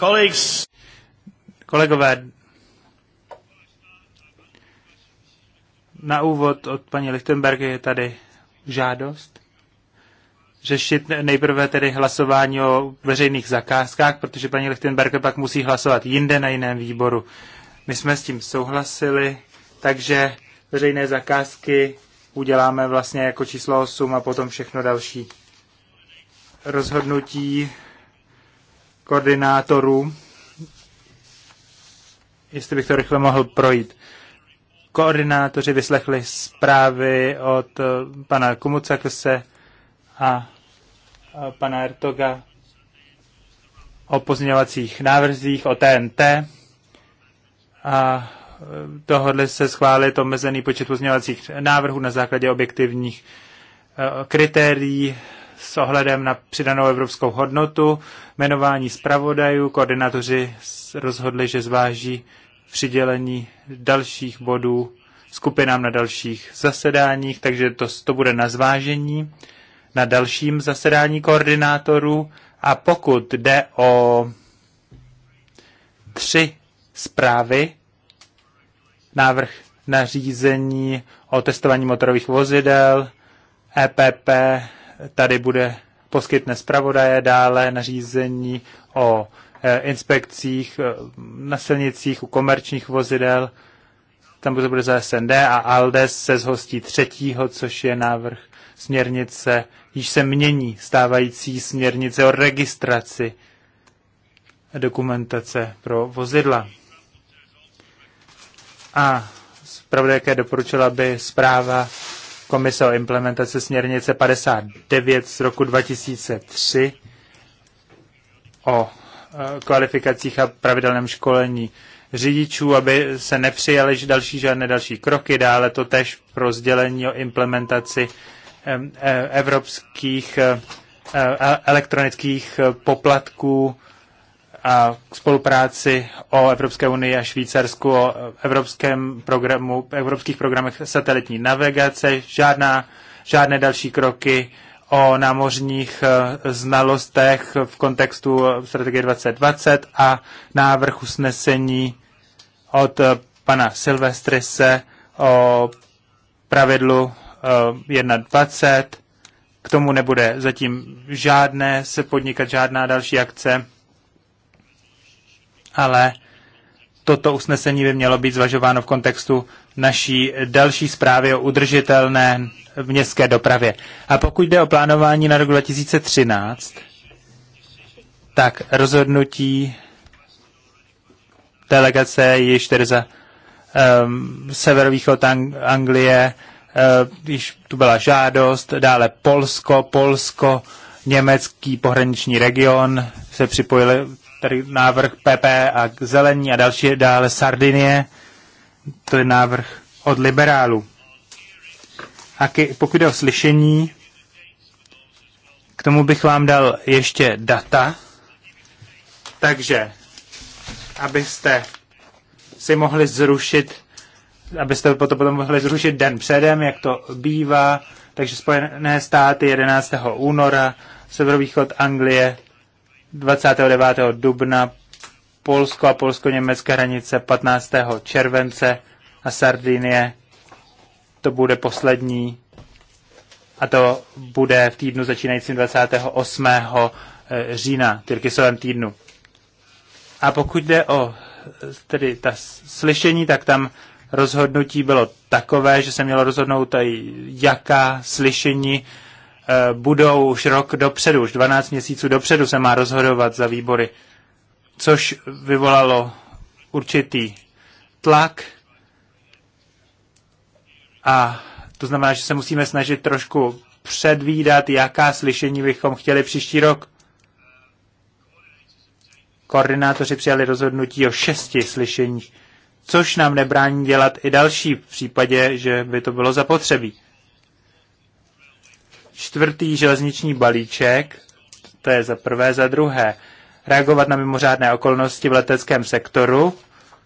Colleagues. Kolegové, na úvod od paní Lichtenberg je tady žádost řešit nejprve tedy hlasování o veřejných zakázkách, protože paní Lichtenberg pak musí hlasovat jinde na jiném výboru. My jsme s tím souhlasili, takže veřejné zakázky uděláme vlastně jako číslo 8 a potom všechno další rozhodnutí koordinátorů. Jestli bych to rychle mohl projít. Koordinátoři vyslechli zprávy od eh, pana Kumucakse a pana Ertoga o pozměňovacích návrzích, o TNT a eh, dohodli se schválit omezený počet pozměňovacích návrhů na základě objektivních eh, kritérií s ohledem na přidanou evropskou hodnotu, jmenování zpravodajů, koordinátoři rozhodli, že zváží přidělení dalších bodů skupinám na dalších zasedáních, takže to, to bude na zvážení na dalším zasedání koordinátorů. A pokud jde o tři zprávy, návrh nařízení o testování motorových vozidel, EPP tady bude poskytne zpravodaje dále nařízení o e, inspekcích e, na silnicích u komerčních vozidel. Tam to bude za SND a ALDES se zhostí třetího, což je návrh směrnice, již se mění stávající směrnice o registraci dokumentace pro vozidla. A zpravodajka doporučila by zpráva Komise o implementaci směrnice 59 z roku 2003 o e, kvalifikacích a pravidelném školení řidičů, aby se nepřijaly další žádné další kroky. Dále to tež pro sdělení o implementaci e, evropských e, elektronických poplatků a k spolupráci o Evropské unii a Švýcarsku, o evropském programu, evropských programech satelitní navigace, žádná, žádné další kroky o námořních eh, znalostech v kontextu strategie 2020 a návrh usnesení od eh, pana Silvestrise o pravidlu 1.20. Eh, k tomu nebude zatím žádné se podnikat žádná další akce ale toto usnesení by mělo být zvažováno v kontextu naší další zprávy o udržitelné městské dopravě. A pokud jde o plánování na rok 2013, tak rozhodnutí delegace již tedy za um, severovýchod Ang- Anglie, uh, již tu byla žádost, dále Polsko, Polsko, německý pohraniční region se připojili tady návrh PP a zelení a další dále Sardinie, to je návrh od liberálů. A ke, pokud jde o slyšení, k tomu bych vám dal ještě data, takže abyste si mohli zrušit, abyste to potom mohli zrušit den předem, jak to bývá, takže Spojené státy 11. února, severovýchod Anglie 29. dubna Polsko a polsko-německé hranice 15. července a Sardinie. To bude poslední a to bude v týdnu začínajícím 28. Eh, října, Tyrkisovém týdnu. A pokud jde o eh, tedy ta slyšení, tak tam rozhodnutí bylo takové, že se mělo rozhodnout, eh, jaká slyšení Eh, budou už rok dopředu, už 12 měsíců dopředu se má rozhodovat za výbory, což vyvolalo určitý tlak a to znamená, že se musíme snažit trošku předvídat, jaká slyšení bychom chtěli příští rok. Koordinátoři přijali rozhodnutí o šesti slyšeních, což nám nebrání dělat i další v případě, že by to bylo zapotřebí čtvrtý železniční balíček, to je za prvé, za druhé, reagovat na mimořádné okolnosti v leteckém sektoru,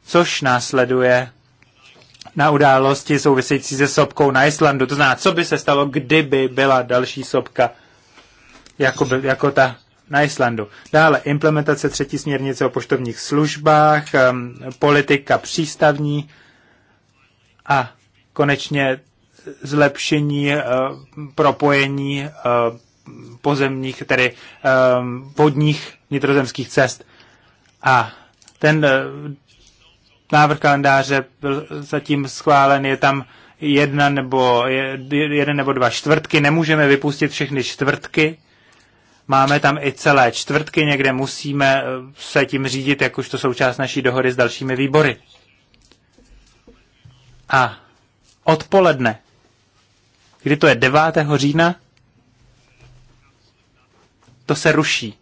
což následuje na události související se sopkou na Islandu. To znamená, co by se stalo, kdyby byla další sopka jako, by, jako ta na Islandu. Dále implementace třetí směrnice o poštovních službách, um, politika přístavní a konečně zlepšení eh, propojení eh, pozemních, tedy eh, vodních vnitrozemských cest. A ten návrh kalendáře byl zatím schválen, je tam jedna nebo jeden nebo dva čtvrtky, nemůžeme vypustit všechny čtvrtky, máme tam i celé čtvrtky, někde musíme se tím řídit, jak už to součást naší dohody s dalšími výbory. A odpoledne kdy to je 9. října, to se ruší.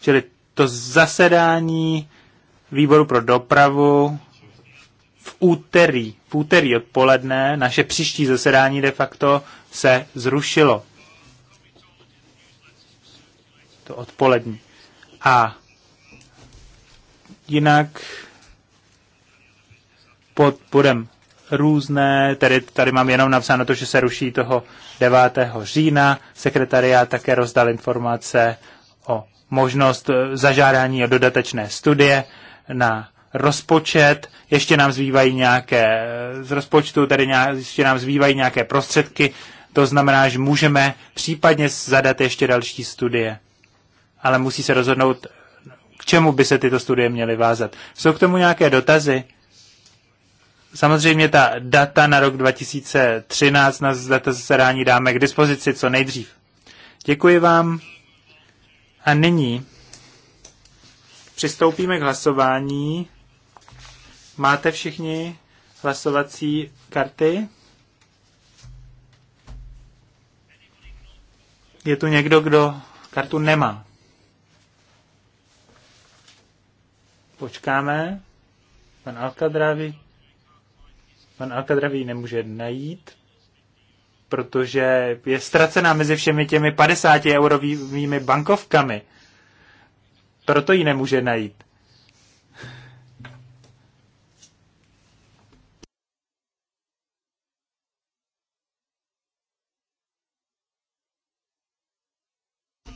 Čili to zasedání výboru pro dopravu v úterý, v úterý odpoledne, naše příští zasedání de facto se zrušilo. To odpolední. A jinak pod bodem různé, tedy tady mám jenom napsáno to, že se ruší toho 9. října. Sekretariát také rozdal informace o možnost eh, zažádání o dodatečné studie na rozpočet, ještě nám zbývají nějaké eh, z rozpočtu, tedy nějak, ještě nám zbývají nějaké prostředky, to znamená, že můžeme případně zadat ještě další studie. Ale musí se rozhodnout, k čemu by se tyto studie měly vázat. Jsou k tomu nějaké dotazy? Samozřejmě ta data na rok 2013 na data zasedání dáme k dispozici co nejdřív. Děkuji vám. A nyní přistoupíme k hlasování. Máte všichni hlasovací karty? Je tu někdo, kdo kartu nemá? Počkáme. Pan Alkadrávi Pan Alkadraví nemůže najít, protože je ztracená mezi všemi těmi 50 eurovými bankovkami. Proto ji nemůže najít.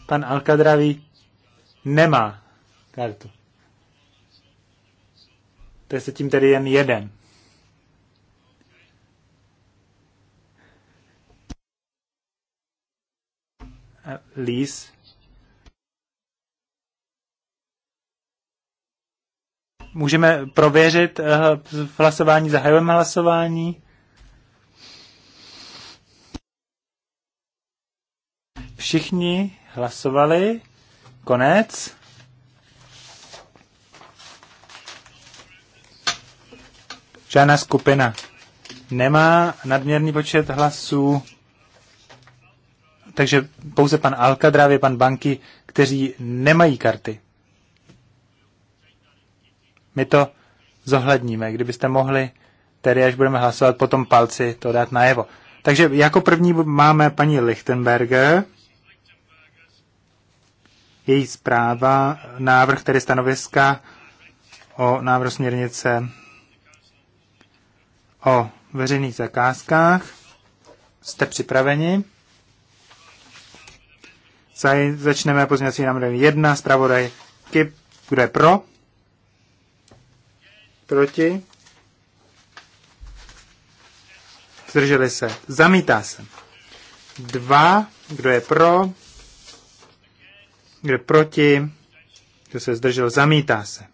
Pan Alkadraví nemá kartu. To je zatím tím tedy jen jeden. Lease můžeme prověřit v eh, hlasování, zahajujeme hlasování. Všichni hlasovali. Konec. Žádná skupina nemá nadměrný počet hlasů. Takže pouze pan je pan Banky, kteří nemají karty. My to zohledníme. Kdybyste mohli, tedy až budeme hlasovat, potom palci to dát najevo. Takže jako první máme paní Lichtenberger. Její zpráva, návrh tedy stanoviska o návrhu směrnice o veřejných zakázkách. Jste připraveni? Začneme pozměňovací návrhem 1, zpravodaj Kip, kdo je pro? Proti? Zdrželi se. Zamítá se. 2, kdo je pro? Kdo je proti? Kdo se zdržel? Zamítá se.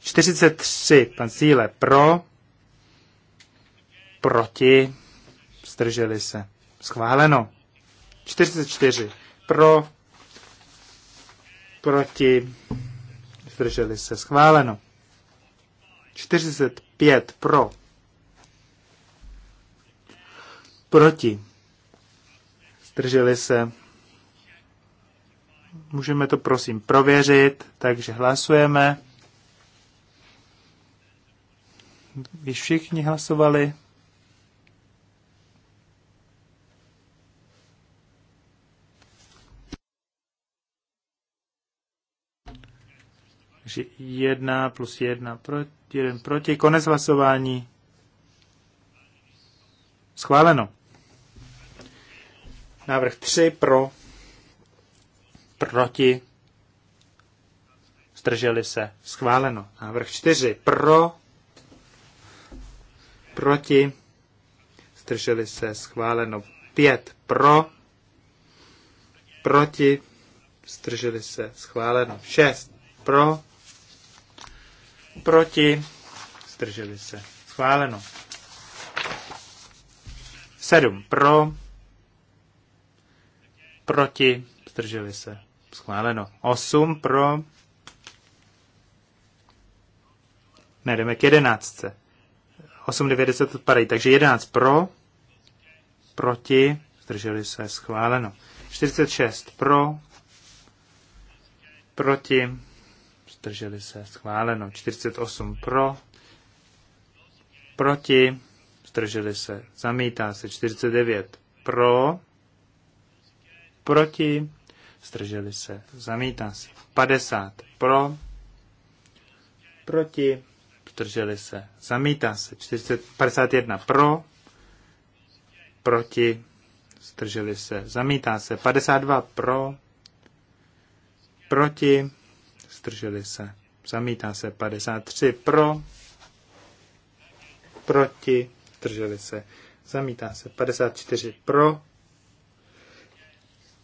43, pan Síle, pro? Proti? Zdrželi se. Schváleno. 44 pro, proti, zdrželi se, schváleno. 45 pro, proti, zdrželi se. Můžeme to prosím prověřit, takže hlasujeme. Vy všichni hlasovali? Takže 1 plus 1 pro, 1 proti. Konec hlasování. Schváleno. Návrh 3 pro, proti, zdrželi se, schváleno. Návrh 4 pro, proti, zdrželi se, schváleno. 5 pro, proti, zdrželi se, schváleno. 6 pro, proti, zdrželi se, schváleno. 7 pro, proti, zdrželi se, schváleno. 8 pro, ne, jdeme k 11. 8, 9, odpadají, takže 11 pro, proti, zdrželi se, schváleno. 46 pro, proti, zdrželi se, schváleno. 48 pro, proti, zdrželi se, zamítá se. 49 pro, proti, zdrželi se, zamítá se. 50 pro, proti, zdrželi se, zamítá se. 40, 51 pro, proti, zdrželi se, zamítá se. 52 pro, proti, zdrželi se. Zamítá se 53 pro, proti, zdrželi se. Zamítá se 54 pro,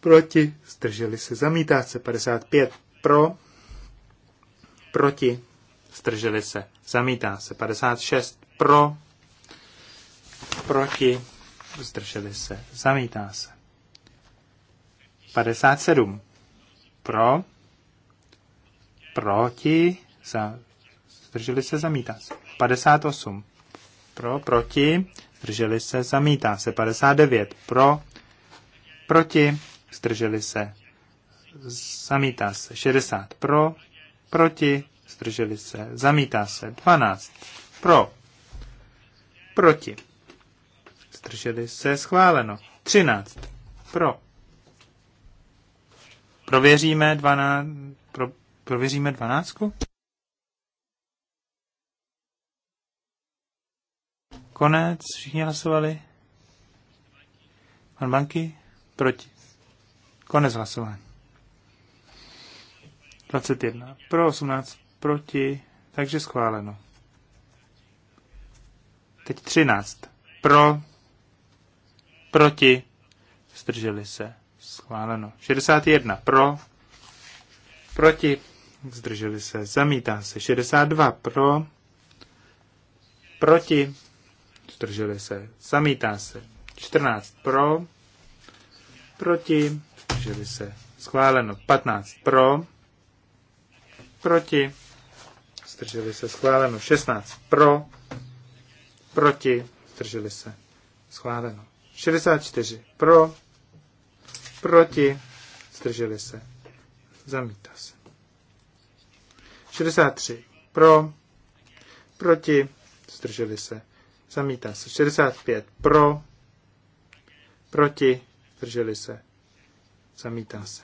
proti, zdrželi se. Zamítá se 55 pro, proti, zdrželi se. Zamítá se 56 pro, proti, zdrželi se. Zamítá se. 57 pro, proti, za, zdrželi se, zamítá se. 58 pro, proti, zdrželi se, zamítá se. 59 pro, proti, zdrželi se, zamítá se. 60 pro, proti, zdrželi se, zamítá se. 12 pro, proti, zdrželi se, schváleno. 13 pro. Prověříme 12, pro, Prověříme dvanáctku? Konec, všichni hlasovali. Pan Banky proti. Konec hlasování. 21 pro, 18 proti, takže schváleno. Teď 13 pro, proti, zdrželi se, schváleno. 61 pro, proti, zdrželi se, zamítá se. 62 pro, proti, zdrželi se, zamítá se. 14 pro, proti, zdrželi se, schváleno. 15 pro, proti, zdrželi se, schváleno. 16 pro, proti, zdrželi se, schváleno. 64 pro, proti, zdrželi se, zamítá se. 63 pro, proti, zdrželi se, zamítá se. 65 pro, proti, zdrželi se, zamítá se.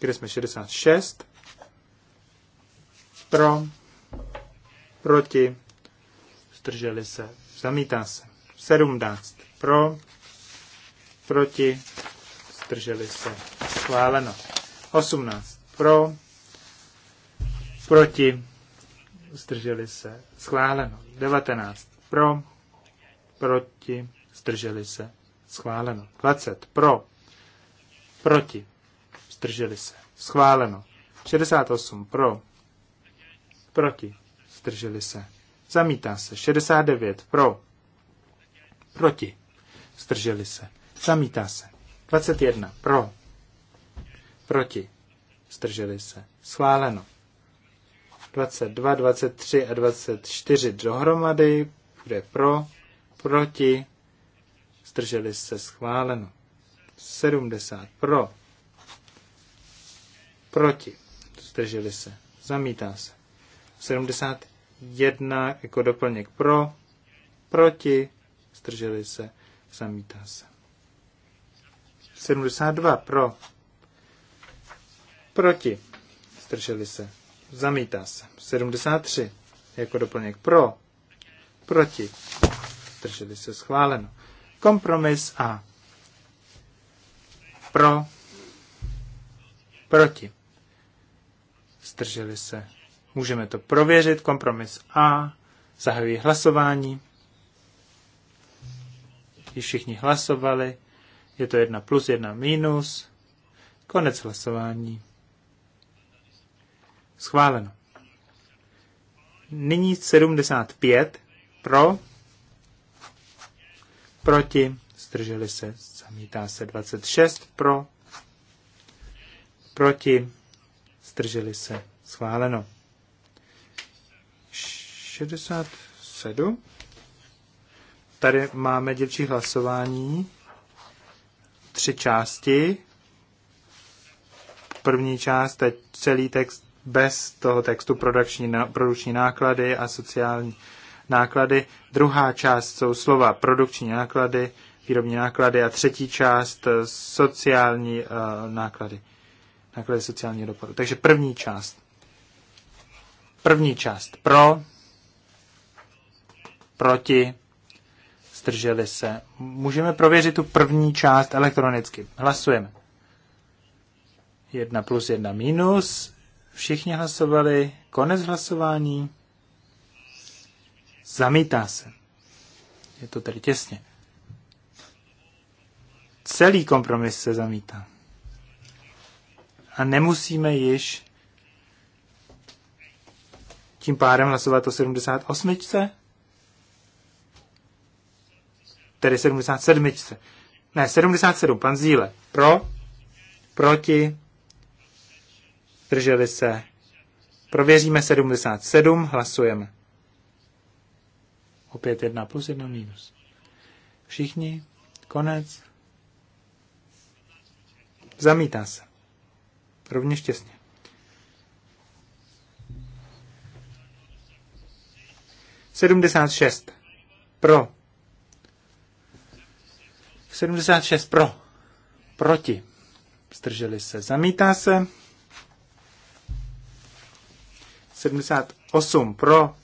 Kde jsme 66 pro, proti, zdrželi se, zamítá se. 17 pro, proti, zdrželi se, schváleno. 18 pro, proti, zdrželi se, schváleno. 19 pro, proti, zdrželi se, schváleno. 20 pro, proti, zdrželi se, schváleno. 68 pro, proti, zdrželi se, zamítá se. 69 pro, proti, zdrželi se, zamítá se. 21. Pro. Proti. Zdrželi se. Schváleno. 22, 23 a 24 dohromady. Bude pro. Proti. Zdrželi se. Schváleno. 70. Pro. Proti. Zdrželi se. Zamítá se. 71 jako doplněk pro. Proti. Zdrželi se. Zamítá se. 72 pro. Proti. Strželi se. Zamítá se. 73 jako doplněk pro. Proti. Strželi se. Schváleno. Kompromis A. Pro. Proti. Strželi se. Můžeme to prověřit. Kompromis A. Zahajují hlasování. Již všichni hlasovali. Je to jedna plus, jedna minus. Konec hlasování. Schváleno. Nyní 75 pro, proti, zdrželi se, zamítá se 26 pro, proti, zdrželi se, schváleno. 67. Tady máme dělčí hlasování tři části. První část, je celý text bez toho textu produkční, produkční náklady a sociální náklady. Druhá část jsou slova produkční náklady, výrobní náklady a třetí část eh, sociální uh, náklady. Náklady sociálního dopadu. Takže první část. První část pro, proti, zdrželi se. Můžeme prověřit tu první část elektronicky. Hlasujeme. 1 plus 1 minus. Všichni hlasovali. Konec hlasování. Zamítá se. Je to tedy těsně. Celý kompromis se zamítá. A nemusíme již tím pádem hlasovat o 78 tedy 77. Ne, 77, pan Zíle. Pro, proti, drželi se. Prověříme 77, hlasujeme. Opět 1 plus 1 minus. Všichni, konec. Zamítá se. Rovně štěsně. Sedmdesát šest. Pro. 76 pro. Proti. Zdrželi se. Zamítá se. 78 pro.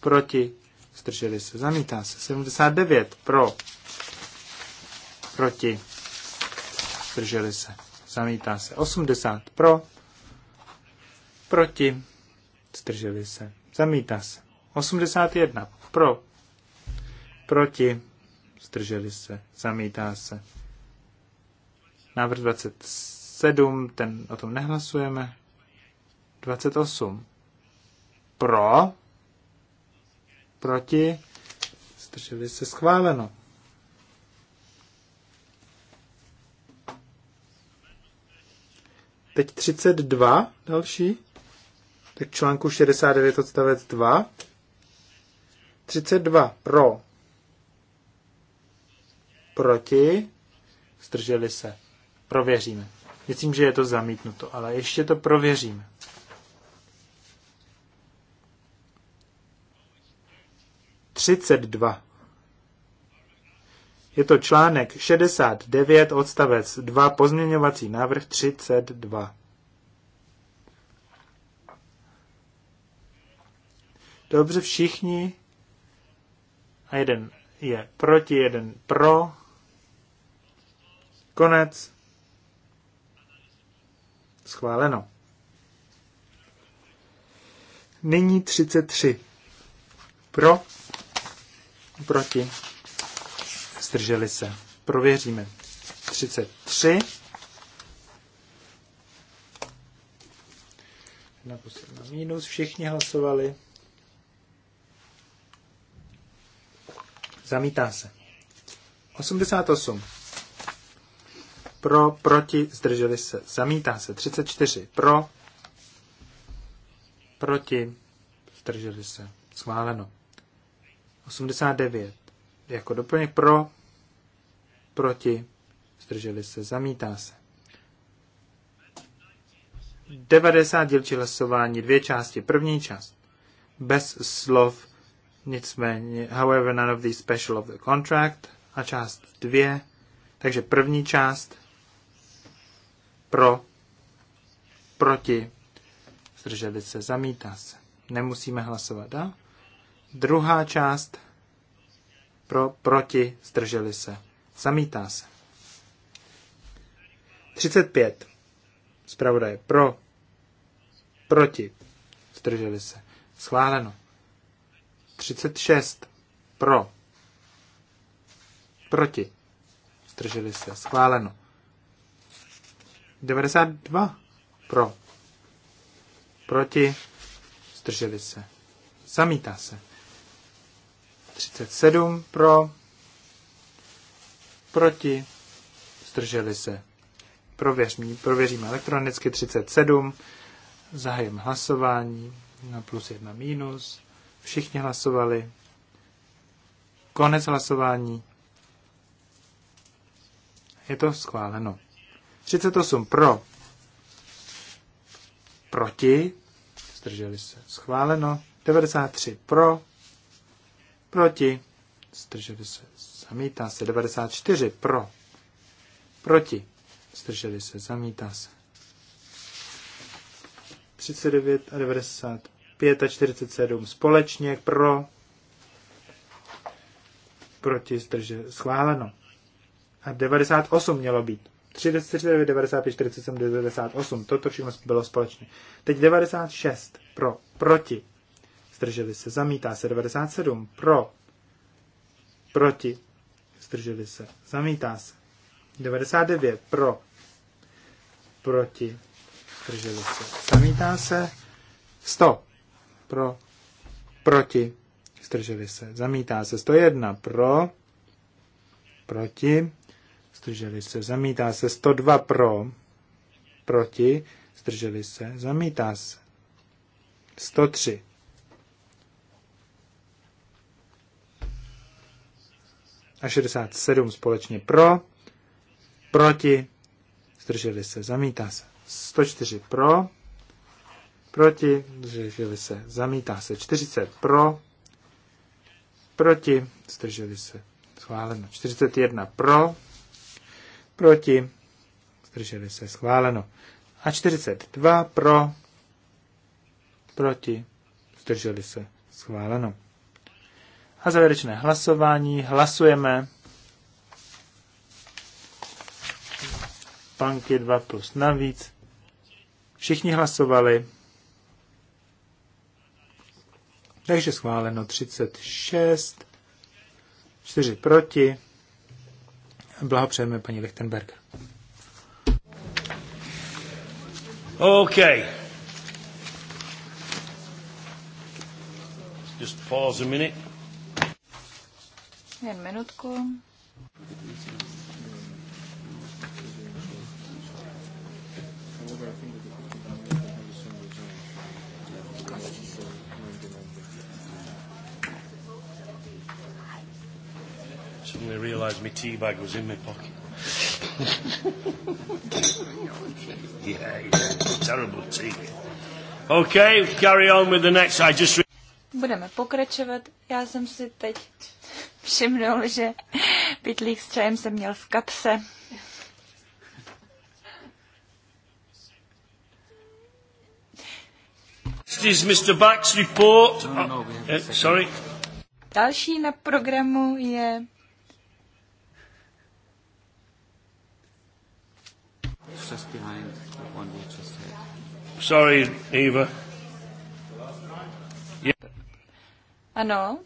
Proti. Zdrželi se. Zamítá se. 79 pro. Proti. Zdrželi se. Zamítá se. 80 pro. Proti. Zdrželi se. Zamítá se. 81 pro. Proti zdrželi se, zamítá se. Návrh 27, ten o tom nehlasujeme. 28. Pro, proti, zdrželi se, schváleno. Teď 32 další. Tak článku 69 odstavec 2. 32 pro, proti, zdrželi se. Prověříme. Myslím, že je to zamítnuto, ale ještě to prověříme. Třicet dva. Je to článek 69, odstavec 2, pozměňovací návrh 32. Dobře, všichni. A jeden je proti, jeden pro. Konec. Schváleno. Nyní 33. Pro, proti, zdrželi se. Prověříme. 33. Na poslední mínus všichni hlasovali. Zamítá se. 88 pro, proti, zdrželi se, zamítá se. 34 pro, proti, zdrželi se, schváleno. 89 jako doplněk pro, proti, zdrželi se, zamítá se. 90 dílčí hlasování, dvě části. První část bez slov, nicméně, however, none of these special of the contract a část dvě. Takže první část pro, proti, zdrželi se, zamítá se. Nemusíme hlasovat dál. Druhá část, pro, proti, zdrželi se, zamítá se. 35. Zpravodaje pro, proti, zdrželi se, schváleno. 36. Pro, proti, zdrželi se, schváleno. 92 pro. Proti. Zdrželi se. Zamítá se. 37 pro. Proti. Zdrželi se. Prověřím, prověřím elektronicky 37. Zahajím hlasování na plus jedna minus. Všichni hlasovali. Konec hlasování. Je to schváleno. 38 pro, proti, zdrželi se, schváleno. 93 pro, proti, zdrželi se, zamítá se. 94 pro, proti, zdrželi se, zamítá se. 39 a 95 a 47 společně pro, proti, zdrželi, schváleno. A 98 mělo být 39, 95, 47, 98. Toto všechno bylo společně. Teď 96 pro, proti. Zdrželi se, zamítá se. 97 pro, proti. Zdrželi se, zamítá se. 99 pro, proti. Zdrželi se, zamítá se. 100 pro, proti. Zdrželi se, zamítá se. 101 pro, proti zdrželi se, zamítá se 102 pro, proti, zdrželi se, zamítá se 103. A 67 společně pro, proti, zdrželi se, zamítá se 104 pro, proti, zdrželi se, zamítá se 40 pro, proti, zdrželi se, schváleno 41 pro, proti, zdrželi se, schváleno. A 42 pro, proti, zdrželi se, schváleno. A závěrečné hlasování, hlasujeme. Panky 2 plus navíc. Všichni hlasovali. Takže schváleno 36, 4 proti. Blahopřejeme paní Lichtenberg. OK. Just pause a minute. Jen minutku. realised my tea bag was in my pocket. yeah, yeah, terrible tea. Okay, carry on with the next. I just. Re- Budeme pokračovat. Já jsem si teď všimnul, že pitlík s čajem jsem měl v kapse. is Mr. Back's report. No, no, no, uh, sorry. Další na programu je just behind the one we just had. Sorry, Eva. Yeah. Ano,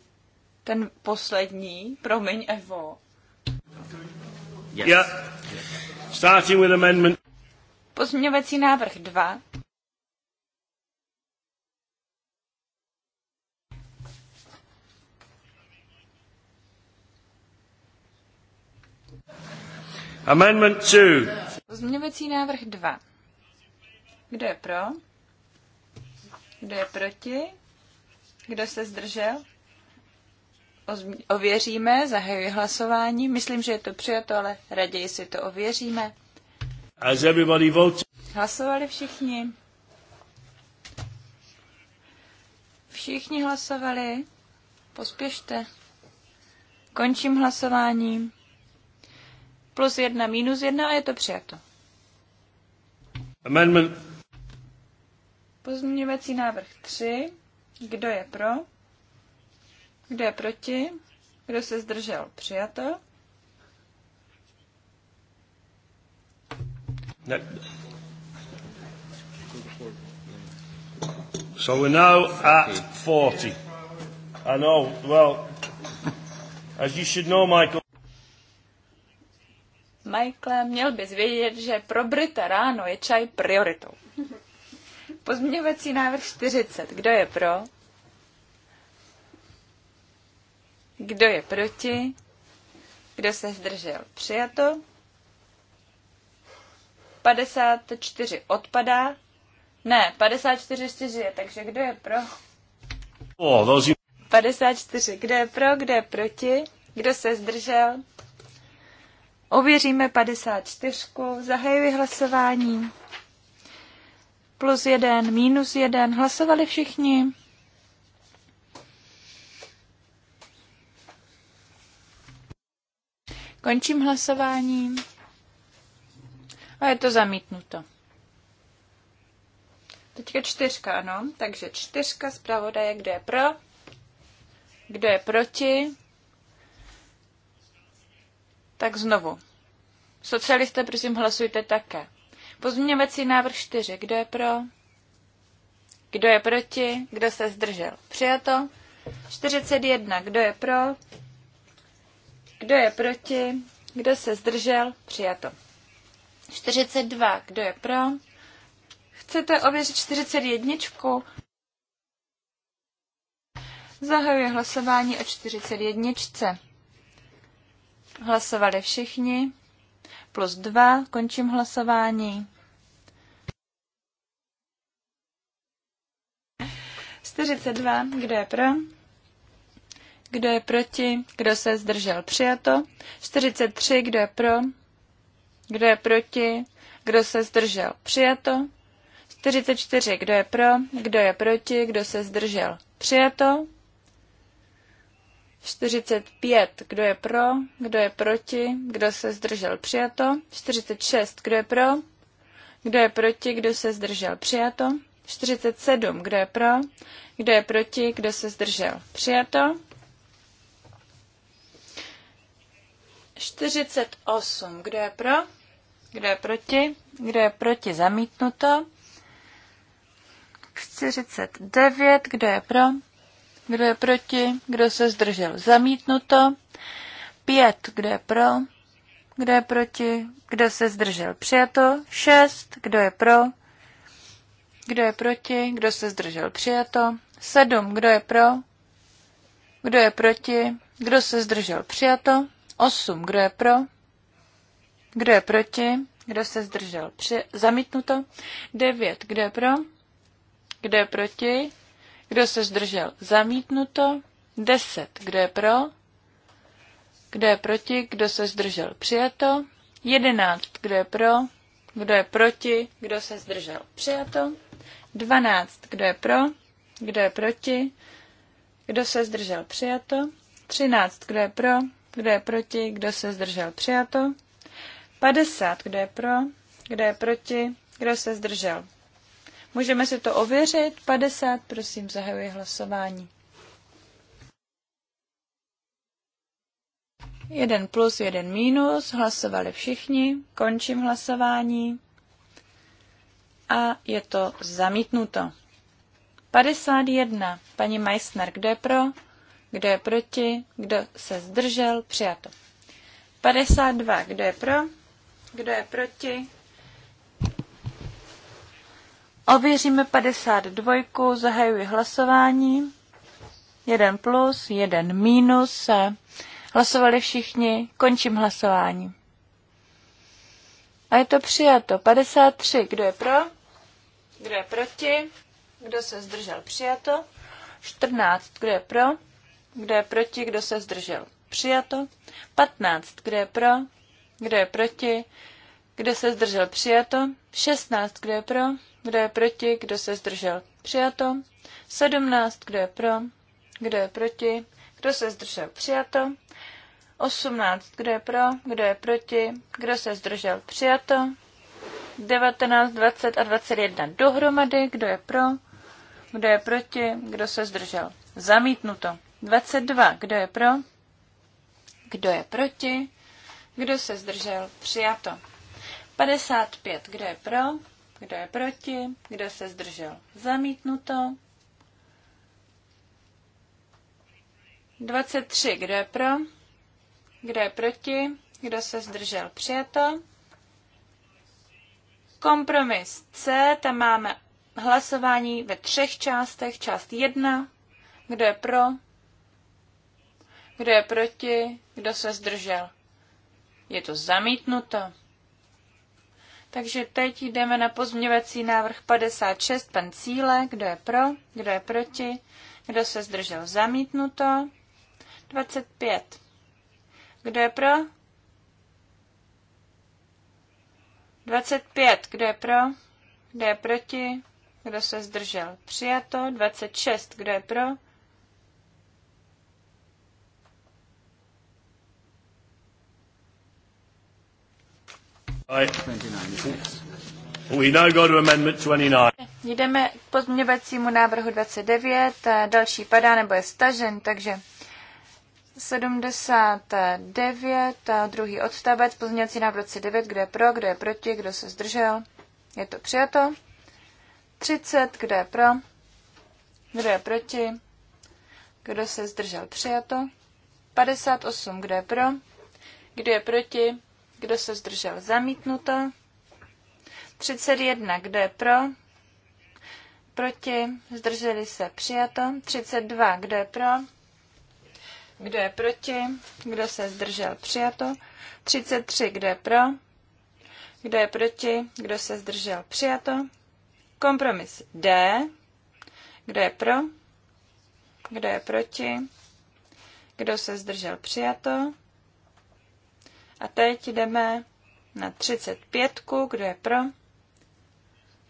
ten poslední, promiň, Evo. Yes. Yeah. Starting with amendment. Pozměňovací návrh 2. Amendment 2. Pozměňovací návrh 2. Kdo je pro? Kdo je proti? Kdo se zdržel? Ověříme, zahajuji hlasování. Myslím, že je to přijato, ale raději si to ověříme. As everybody votes. Hlasovali všichni. Všichni hlasovali. Pospěšte. Končím hlasování plus 1 minus 1 a je to přijato. Amendment. Pozměňovací návrh 3. Kdo je pro? Kdo je proti? Kdo se zdržel? Přijato. Ne. So we're now at 40. I know, well, as you should know, Michael. Michael, měl bys vědět, že pro Brita ráno je čaj prioritou. Pozměňovací návrh 40. Kdo je pro? Kdo je proti? Kdo se zdržel? Přijato. 54 odpadá. Ne, 54 4 takže kdo je pro? 54, kdo je pro, kdo je proti? Kdo se zdržel? Ověříme 54. Zahajuji hlasování. Plus jeden, minus jeden. Hlasovali všichni? Končím hlasování. A je to zamítnuto. Teďka čtyřka, ano. Takže čtyřka zpravodaje, kdo je pro, kdo je proti, tak znovu. Socialisté, prosím, hlasujte také. Pozměňovací návrh 4. Kdo je pro? Kdo je proti? Kdo se zdržel? Přijato. 41. Kdo je pro? Kdo je proti? Kdo se zdržel? Přijato. 42. Kdo je pro? Chcete ověřit 41? Zahajuji hlasování o 41. Hlasovali všichni. Plus dva. Končím hlasování. 42. Kdo je pro? Kdo je proti? Kdo se zdržel? Přijato. 43. Kdo je pro? Kdo je proti? Kdo se zdržel? Přijato. 44. Kdo je pro? Kdo je proti? Kdo se zdržel? Přijato. 45, kdo je pro, kdo je proti, kdo se zdržel přijato. 46, kdo je pro, kdo je proti, kdo se zdržel přijato. 47, kdo je pro, kdo je proti, kdo se zdržel přijato. 48, kdo je pro, kdo je proti, kdo je proti zamítnuto. 49, kdo je pro, kdo je proti? Kdo se zdržel? Zamítnuto. Pět. Kdo je pro? Kdo je proti? Kdo se zdržel? Přijato. Šest. Kdo je pro? Kdo je proti? Kdo se zdržel? Přijato. Sedm. Kdo je pro? Kdo je proti? Kdo se zdržel? Přijato. Osm. Kdo je pro? Kdo je proti? Kdo se zdržel? Při... Zamítnuto. Devět. Kdo je pro? Kdo je proti? Kdo se zdržel? Zamítnuto. 10. Kdo je pro? Kdo je proti? Kdo se zdržel? Přijato. 11. Kdo je pro? Kdo je proti? Kdo se zdržel? Přijato. 12. Kdo je pro? Kdo je proti? Kdo se zdržel? Přijato. 13. Kdo je pro? Kdo je proti? Kdo se zdržel? Přijato. 50. Kdo je pro? Kdo je proti? Kdo se zdržel? Můžeme si to ověřit. 50, prosím, zahajuji hlasování. Jeden plus, jeden minus, hlasovali všichni, končím hlasování a je to zamítnuto. 51. Paní Meissner, kdo je pro, kdo je proti, kdo se zdržel, přijato. 52. Kdo je pro, kdo je proti, Ověříme 52, zahajuji hlasování. Jeden plus, jeden minus. Hlasovali všichni, končím hlasování. A je to přijato. 53, kdo je pro? Kdo je proti? Kdo se zdržel? Přijato. 14, kdo je pro? Kdo je proti? Kdo se zdržel? Přijato. 15, kdo je pro? Kdo je proti? Kdo se zdržel? Přijato. 16. Kdo je pro? Kdo je proti? Kdo se zdržel? Přijato. 17. Kdo je pro? Kdo je proti? Kdo se zdržel? Přijato. 18. Kdo je pro? Kdo je proti? Kdo se zdržel? Přijato. 19, 20 a 21 dohromady. Kdo je pro? Kdo je proti? Kdo se zdržel? Zamítnuto. 22. Kdo je pro? Kdo je proti? Kdo se zdržel? Přijato. 55. Kdo je pro? Kdo je proti? Kdo se zdržel? Zamítnuto. 23. Kdo je pro? Kdo je proti? Kdo se zdržel? Přijato. Kompromis C, tam máme hlasování ve třech částech. Část 1. Kdo je pro? Kdo je proti? Kdo se zdržel? Je to zamítnuto. Takže teď jdeme na pozměňovací návrh 56, pan Cíle, kdo je pro, kdo je proti, kdo se zdržel zamítnuto. 25. Kdo je pro? 25. Kdo je pro? Kdo je proti? Kdo se zdržel? Přijato. 26. Kdo je pro? Jdeme k pozměňovacímu návrhu 29, další padá nebo je stažen, takže 79, druhý odstavec, pozměňovací návrh 29, kdo je pro, kdo je proti, kdo se zdržel, je to přijato. 30, kdo je pro, kdo je proti, kdo se zdržel, přijato. 58, kdo je pro, kdo je proti, kdo se zdržel? Zamítnuto. 31. Kdo je pro? Proti? Zdrželi se? Přijato. 32. Kdo je pro? Kdo je proti? Kdo se zdržel? Přijato. 33. Kdo je pro? Kdo je proti? Kdo se zdržel? Přijato. Kompromis D. Kdo je pro? Kdo je proti? Kdo se zdržel? Přijato. A teď jdeme na 35, kdo je pro,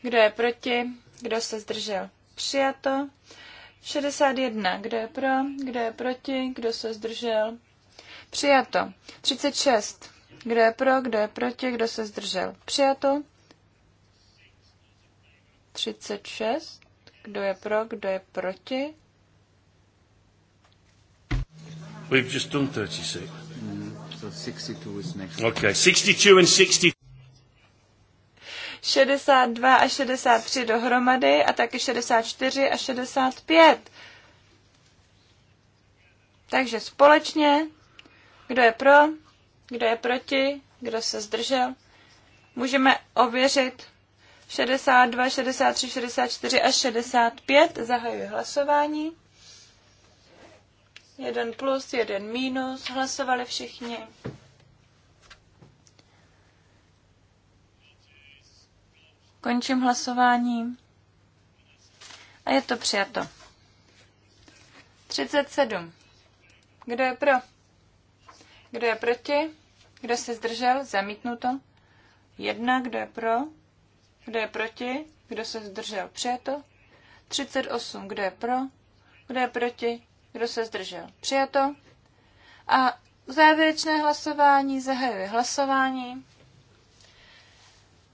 kdo je proti, kdo se zdržel. Přijato. 61, kdo je pro, kdo je proti, kdo se zdržel. Přijato. 36, kdo je pro, kdo je proti, kdo se zdržel. Přijato. 36, kdo je pro, kdo je proti. We've just done 36. 62 Okay, 62 and 60. 62 a 63 dohromady a taky 64 a 65. Takže společně, kdo je pro, kdo je proti, kdo se zdržel, můžeme ověřit 62, 63, 64 a 65. Zahajuji hlasování jeden plus, jeden minus, hlasovali všichni. Končím hlasování. A je to přijato. 37. Kdo je pro? Kdo je proti? Kdo se zdržel? Zamítnuto. Jedna, Kdo je pro? Kdo je proti? Kdo se zdržel? Přijato. 38. Kdo je pro? Kdo je proti? Kdo se zdržel? Přijato. A závěrečné hlasování, zahajuje hlasování.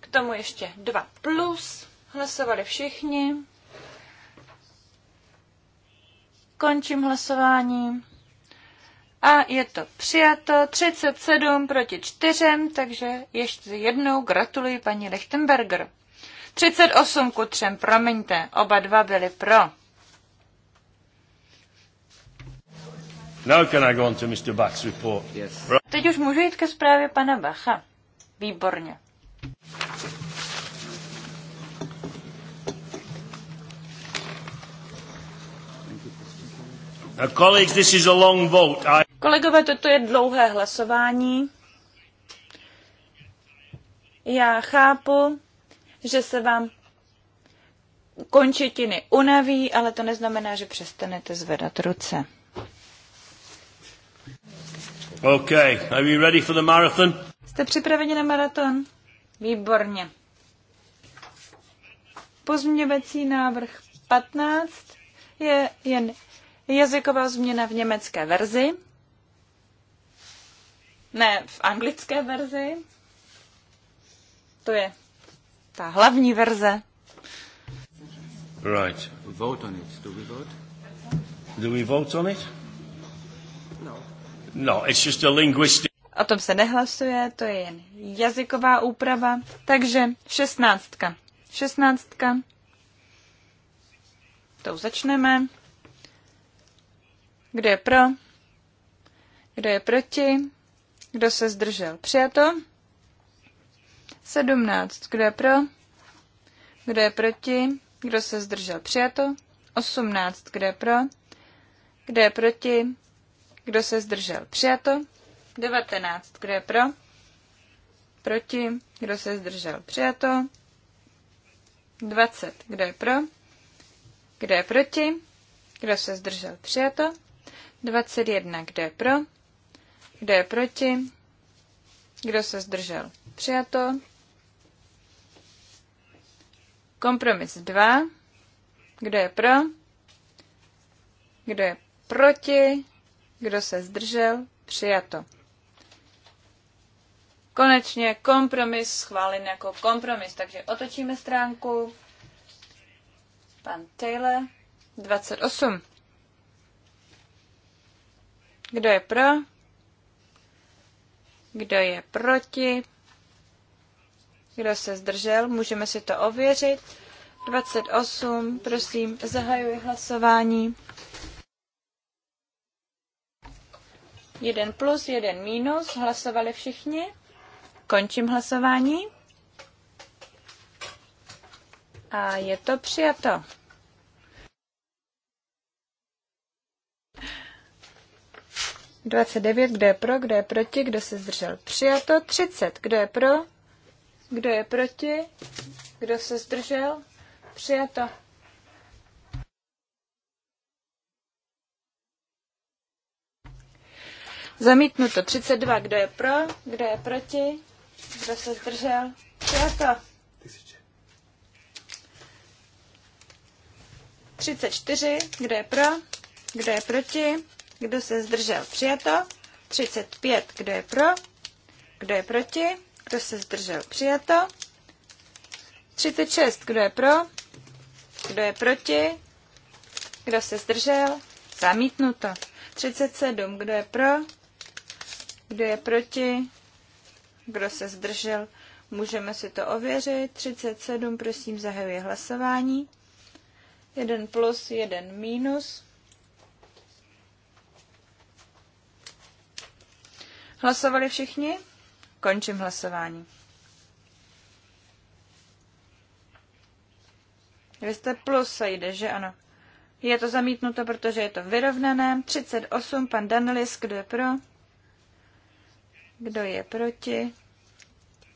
K tomu ještě dva plus. Hlasovali všichni. Končím hlasování. A je to přijato 37 proti 4, takže ještě jednou gratuluji paní Lechtenberger. 38 ku 3, promiňte, oba dva byli pro. Now can I go on to Mr. Bach's report. Yes. Teď už můžu jít ke zprávě pana Bacha. Výborně. Colleagues, this is a long vote. I... Kolegové, toto je dlouhé hlasování. Já chápu, že se vám končetiny unaví, ale to neznamená, že přestanete zvedat ruce. Okay. Are you ready for the marathon? Jste připraveni na maraton? Výborně. Pozměňovací návrh 15 je jen jazyková změna v německé verzi. Ne, v anglické verzi. To je ta hlavní verze. Right. Vote on it. Do we vote? Do we vote on it? No. No, it's just a linguistic... O tom se nehlasuje, to je jen jazyková úprava. Takže šestnáctka. Šestnáctka. Tou začneme. Kdo je pro? Kdo je proti? Kdo se zdržel? Přijato. Sedmnáct. Kdo je pro? Kdo je proti? Kdo se zdržel? Přijato. Osmnáct. Kdo je pro? Kdo je proti? Kdo se zdržel? Přijato. 19. Kdo je pro? Proti. Kdo se zdržel? Přijato. 20. Kdo je pro? Kdo je proti? Kdo se zdržel? Přijato. 21. Kdo je pro? Kdo je proti? Kdo se zdržel? Přijato. Kompromis 2. Kdo je pro? Kdo je proti? Kdo se zdržel? Přijato. Konečně kompromis schválen jako kompromis. Takže otočíme stránku. Pan Taylor, 28. Kdo je pro? Kdo je proti? Kdo se zdržel? Můžeme si to ověřit. 28, prosím, zahajuji hlasování. Jeden plus, jeden minus. Hlasovali všichni. Končím hlasování. A je to přijato. Dvacet devět, kdo je pro, kdo je proti, kdo se zdržel. Přijato. Třicet, kdo je pro, kdo je proti, kdo se zdržel. Přijato. Zamítnuto 32. Kdo je pro? Kdo je proti? Kdo se zdržel? Přijato. 34. Kdo je pro? Kdo je proti? Kdo se zdržel? Přijato. 35. Kdo je pro? Kdo je proti? Kdo se zdržel? Přijato. 36. Kdo je pro? Kdo je proti? Kdo se zdržel? Zamítnuto. 37. Kdo je pro? Kdo je proti? Kdo se zdržel? Můžeme si to ověřit. 37, prosím, zahajuje hlasování. 1 plus, 1 minus. Hlasovali všichni? Končím hlasování. Vy jste plus a jde, že ano. Je to zamítnuto, protože je to vyrovnané. 38, pan Danelis, kdo je pro? kdo je proti,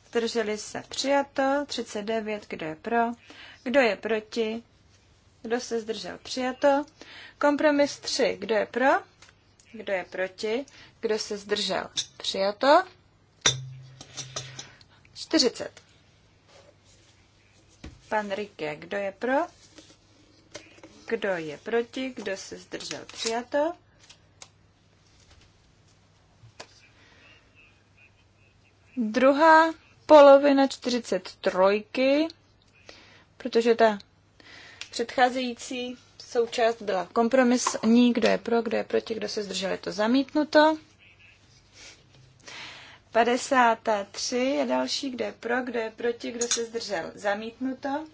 zdrželi se přijato, 39, kdo je pro, kdo je proti, kdo se zdržel přijato, kompromis 3, kdo je pro, kdo je proti, kdo se zdržel přijato, 40. Pan Rike, kdo je pro? Kdo je proti? Kdo se zdržel? Přijato. Druhá polovina 43, protože ta předcházející součást byla kompromisní, kdo je pro, kdo je proti, kdo se zdržel, je to zamítnuto. 53 je další, kdo je pro, kdo je proti, kdo se zdržel, zamítnuto.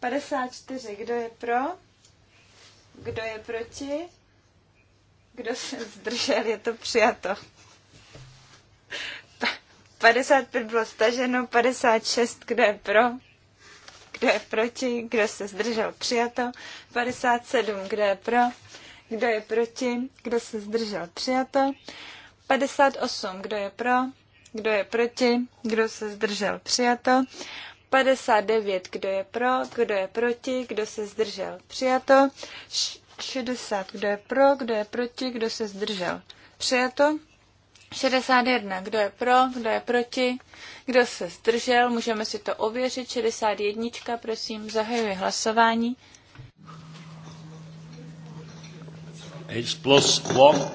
54, kdo je pro, kdo je proti, kdo se zdržel, je to přijato. 55 bylo staženo, 56, kdo je pro, kdo je proti, kdo se zdržel, přijato, 57, kdo je pro, kdo je proti, kdo se zdržel, přijato, 58, kdo je pro, kdo je proti, kdo se zdržel, přijato, 59, kdo je pro, kdo je proti, kdo se zdržel, přijato, 60, kdo je pro, kdo je proti, kdo se zdržel, přijato, 61. Kdo je pro, kdo je proti, kdo se zdržel, můžeme si to ověřit. 61. Prosím, zahajuji hlasování. H plus one.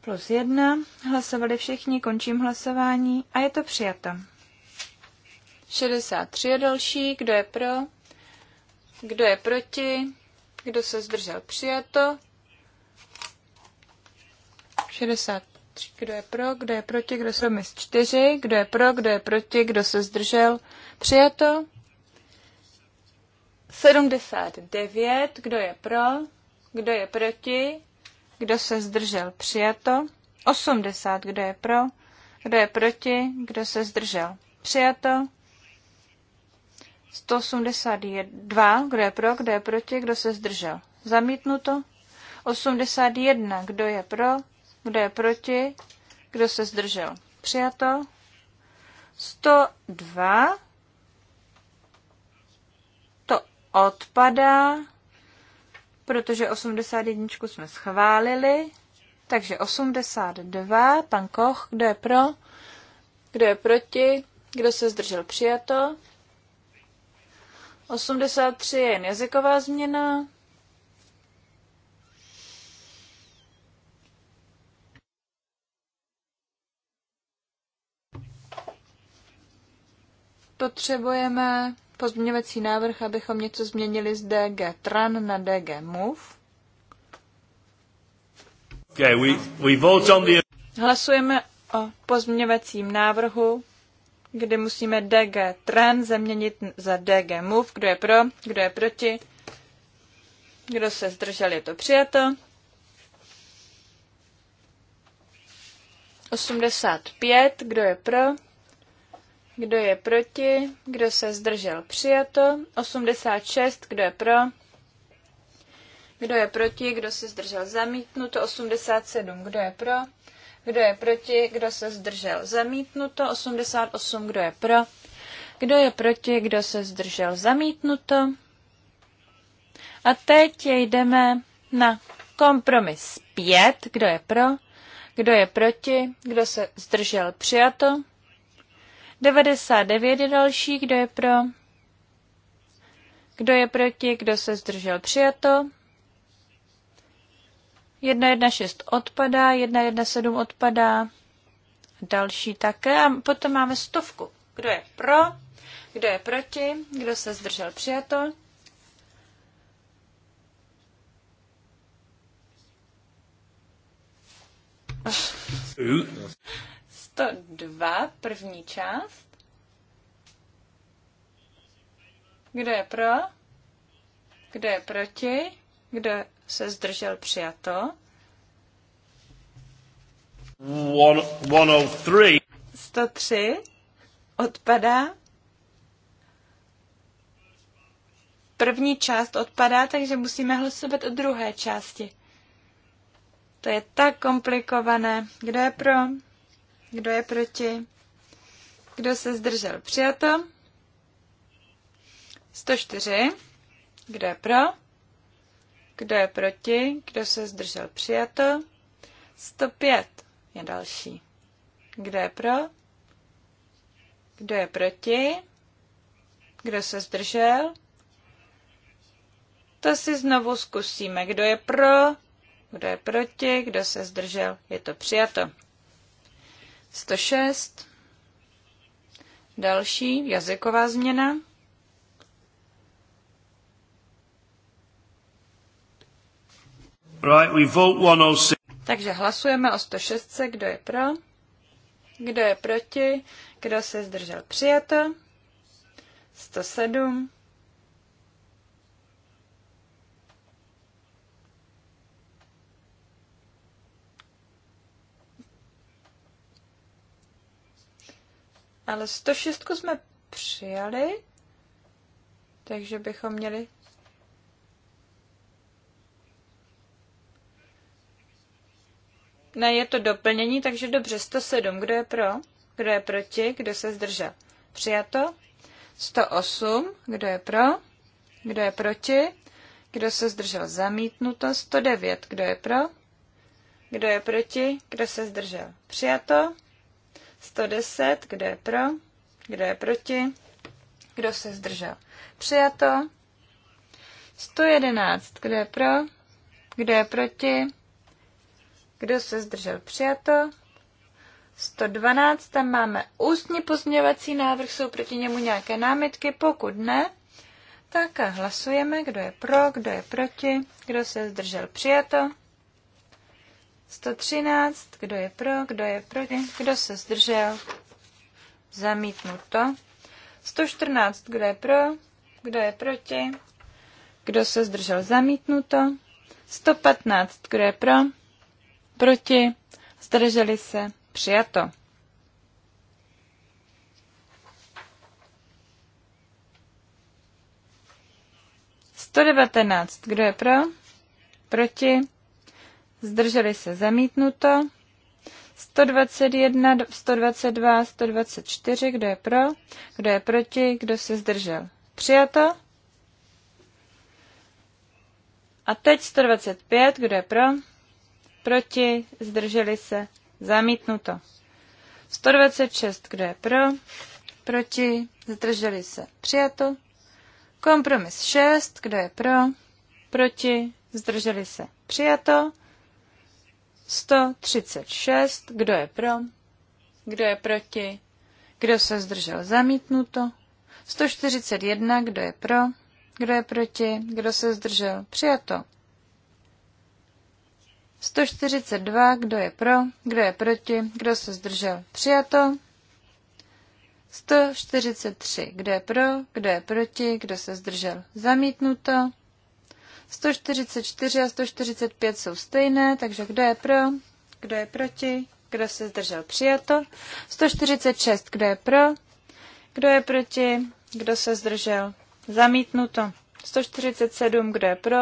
Plus jedna. Hlasovali všichni, končím hlasování a je to přijato. 63 je další. Kdo je pro? Kdo je proti? Kdo se zdržel? Přijato. 63. Kdo je pro, kdo je proti, kdo se mis 4, kdo je pro, kdo je proti, kdo se zdržel. Přijato. 79. Kdo je pro, kdo je proti, kdo se zdržel. Přijato. 80. Kdo je pro, kdo je proti, kdo se zdržel. Přijato. 182. Kdo je pro, kdo je proti, kdo se zdržel. Zamítnuto. 81. Kdo je pro, kdo je proti? Kdo se zdržel? Přijato. 102. To odpadá, protože 81 jsme schválili. Takže 82. Pan Koch, kdo je pro? Kdo je proti? Kdo se zdržel? Přijato. 83 je jen jazyková změna. potřebujeme pozměňovací návrh, abychom něco změnili z DG Tran na DG Move. Okay, we, we vote on the... Hlasujeme o pozměňovacím návrhu, kdy musíme DG Tran zaměnit za DG Move. Kdo je pro, kdo je proti, kdo se zdržel, je to přijato. 85, kdo je pro? kdo je proti, kdo se zdržel přijato, 86, kdo je pro, kdo je proti, kdo se zdržel zamítnuto, 87, kdo je pro, kdo je proti, kdo se zdržel zamítnuto, 88, kdo je pro, kdo je proti, kdo se zdržel zamítnuto. A teď jdeme na kompromis 5, kdo je pro, kdo je proti, kdo se zdržel přijato. 99 je další, kdo je pro? Kdo je proti? Kdo se zdržel? Přijato. 1.1.6 odpadá, 1.1.7 odpadá, další také. A potom máme stovku. Kdo je pro? Kdo je proti? Kdo se zdržel? Přijato. 102, první část. Kdo je pro? Kdo je proti? Kdo se zdržel přijato? 103. 103 odpadá. První část odpadá, takže musíme hlasovat o druhé části. To je tak komplikované. Kdo je pro? Kdo je proti? Kdo se zdržel? Přijato. 104. Kdo je pro? Kdo je proti? Kdo se zdržel? Přijato. 105 je další. Kdo je pro? Kdo je proti? Kdo se zdržel? To si znovu zkusíme. Kdo je pro? Kdo je proti? Kdo se zdržel? Je to přijato. 106. Další jazyková změna. Right, we vote 106. Takže hlasujeme o 106, kdo je pro, kdo je proti, kdo se zdržel přijato, 107 Ale 106 jsme přijali, takže bychom měli Ne, je to doplnění, takže dobře, 107. Kdo je pro? Kdo je proti? Kdo se zdržel? Přijato. 108. Kdo je pro? Kdo je proti? Kdo se zdržel? Zamítnuto. 109. Kdo je pro? Kdo je proti? Kdo se zdržel? Přijato. 110, kdo je pro, kdo je proti, kdo se zdržel. Přijato. 111, kdo je pro, kdo je proti, kdo se zdržel. Přijato. 112, tam máme ústní pozměňovací návrh, jsou proti němu nějaké námitky, pokud ne, tak hlasujeme, kdo je pro, kdo je proti, kdo se zdržel přijato. 113, kdo je pro, kdo je proti, kdo se zdržel, zamítnuto. 114, kdo je pro, kdo je proti, kdo se zdržel, zamítnuto. 115, kdo je pro, proti, zdrželi se, přijato. Sto devatenáct, kdo je pro, proti, zdrželi se zamítnuto. 121, 122, 124, kdo je pro, kdo je proti, kdo se zdržel. Přijato. A teď 125, kdo je pro, proti, zdrželi se, zamítnuto. 126, kdo je pro, proti, zdrželi se, přijato. Kompromis 6, kdo je pro, proti, zdrželi se, přijato. 136. Kdo je pro? Kdo je proti? Kdo se zdržel? Zamítnuto. 141. Kdo je pro? Kdo je proti? Kdo se zdržel? Přijato. 142. Kdo je pro? Kdo je proti? Kdo se zdržel? Přijato. 143. Kdo je pro? Kdo je proti? Kdo se zdržel? Zamítnuto. 144 a 145 jsou stejné, takže kdo je pro, kdo je proti, kdo se zdržel přijato. 146, kdo je pro, kdo je proti, kdo se zdržel zamítnuto. 147, kdo je pro.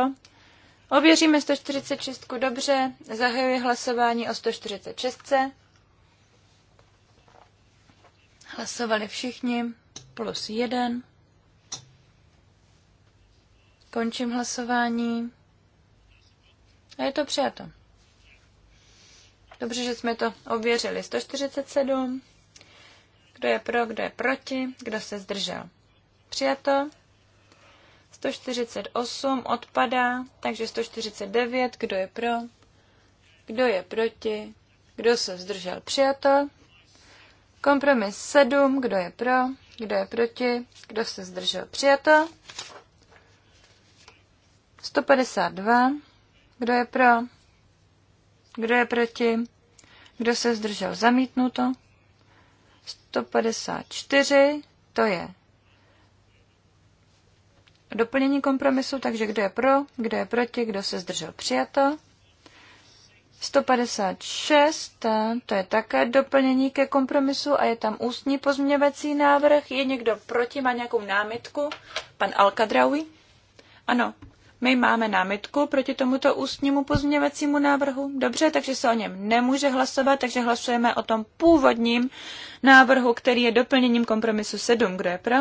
Ověříme 146, dobře, zahajuji hlasování o 146. Hlasovali všichni, plus jeden. Končím hlasování. A je to přijato. Dobře, že jsme to ověřili. 147. Kdo je pro, kdo je proti, kdo se zdržel. Přijato. 148 odpadá, takže 149, kdo je pro, kdo je proti, kdo se zdržel. Přijato. Kompromis 7, kdo je pro, kdo je proti, kdo se zdržel. Přijato. 152. Kdo je pro? Kdo je proti? Kdo se zdržel? Zamítnuto. 154. To je doplnění kompromisu, takže kdo je pro, kdo je proti, kdo se zdržel přijato. 156, to je také doplnění ke kompromisu a je tam ústní pozměňovací návrh. Je někdo proti, má nějakou námitku? Pan Alkadraui? Ano, my máme námitku proti tomuto ústnímu pozměňovacímu návrhu. Dobře, takže se o něm nemůže hlasovat, takže hlasujeme o tom původním návrhu, který je doplněním kompromisu 7. Kdo je pro?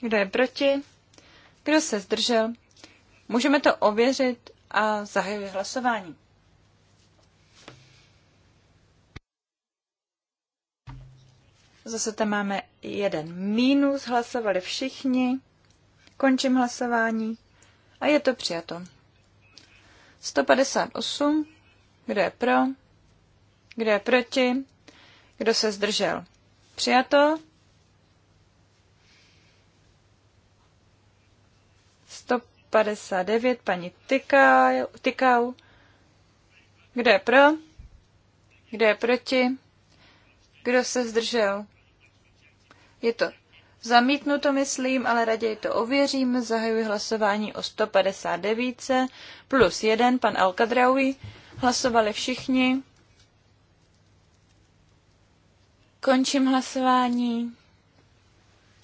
Kdo je proti? Kdo se zdržel? Můžeme to ověřit a zahajuji hlasování. Zase tam máme jeden mínus, hlasovali všichni. Končím hlasování. A je to přijato. 158. Kdo je pro? Kdo je proti? Kdo se zdržel? Přijato. 159. Paní Tykau. Tykau. Kdo je pro? Kdo je proti? Kdo se zdržel? Je to Zamítnu to myslím, ale raději to ověřím. Zahajuji hlasování o 159 plus 1, pan Alkadraui. Hlasovali všichni. Končím hlasování.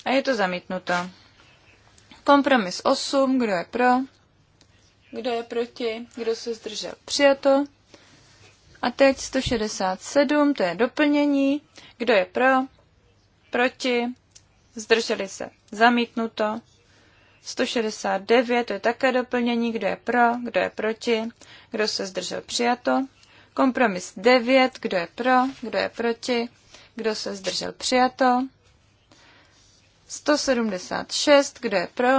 A je to zamítnuto. Kompromis 8, kdo je pro, kdo je proti, kdo se zdržel, přijato. A teď 167, to je doplnění, kdo je pro, proti, zdrželi se, zamítnuto. 169, to je také doplnění, kdo je pro, kdo je proti, kdo se zdržel, přijato. Kompromis 9, kdo je pro, kdo je proti, kdo se zdržel, přijato. 176, kdo je pro,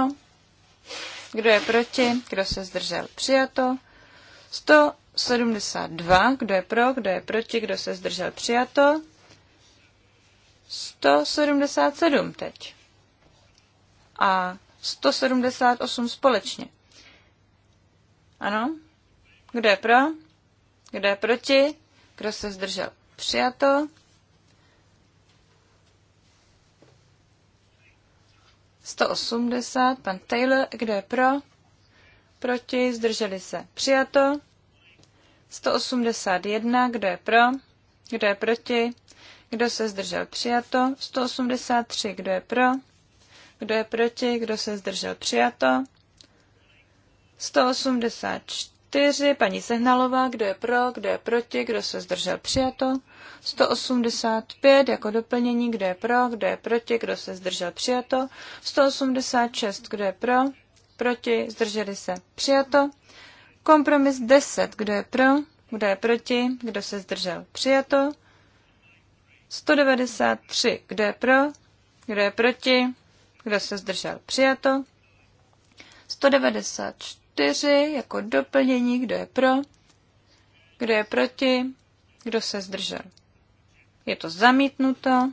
kdo je proti, kdo se zdržel, přijato. 172, kdo je pro, kdo je proti, kdo se zdržel, přijato. 177 teď. A 178 společně. Ano? Kdo je pro? Kdo je proti? Kdo se zdržel? Přijato. 180, pan Taylor, kdo je pro? Proti, zdrželi se. Přijato. 181, kdo je pro? Kdo je proti? Kdo se zdržel? Přijato. 183. Kdo je pro? Kdo je proti? Kdo se zdržel? Přijato. 184. Paní Sehnalová. Kdo je pro? Kdo je proti? Kdo se zdržel? Přijato. 185 jako doplnění. Kdo je pro? Kdo je proti? Kdo se zdržel? Přijato. 186. Kdo je pro? Proti? Zdrželi se? Přijato. Kompromis 10. Kdo je pro? Kdo je proti? Kdo se zdržel? Přijato. 193. Kdo je pro? Kdo je proti? Kdo se zdržel? Přijato. 194 jako doplnění. Kdo je pro? Kdo je proti? Kdo se zdržel? Je to zamítnuto.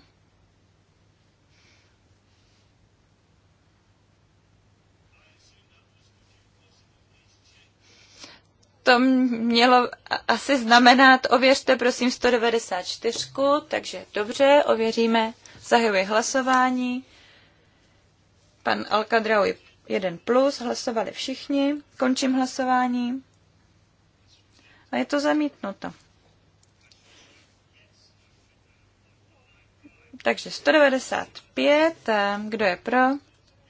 to mělo asi znamenat, ověřte prosím 194, takže dobře, ověříme, zahajuji hlasování. Pan Alkadraui 1 plus, hlasovali všichni, končím hlasování. A je to zamítnuto. Takže 195, kdo je pro,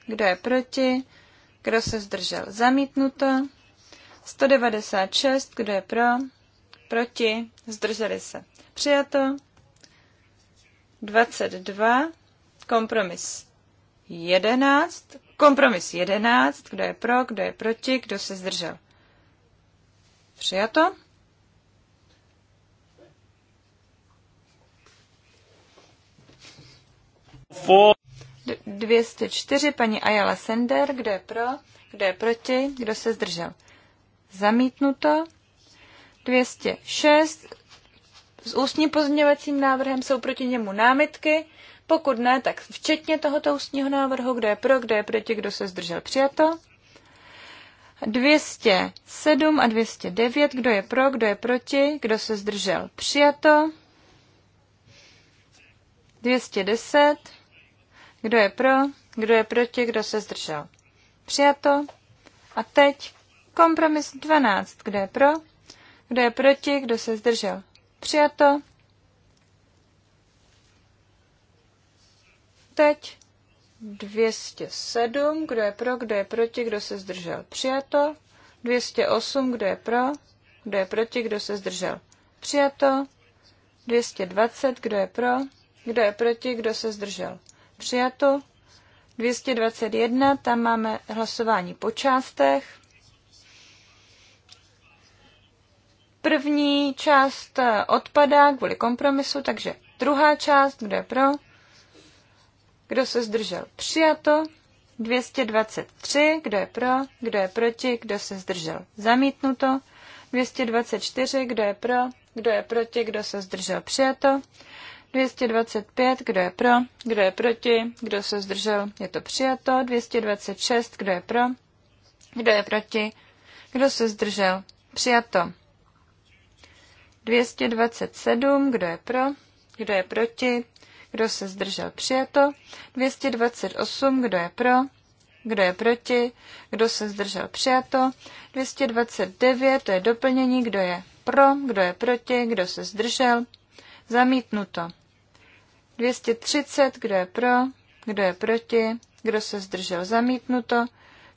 kdo je proti, kdo se zdržel, zamítnuto. 196, kdo je pro, proti, zdrželi se. Přijato. 22, kompromis 11, kompromis 11, kdo je pro, kdo je proti, kdo se zdržel. Přijato. For. 204, paní Ayala Sender, kdo je pro, kdo je proti, kdo se zdržel zamítnuto. 206 s ústním pozměňovacím návrhem jsou proti němu námitky. Pokud ne, tak včetně tohoto ústního návrhu, kdo je pro, kdo je proti, kdo se zdržel přijato. 207 a 209, kdo je pro, kdo je proti, kdo se zdržel přijato. 210, kdo je pro, kdo je proti, kdo se zdržel přijato. A teď Kompromis 12. Kdo je pro? Kdo je proti? Kdo se zdržel? Přijato. Teď 207. Kdo je pro? Kdo je proti? Kdo se zdržel? Přijato. 208. Kdo je pro? Kdo je proti? Kdo se zdržel? Přijato. 220. Kdo je pro? Kdo je proti? Kdo se zdržel? Přijato. 221. Tam máme hlasování po částech. První část eh, odpadá kvůli kompromisu, takže druhá část, kdo je pro, kdo se zdržel, přijato. 223, kdo je pro, kdo je proti, kdo se zdržel, zamítnuto. 224, kdo je pro, kdo je proti, kdo se zdržel, přijato. 225, kdo je pro, kdo je proti, kdo se zdržel, je to přijato. 226, kdo je pro, kdo je proti, kdo se zdržel, přijato. 227, kdo je pro, kdo je proti, kdo se zdržel přijato, 228, kdo je pro, kdo je proti, kdo se zdržel přijato, 229, to je doplnění, kdo je pro, kdo je proti, kdo se zdržel, zamítnuto. 230, kdo je pro, kdo je proti, kdo se zdržel, zamítnuto.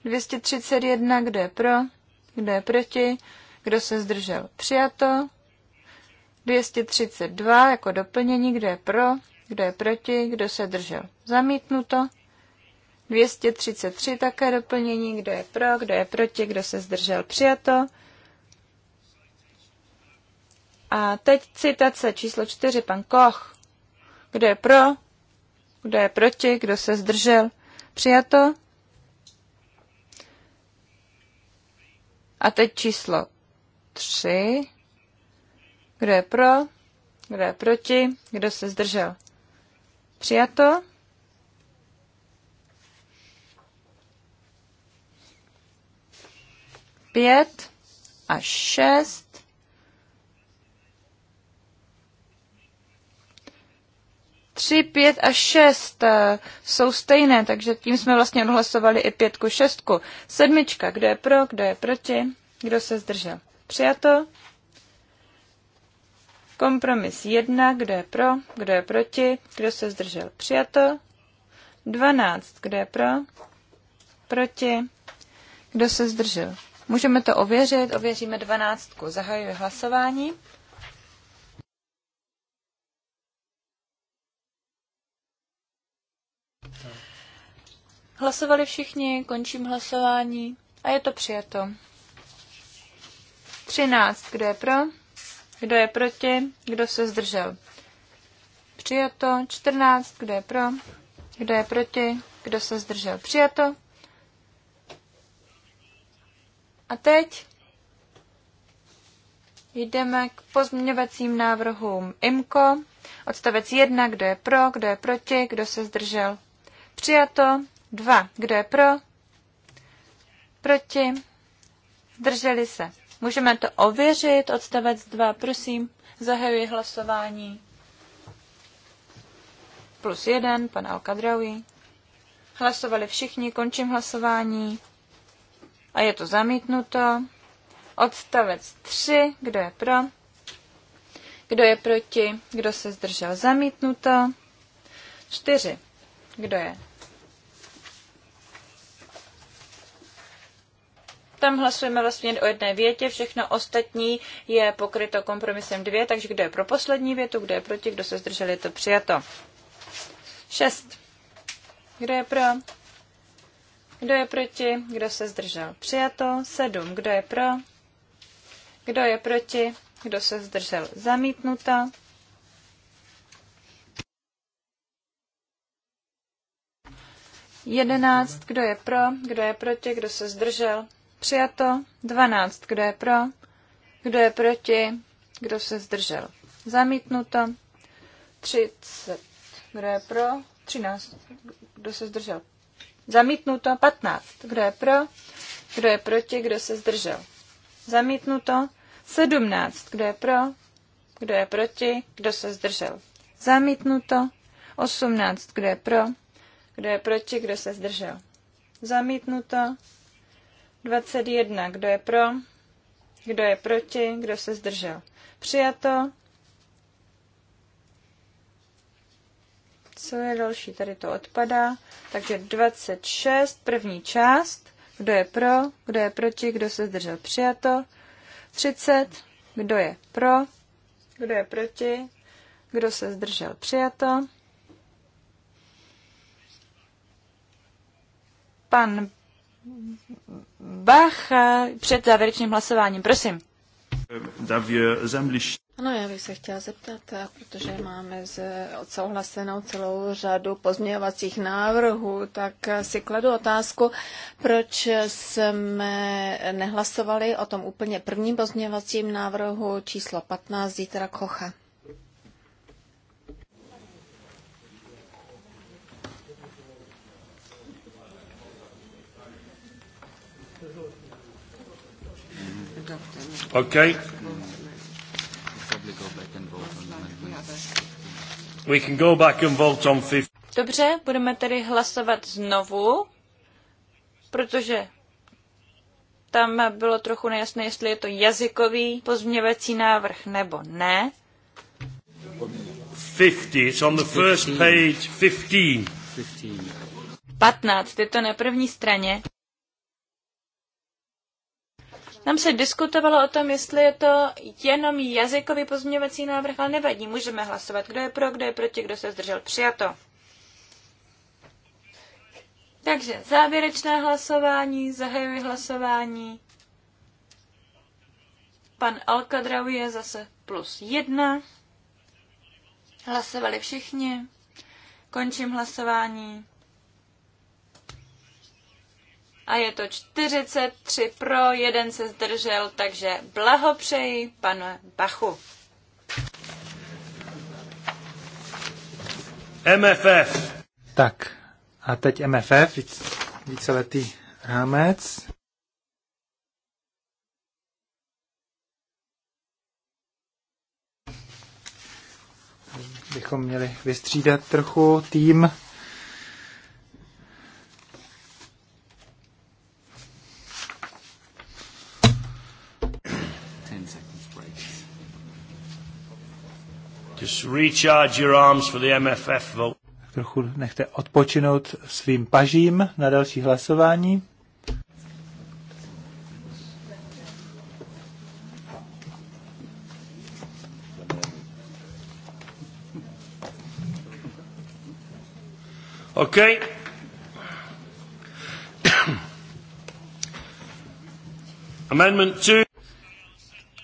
231, kdo je pro, kdo je proti, kdo se zdržel, přijato. 232 jako doplnění, kdo je pro, kdo je proti, kdo se držel. Zamítnuto. 233 také doplnění, kdo je pro, kdo je proti, kdo se zdržel. Přijato. A teď citace číslo 4, pan Koch. Kdo je pro, kdo je proti, kdo se zdržel. Přijato. A teď číslo 3. Kdo je pro? Kdo je proti? Kdo se zdržel? Přijato. Pět a šest. Tři, pět a šest eh, jsou stejné, takže tím jsme vlastně odhlasovali i pětku, šestku. Sedmička, kdo je pro, kdo je proti, kdo se zdržel. Přijato. Kompromis 1, kdo je pro, kdo je proti, kdo se zdržel přijato. 12, kdo je pro, proti, kdo se zdržel. Můžeme to ověřit, ověříme 12. Zahajuji hlasování. Hlasovali všichni, končím hlasování a je to přijato. 13, kdo je pro? Kdo je proti? Kdo se zdržel? Přijato. 14. Kdo je pro? Kdo je proti? Kdo se zdržel? Přijato. A teď jdeme k pozměňovacím návrhům IMKO. Odstavec 1. Kdo je pro? Kdo je proti? Kdo se zdržel? Přijato. 2. Kdo je pro? Proti? Zdrželi se. Můžeme to ověřit, odstavec 2, prosím, zahajuji hlasování. Plus 1, pan Alkadraui. Hlasovali všichni, končím hlasování. A je to zamítnuto. Odstavec 3, kdo je pro? Kdo je proti? Kdo se zdržel? Zamítnuto. 4. Kdo je tam hlasujeme vlastně o jedné větě, všechno ostatní je pokryto kompromisem dvě, takže kdo je pro poslední větu, kdo je proti, kdo se zdržel, je to přijato. Šest. Kdo je pro? Kdo je proti? Kdo se zdržel? Přijato. Sedm. Kdo je pro? Kdo je proti? Kdo se zdržel? Zamítnuto. Jedenáct. Kdo je pro? Kdo je proti? Kdo se zdržel? Přijato. 12. Kdo je pro? Kdo je proti? Kdo se zdržel? Zamítnuto. 30. Kdo je pro? 13. Kdo se zdržel? Zamítnuto. 15. Kdo je pro? Kdo je proti? Kdo se zdržel? Zamítnuto. 17. Kdo je pro? Kdo je proti? Kdo se zdržel? Zamítnuto. 18. Kdo je pro? Kdo je proti? Kdo se zdržel? Zamítnuto. 21. Kdo je pro? Kdo je proti? Kdo se zdržel? Přijato. Co je další? Tady to odpadá. Takže 26, první část. Kdo je pro? Kdo je proti? Kdo se zdržel? Přijato. 30. Kdo je pro? Kdo je proti? Kdo se zdržel? Přijato. Pan Bach eh, před závěrečným hlasováním. Prosím. Ano, já bych se chtěla zeptat, eh, protože máme z, odsouhlasenou celou řadu pozměňovacích návrhů, tak eh, si kladu otázku, proč jsme nehlasovali o tom úplně prvním pozměňovacím návrhu číslo 15 Zítra Kocha. Okay. We can go back and vote on fifth. Dobře, budeme tedy hlasovat znovu, protože tam bylo trochu nejasné, jestli je to jazykový pozměňovací návrh nebo ne. 50, it's on the first page 15. 15, je to na první straně. Tam se diskutovalo o tom, jestli je to jenom jazykový pozměňovací návrh, ale nevadí, můžeme hlasovat, kdo je pro, kdo je proti, kdo se zdržel. Přijato. Takže závěrečné hlasování, zahajuji hlasování. Pan Alkadrau je zase plus jedna. Hlasovali všichni. Končím hlasování a je to 43 pro, jeden se zdržel, takže blahopřeji panu Bachu. MFF. Tak, a teď MFF, víc, víceletý rámec. Bychom měli vystřídat trochu tým. recharge your arms for the MFF vote. Trochu nechte odpočinout svým pažím na další hlasování. Okay. Amendment 2.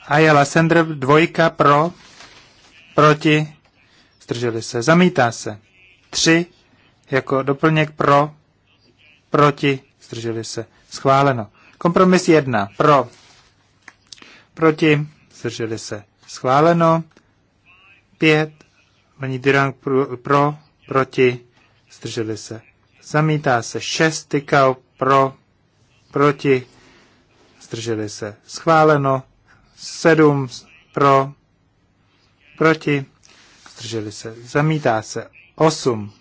Ayala Sender dvojka pro proti, zdrželi se, zamítá se. Tři jako doplněk pro, proti, zdrželi se, schváleno. Kompromis jedna. pro, proti, zdrželi se, schváleno. Pět paní Dirang pro, pro, proti, zdrželi se, zamítá se. Šest tykal pro, proti, zdrželi se, schváleno. Sedm pro, proti, zdrželi se, zamítá se 8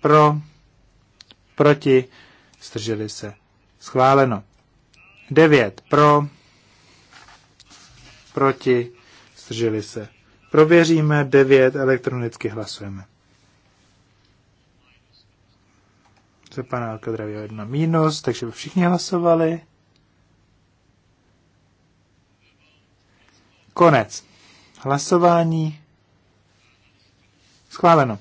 pro, proti, zdrželi se, schváleno 9 pro, proti, zdrželi se. Prověříme 9, elektronicky hlasujeme. Se pana Alkadravího jedna mínus, takže by všichni hlasovali. Konec. Hlasování. Schváleno.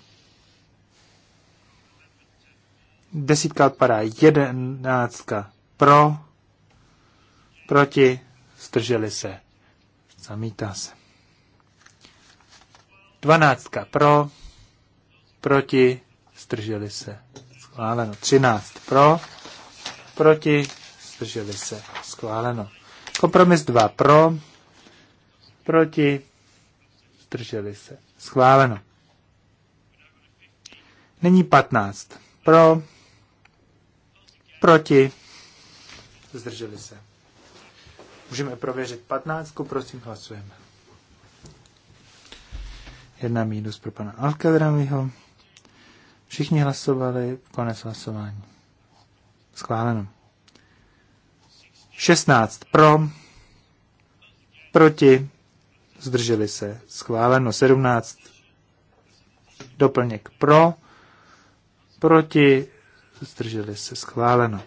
Desítka odpadá. Jedenáctka pro. Proti. Zdrželi se. Zamítá se. Dvanáctka pro. Proti. Zdrželi se. Schváleno. Třináct pro. Proti. Zdrželi se. Schváleno. Kompromis 2 pro. Proti zdrželi se. Schváleno. Nyní 15. Pro, proti, zdrželi se. Můžeme prověřit 15, prosím hlasujeme. Jedna mínus pro pana Alkadramiho. Všichni hlasovali, konec hlasování. Schváleno. 16 pro, proti, zdrželi se, schváleno 17. Doplněk pro, proti, zdrželi se, schváleno.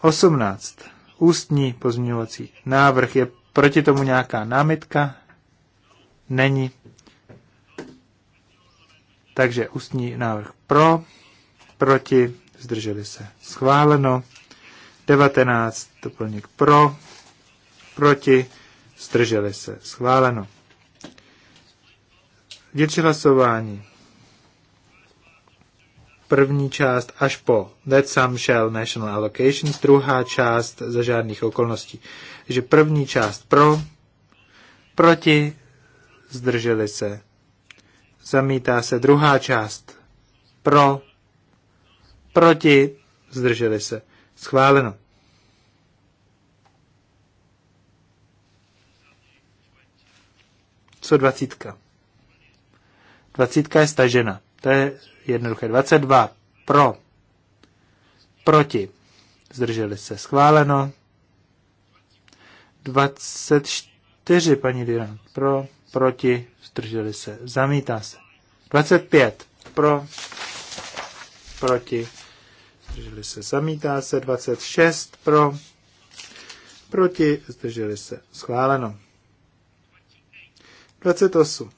18. Ústní pozměňovací návrh. Je proti tomu nějaká námitka? Není. Takže ústní návrh pro, proti, zdrželi se, schváleno. 19. Doplněk pro, proti, Zdrželi se. Schváleno. Dělčí hlasování. První část až po That Some Shell National Allocations, druhá část za žádných okolností. Takže první část pro, proti, zdrželi se. Zamítá se druhá část pro, proti, zdrželi se. Schváleno. 120. 20 je stažena. To je jednoduché. 22 pro. Proti. Zdrželi se. Schváleno. 24 paní Diran. Pro. Proti. Zdrželi se. Zamítá se. 25 pro. Proti. Zdrželi se. Zamítá se. 26 pro. Proti. Zdrželi se. Schváleno. 28.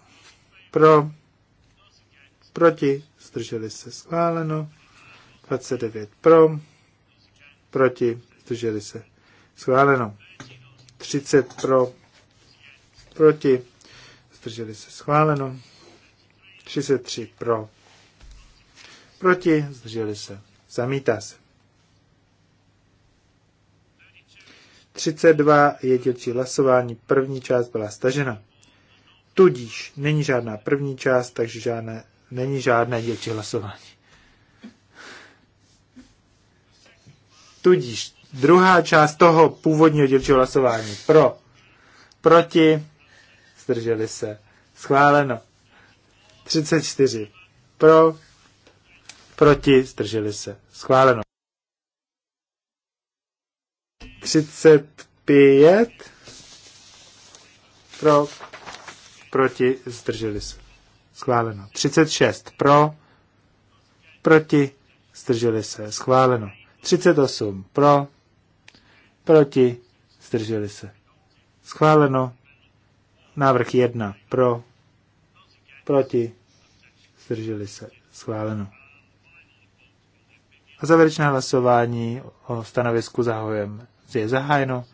Pro, proti, zdrželi se schváleno. 29 pro, proti, zdrželi se schváleno. 30 pro, proti, zdrželi se schváleno. 33 pro, proti, zdrželi se, zamítá se. 32 je dílčí hlasování, první část byla stažena. Tudíž není žádná první část, takže žádné, není žádné dělčí hlasování. Tudíž druhá část toho původního dělčího hlasování pro, proti, zdrželi se, schváleno. 34 pro, proti, zdrželi se, schváleno. 35 pro, proti, zdrželi se. Schváleno. 36 pro, proti, zdrželi se. Schváleno. 38 pro, proti, zdrželi se. Schváleno. Návrh 1 pro, proti, zdrželi se. Schváleno. A závěrečné hlasování o stanovisku záhojem je zahájeno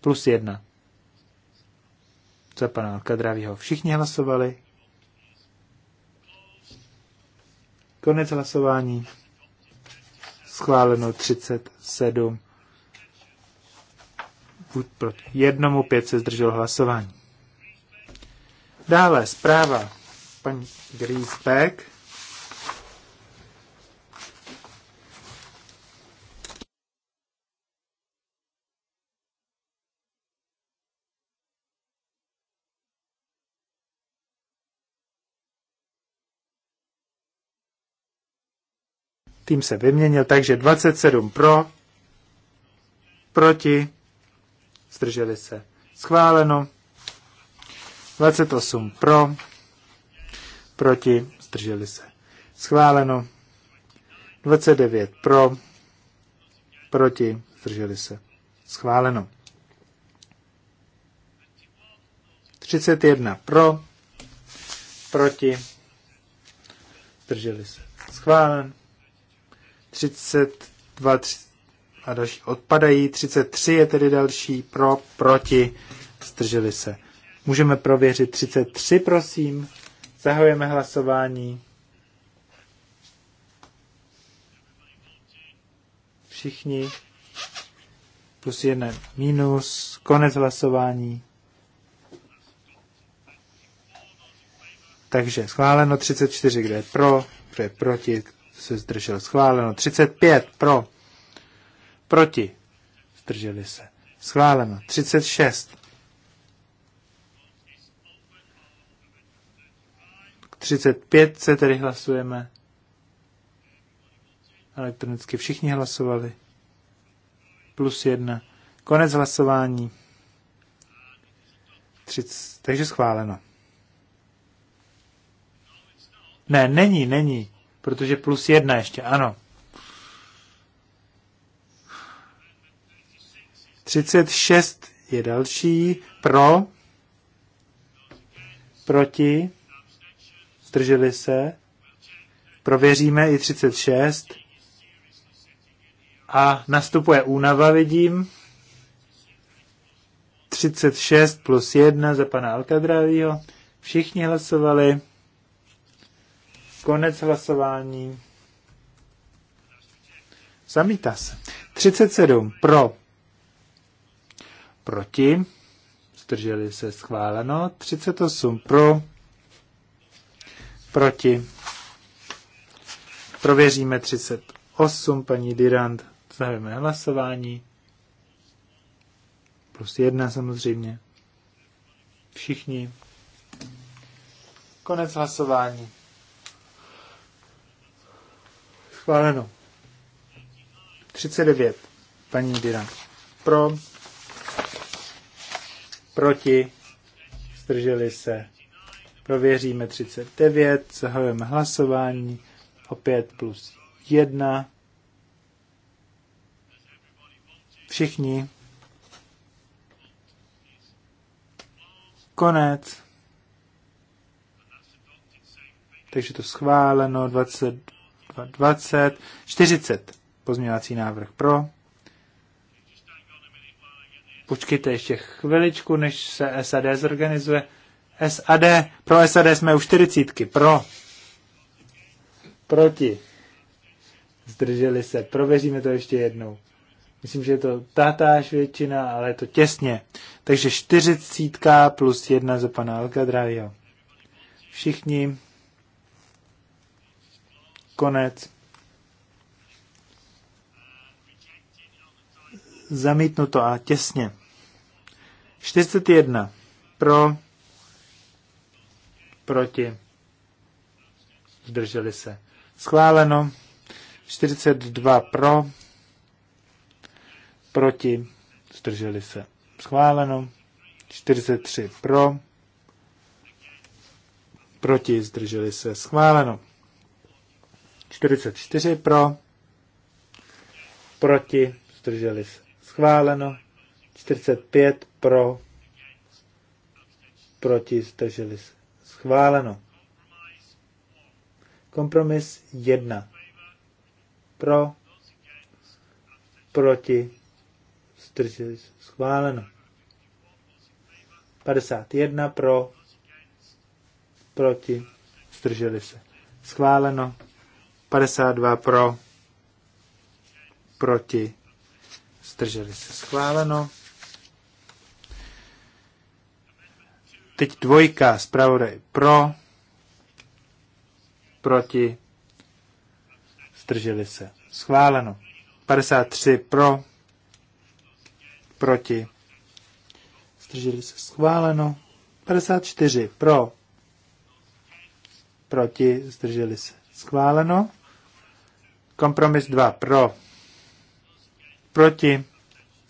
plus 1 za pana Kadrávího. Všichni hlasovali. Konec hlasování. Schváleno 37. Buď proti jednomu, pět se zdrželo hlasování. Dále zpráva paní Griesbeck. tým se vyměnil, takže 27 pro, proti, zdrželi se. Schváleno. 28 pro, proti, zdrželi se. Schváleno. 29 pro, proti, zdrželi se. Schváleno. 31 pro, proti, zdrželi se. Schválen. 32 a další odpadají, 33 je tedy další pro, proti, zdrželi se. Můžeme prověřit 33, prosím. Zahajujeme hlasování. Všichni. Plus jeden minus. Konec hlasování. Takže schváleno 34, kde je pro, kde je proti, se zdržel schváleno. 35 pro, proti, zdrželi se schváleno. 36 35 se tedy hlasujeme. Elektronicky všichni hlasovali. Plus jedna. Konec hlasování. 30, takže schváleno. Ne, není, není protože plus jedna ještě, ano. 36 je další, pro, proti, zdrželi se, prověříme i 36 a nastupuje únava, vidím. 36 plus 1 za pana Alkadravího. Všichni hlasovali. Konec hlasování. Zamítá se. 37 pro. Proti. Zdrželi se schváleno. 38 pro. Proti. Prověříme 38, paní Dirand. Zahajeme hlasování. Plus jedna samozřejmě. Všichni. Konec hlasování. Schváleno. 39. Paní Dira. Pro. Proti. Zdrželi se. Prověříme 39. Zahajujeme hlasování. Opět plus 1. Všichni. Konec. Takže to schváleno 20 20, 40 pozměňovací návrh pro. Počkejte ještě chviličku, než se SAD zorganizuje. SAD, pro SAD jsme u 40, pro. Proti. Zdrželi se, prověříme to ještě jednou. Myslím, že je to tátáž většina, ale je to těsně. Takže 40 plus 1 za pana Alcadrája. Všichni Konec. Zamítnuto a těsně. 41. Pro. Proti. Zdrželi se. Schváleno. 42 pro. Proti. Zdrželi se. Schváleno. 43 pro. Proti. Zdrželi se. Schváleno. 44 pro, proti, zdrželi se. Schváleno. 45 pro, proti, zdrželi se. Schváleno. Kompromis 1. Pro, proti, zdrželi se. Schváleno. 51 pro, proti, zdrželi se. Schváleno. 52 pro, proti, zdrželi se schváleno. Teď dvojka, zpravodaj pro, proti, zdrželi se schváleno. 53 pro, proti, zdrželi se schváleno. 54 pro, proti, zdrželi se Schváleno. Kompromis 2 pro. Proti.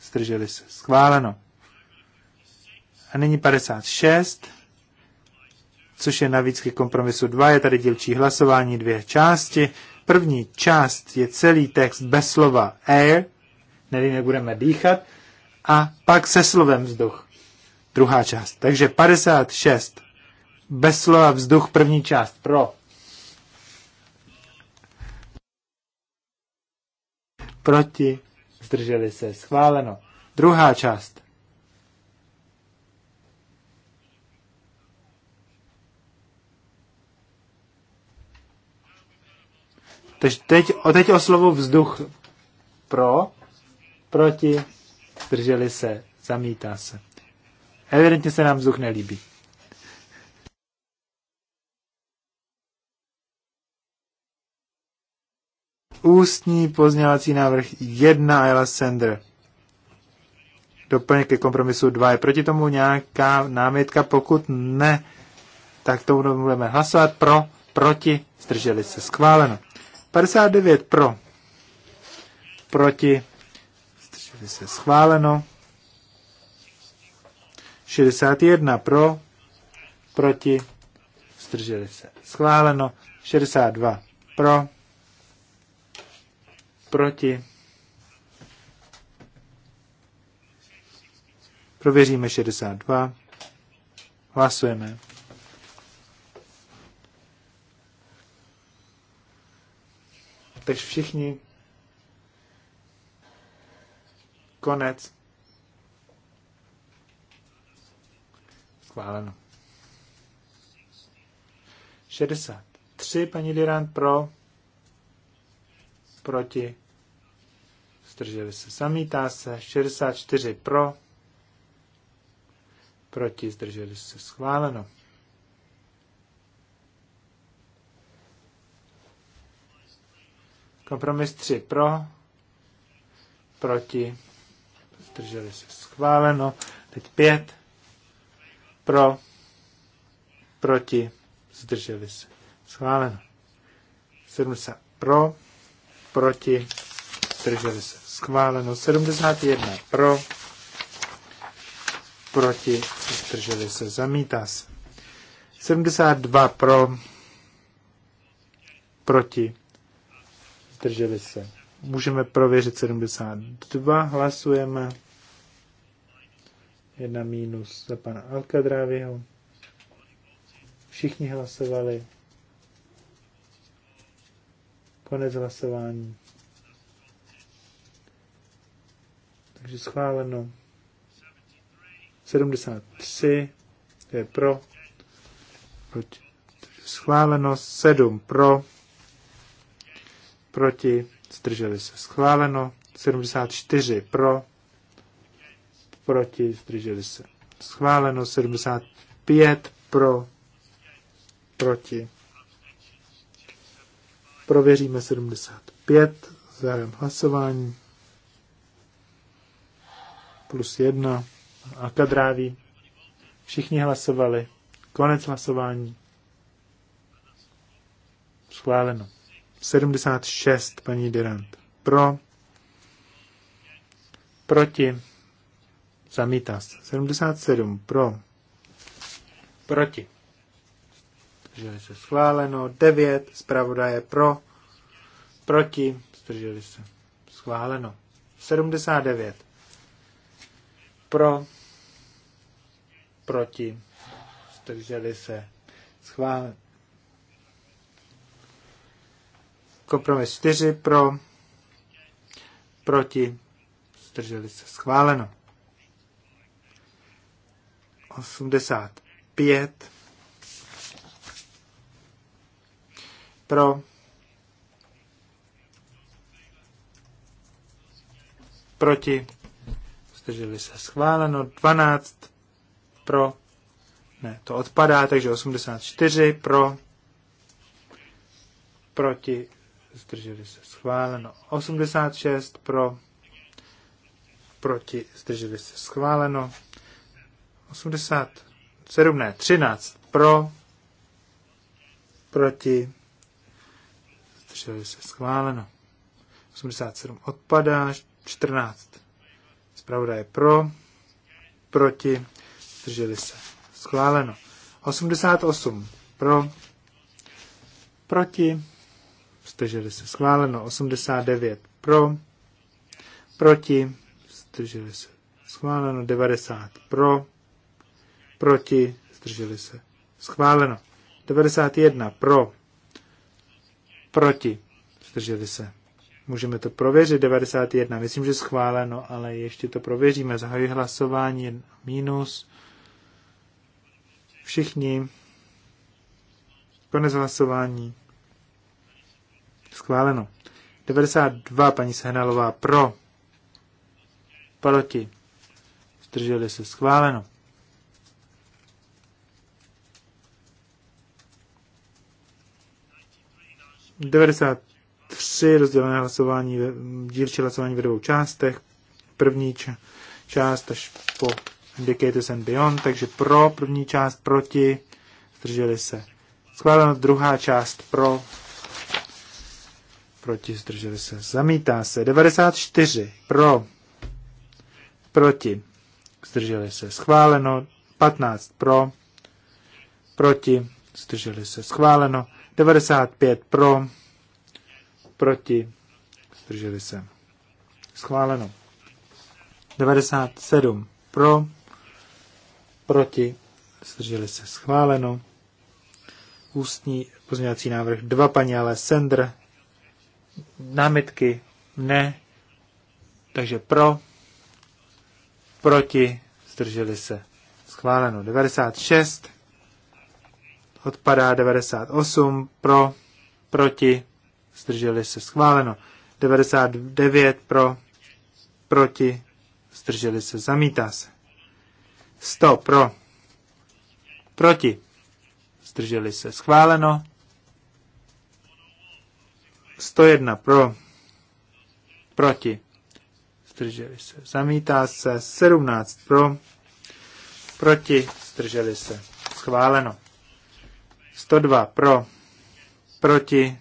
Zdrželi se. Schváleno. A nyní 56, což je navíc ke kompromisu 2. Je tady dílčí hlasování dvě části. První část je celý text bez slova air, nevím, jak budeme dýchat, a pak se slovem vzduch. Druhá část. Takže 56 bez slova vzduch první část pro. proti, zdrželi se, schváleno. Druhá část. Takže teď, teď o slovo vzduch pro, proti, zdrželi se, zamítá se. Evidentně se nám vzduch nelíbí. ústní pozněvací návrh 1 Ayla Sender. Doplněk ke kompromisu 2. Je proti tomu nějaká námitka? Pokud ne, tak to budeme hlasovat pro, proti, zdrželi se. Schváleno. 59 pro, proti, zdrželi se. Schváleno. 61 pro, proti, zdrželi se. Schváleno. 62 pro, Proti. Prověříme 62. Hlasujeme. Takže všichni. Konec. Schváleno. 63, paní Dirant, pro proti, zdrželi se, samítá se, 64 pro, proti, zdrželi se, schváleno. Kompromis 3 pro, proti, zdrželi se, schváleno. Teď 5 pro, proti, zdrželi se, schváleno. 70 pro, proti, zdrželi se schváleno. 71 pro, proti, zdrželi se zamítá se. 72 pro, proti, zdrželi se. Můžeme prověřit 72, hlasujeme. Jedna mínus za pana Alkadráviho. Všichni hlasovali. Konec hlasování. Takže schváleno. 73, to je pro. Proti. Schváleno 7 pro. Proti. Zdrželi se. Schváleno 74 pro. Proti. Zdrželi se. Schváleno 75 pro. Proti. Prověříme 75, zájem hlasování. Plus 1. A kadráví. Všichni hlasovali. Konec hlasování. Schváleno. 76, paní Dirant. Pro. Proti. Zamítá se. 77 pro. Proti zdrželi se schváleno, 9 zpravodaje pro, proti, zdrželi se schváleno, 79 pro, proti, zdrželi se schváleno. Kompromis 4 pro, proti, zdrželi se schváleno. 85 pro, proti, zdrželi se schváleno, 12 pro, ne, to odpadá, takže 84 pro, proti, zdrželi se schváleno, 86 pro, proti, zdrželi se schváleno, 87 ne, 13 pro, proti, zdrželi se schváleno. 87 odpadá, 14. Zpravodaj je pro, proti, zdrželi se schváleno. 88 pro, proti, zdrželi se schváleno. 89 pro, proti, zdrželi se schváleno. 90 pro, proti, zdrželi se schváleno. 91 pro, Proti. Zdrželi se. Můžeme to prověřit. 91. Myslím, že schváleno, ale ještě to prověříme. Zahajuji hlasování. Minus. Všichni. Konec hlasování. Schváleno. 92. Paní Sehnalová. Pro. Proti. Zdrželi se. Schváleno. 93 rozdělené hlasování, dílčí hlasování ve dvou částech. První ča- část až po Indicators and Beyond, takže pro první část, proti, zdrželi se. Schváleno druhá část pro, proti, zdrželi se. Zamítá se. 94 pro, proti, zdrželi se. Schváleno 15 pro, proti, zdrželi se. Schváleno 95 pro, proti, zdrželi se. Schváleno. 97 pro, proti, zdrželi se. Schváleno. Ústní pozměňovací návrh 2 paní ale Sender. Námitky ne. Takže pro, proti, zdrželi se. Schváleno. 96 odpadá 98 pro, proti, zdrželi se schváleno. 99 pro, proti, zdrželi se, zamítá se. 100 pro, proti, zdrželi se, schváleno. 101 pro, proti, zdrželi se, zamítá se. 17 pro, proti, zdrželi se, schváleno. 102 pro, proti,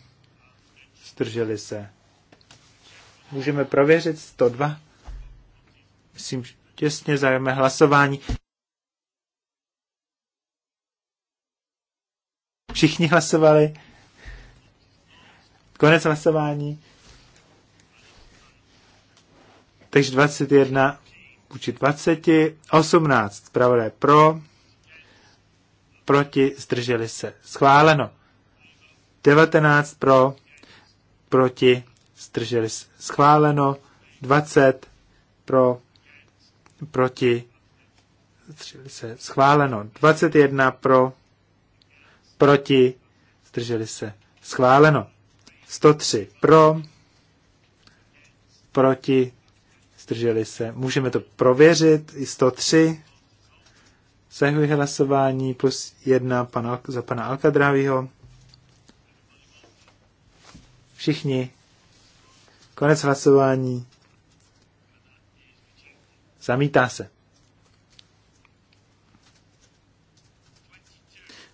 zdrželi se. Můžeme prověřit 102. Myslím, že těsně zajeme hlasování. Všichni hlasovali. Konec hlasování. Takže 21 vůči 20, 18 je pro, proti, zdrželi se. Schváleno. 19 pro, proti, zdrželi se. Schváleno. 20 pro, proti, zdrželi se. Schváleno. 21 pro, proti, zdrželi se. Schváleno. 103 pro, proti, zdrželi se. Můžeme to prověřit. I 103 Zahajuji hlasování plus jedna pana, za pana Alkadrávího. Všichni. Konec hlasování. Zamítá se.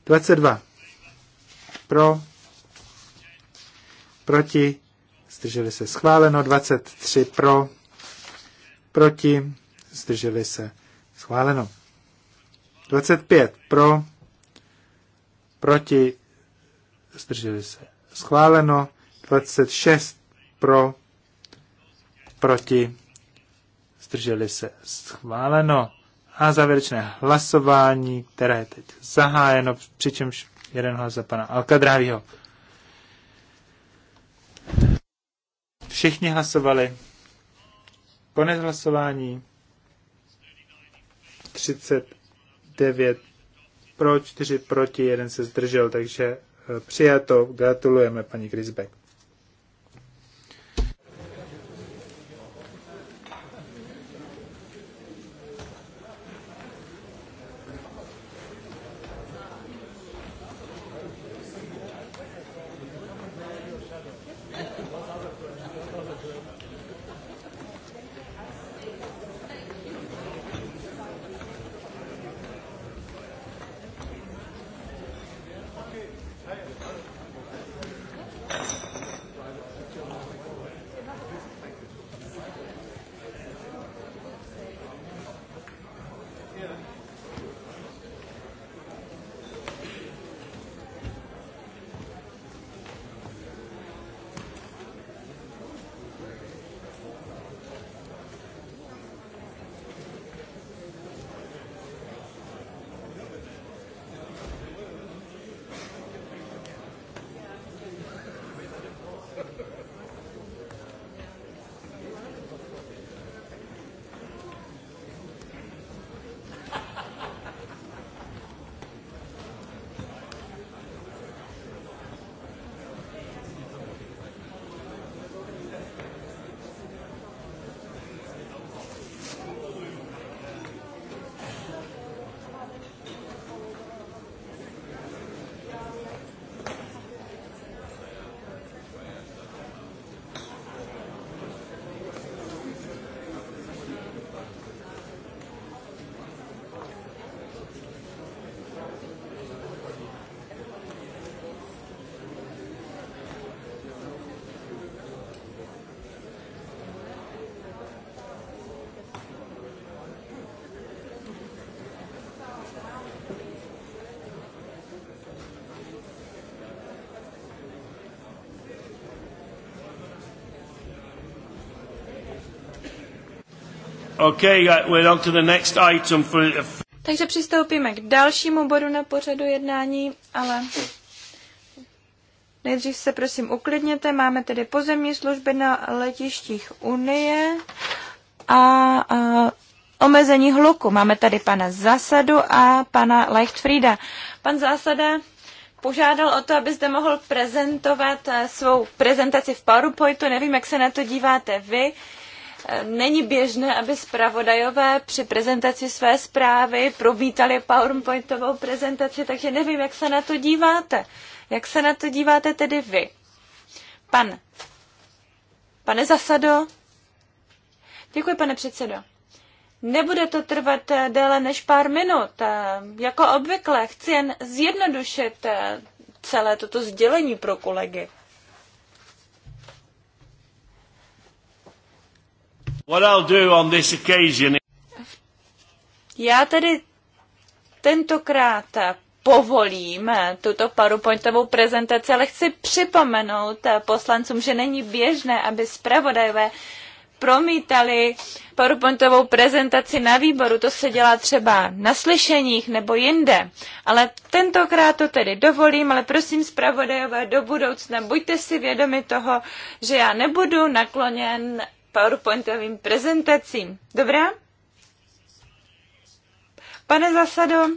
22. Pro. Proti. Zdrželi se schváleno. 23. Pro. Proti. Zdrželi se schváleno. 25 pro, proti, zdrželi se. Schváleno 26 pro, proti, zdrželi se. Schváleno a závěrečné hlasování, které je teď zahájeno, přičemž jeden hlas za pana Alkadrávího. Všichni hlasovali. Konec hlasování. 30 9 pro, 4 proti, 1 se zdržel, takže eh, přijato. Gratulujeme paní Grisbeck. Uh, uh, Takže přistoupíme k dalšímu bodu na pořadu jednání, ale nejdřív se prosím uklidněte. Máme tedy pozemní služby na letištích Unie a, a omezení hluku. Máme tady pana Zasadu a pana Leichtfrieda. Pan Zásada požádal o to, abyste mohl prezentovat eh, svou prezentaci v PowerPointu. Nevím, jak se na to díváte vy není běžné, aby zpravodajové při prezentaci své zprávy provítali PowerPointovou prezentaci, takže nevím, jak se na to díváte. Jak se na to díváte tedy vy? Pan. Pane Zasado. Děkuji, pane předsedo. Nebude to trvat eh, déle než pár minut. Eh, jako obvykle chci jen zjednodušit eh, celé toto sdělení pro kolegy. Já tedy tentokrát povolím tuto PowerPointovou prezentaci, ale chci připomenout poslancům, že není běžné, aby zpravodajové promítali PowerPointovou prezentaci na výboru. To se dělá třeba na slyšeních nebo jinde. Ale tentokrát to tedy dovolím, ale prosím zpravodajové do budoucna, buďte si vědomi toho, že já nebudu nakloněn PowerPointovým prezentacím. Dobrá? Pane zasado,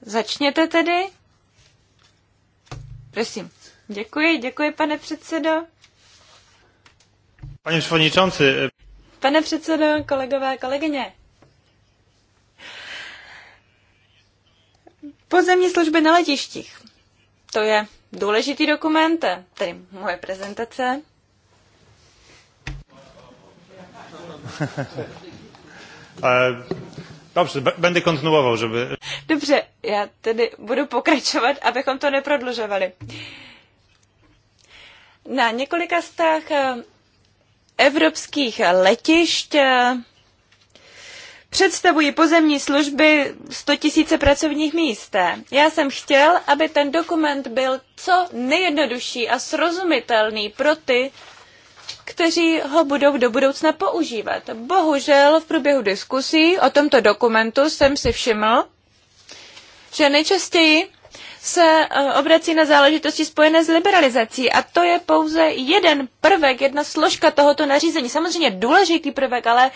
začněte tedy. Prosím. Děkuji, děkuji, pane předsedo. Pane předsedo, Pane předsedo, kolegové, kolegyně. Pozemní služby na letištích. To je důležitý dokument, eh, tedy moje prezentace. Eh, dobře, kontinuoval, že by... Dobře, já tedy budu pokračovat, abychom to neprodlužovali. Na několika stách eh, evropských letišť představují pozemní služby 100 tisíce pracovních míst. Já jsem chtěl, aby ten dokument byl co nejjednodušší a srozumitelný pro ty, kteří ho budou do budoucna používat. Bohužel v průběhu diskusí o tomto dokumentu jsem si všiml, že nejčastěji se eh, obrací na záležitosti spojené s liberalizací a to je pouze jeden prvek, jedna složka tohoto nařízení. Samozřejmě důležitý prvek, ale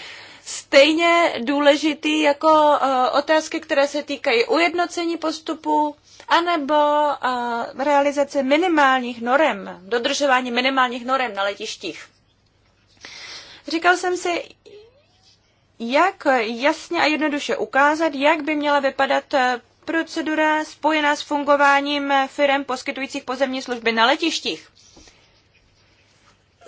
stejně důležitý jako eh, otázky, které se týkají ujednocení postupu anebo eh, realizace minimálních norem, dodržování minimálních norem na letištích. Říkal jsem si, jak jasně a jednoduše ukázat, jak by měla vypadat eh, procedura spojená s fungováním firm poskytujících pozemní služby na letištích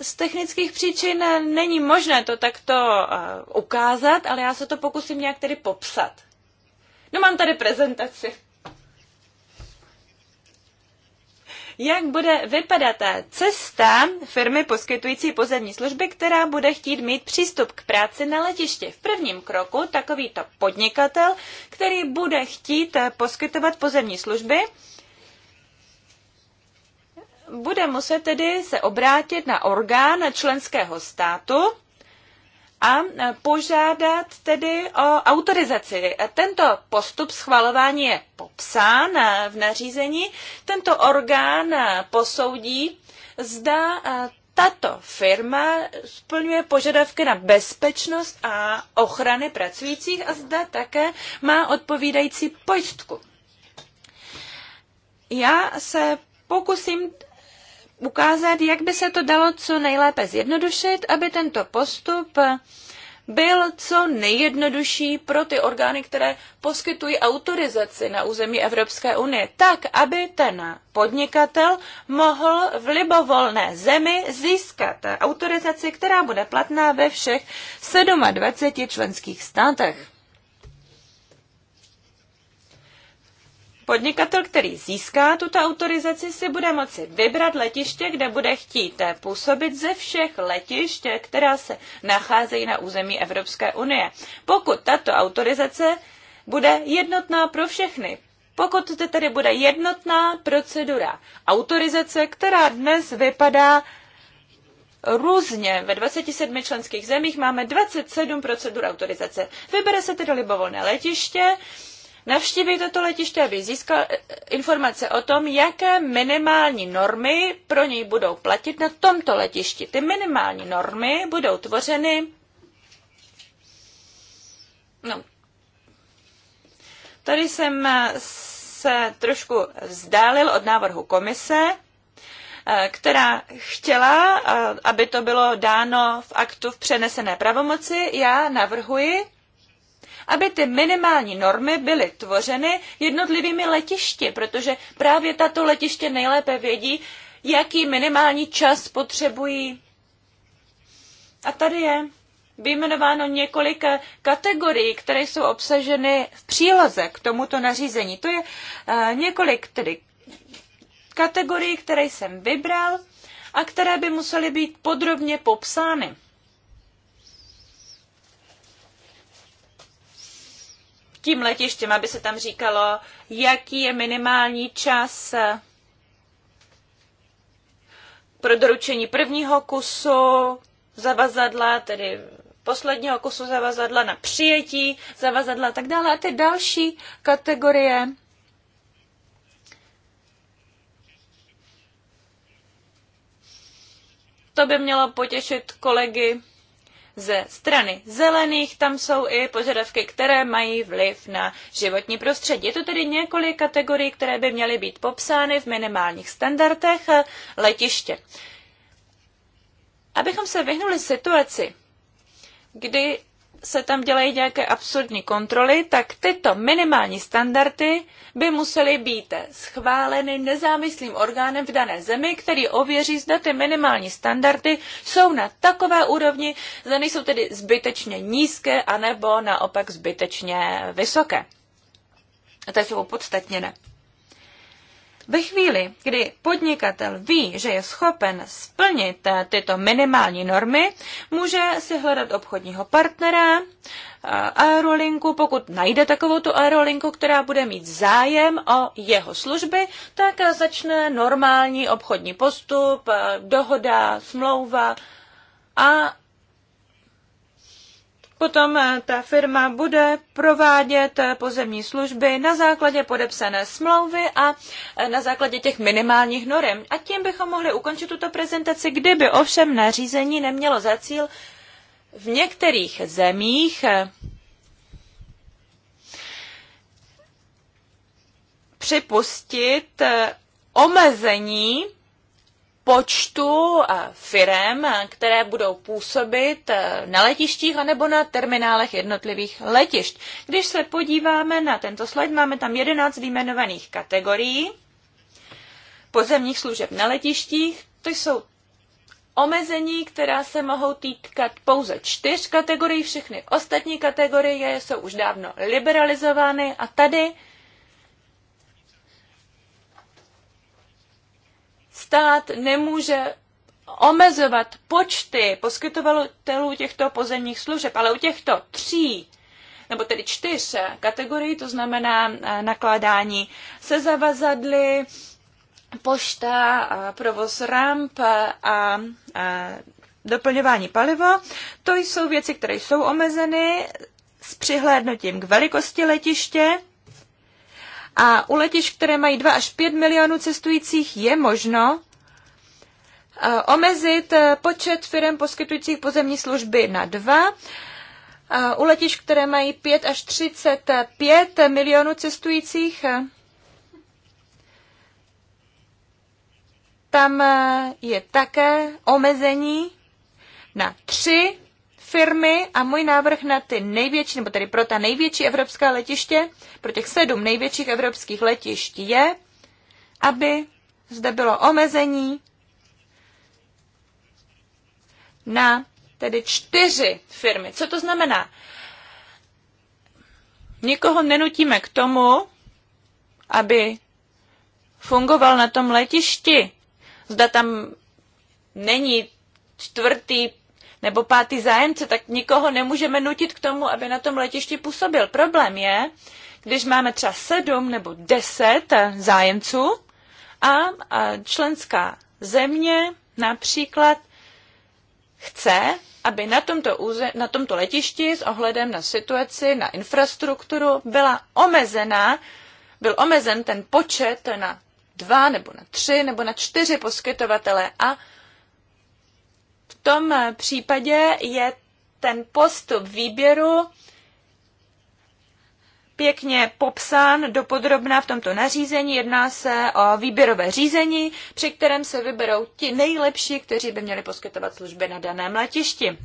z technických příčin není možné to takto eh, ukázat, ale já se to pokusím nějak tedy popsat. No mám tady prezentaci. Jak bude vypadat ta cesta firmy poskytující pozemní služby, která bude chtít mít přístup k práci na letišti? V prvním kroku takovýto podnikatel, který bude chtít eh, poskytovat pozemní služby, bude muset tedy se obrátit na orgán členského státu a požádat tedy o autorizaci. Tento postup schvalování je popsán v nařízení. Tento orgán posoudí, zda tato firma splňuje požadavky na bezpečnost a ochrany pracujících a zda také má odpovídající pojistku. Já se pokusím ukázat, jak by se to dalo co nejlépe zjednodušit, aby tento postup byl co nejjednodušší pro ty orgány, které poskytují autorizaci na území Evropské unie, tak, aby ten podnikatel mohl v libovolné zemi získat autorizaci, která bude platná ve všech 27 členských státech. Podnikatel, který získá tuto autorizaci, si bude moci vybrat letiště, kde bude chtít eh, působit ze všech letišť, která se nacházejí na území Evropské unie. Pokud tato autorizace bude jednotná pro všechny, pokud to tedy bude jednotná procedura autorizace, která dnes vypadá různě. Ve 27 členských zemích máme 27 procedur autorizace. Vybere se tedy libovolné letiště, navštíví toto letiště, aby získal eh, informace o tom, jaké minimální normy pro něj budou platit na tomto letišti. Ty minimální normy budou tvořeny No. Tady jsem eh, se trošku vzdálil od návrhu komise, eh, která chtěla, aby to bylo dáno v aktu v přenesené pravomoci. Já navrhuji, aby ty minimální normy byly tvořeny jednotlivými letišti, protože právě tato letiště nejlépe vědí, jaký minimální čas potřebují. A tady je vyjmenováno několik kategorií, které jsou obsaženy v příloze k tomuto nařízení. To je eh, několik tedy kategorií, které jsem vybral a které by musely být podrobně popsány. tím letištěm, aby se tam říkalo, jaký je minimální čas pro doručení prvního kusu zavazadla, tedy posledního kusu zavazadla na přijetí zavazadla a tak dále. A ty další kategorie to by mělo potěšit kolegy ze strany zelených, tam jsou i požadavky, které mají vliv na životní prostředí. Je to tedy několik kategorií, které by měly být popsány v minimálních standardech letiště. Abychom se vyhnuli situaci, kdy se tam dělají nějaké absurdní kontroly, tak tyto minimální standardy by musely být schváleny nezávislým orgánem v dané zemi, který ověří, zda ty minimální standardy jsou na takové úrovni, zda nejsou tedy zbytečně nízké, anebo naopak zbytečně vysoké. A to jsou opodstatněné. Ne. Ve chvíli, kdy podnikatel ví, že je schopen splnit eh, tyto minimální normy, může si hledat obchodního partnera, eh, aerolinku, pokud najde takovou tu aerolinku, která bude mít zájem o jeho služby, tak eh, začne normální obchodní postup, dohoda, smlouva a Potom eh, ta firma bude provádět eh, pozemní služby na základě podepsané smlouvy a eh, na základě těch minimálních norm. A tím bychom mohli ukončit tuto prezentaci, kdyby ovšem nařízení nemělo za cíl v některých zemích připustit omezení počtu eh, firem, eh, které budou působit eh, na letištích anebo na terminálech jednotlivých letišť. Když se podíváme na tento slide, máme tam 11 vyjmenovaných kategorií pozemních služeb na letištích. To jsou omezení, která se mohou týkat pouze čtyř kategorií, všechny ostatní kategorie jsou už dávno liberalizovány a tady stát nemůže omezovat počty poskytovatelů těchto pozemních služeb, ale u těchto tří nebo tedy čtyř kategorií, to znamená eh, nakládání se zavazadly, pošta, eh, provoz ramp eh, a doplňování paliva. To jsou věci, které jsou omezeny s přihlédnutím k velikosti letiště a u letišť, které mají 2 až 5 milionů cestujících, je možno e, omezit e, počet firm poskytujících pozemní služby na 2. E, u letišť, které mají 5 až 35 milionů cestujících, tam je také omezení na 3 firmy a můj návrh na ty největší, nebo tedy pro ta největší evropská letiště, pro těch sedm největších evropských letišť je, aby zde bylo omezení na tedy čtyři firmy. Co to znamená? Nikoho nenutíme k tomu, aby fungoval na tom letišti. Zda tam není čtvrtý, nebo pátý zájemce, tak nikoho nemůžeme nutit k tomu, aby na tom letišti působil. Problém je, když máme třeba sedm nebo deset zájemců a, a členská země například chce, aby na tomto, úze, na tomto letišti s ohledem na situaci, na infrastrukturu byla omezená, byl omezen ten počet na dva nebo na tři nebo na čtyři poskytovatele a v tom případě je ten postup výběru pěkně popsán dopodrobná v tomto nařízení. Jedná se o výběrové řízení, při kterém se vyberou ti nejlepší, kteří by měli poskytovat služby na daném letišti.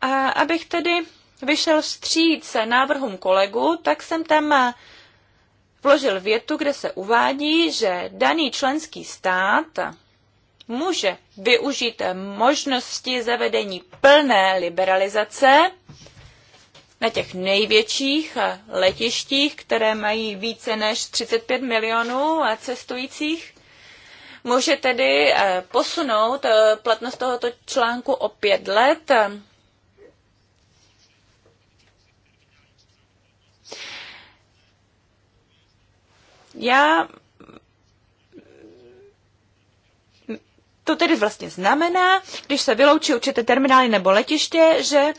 A abych tedy vyšel vstříc návrhům kolegů, tak jsem tam vložil větu, kde se uvádí, že daný členský stát může využít možnosti zavedení plné liberalizace na těch největších letištích, které mají více než 35 milionů cestujících, může tedy eh, posunout eh, platnost tohoto článku o pět let Já To tedy vlastně znamená, když se vyloučí určité terminály nebo letiště, že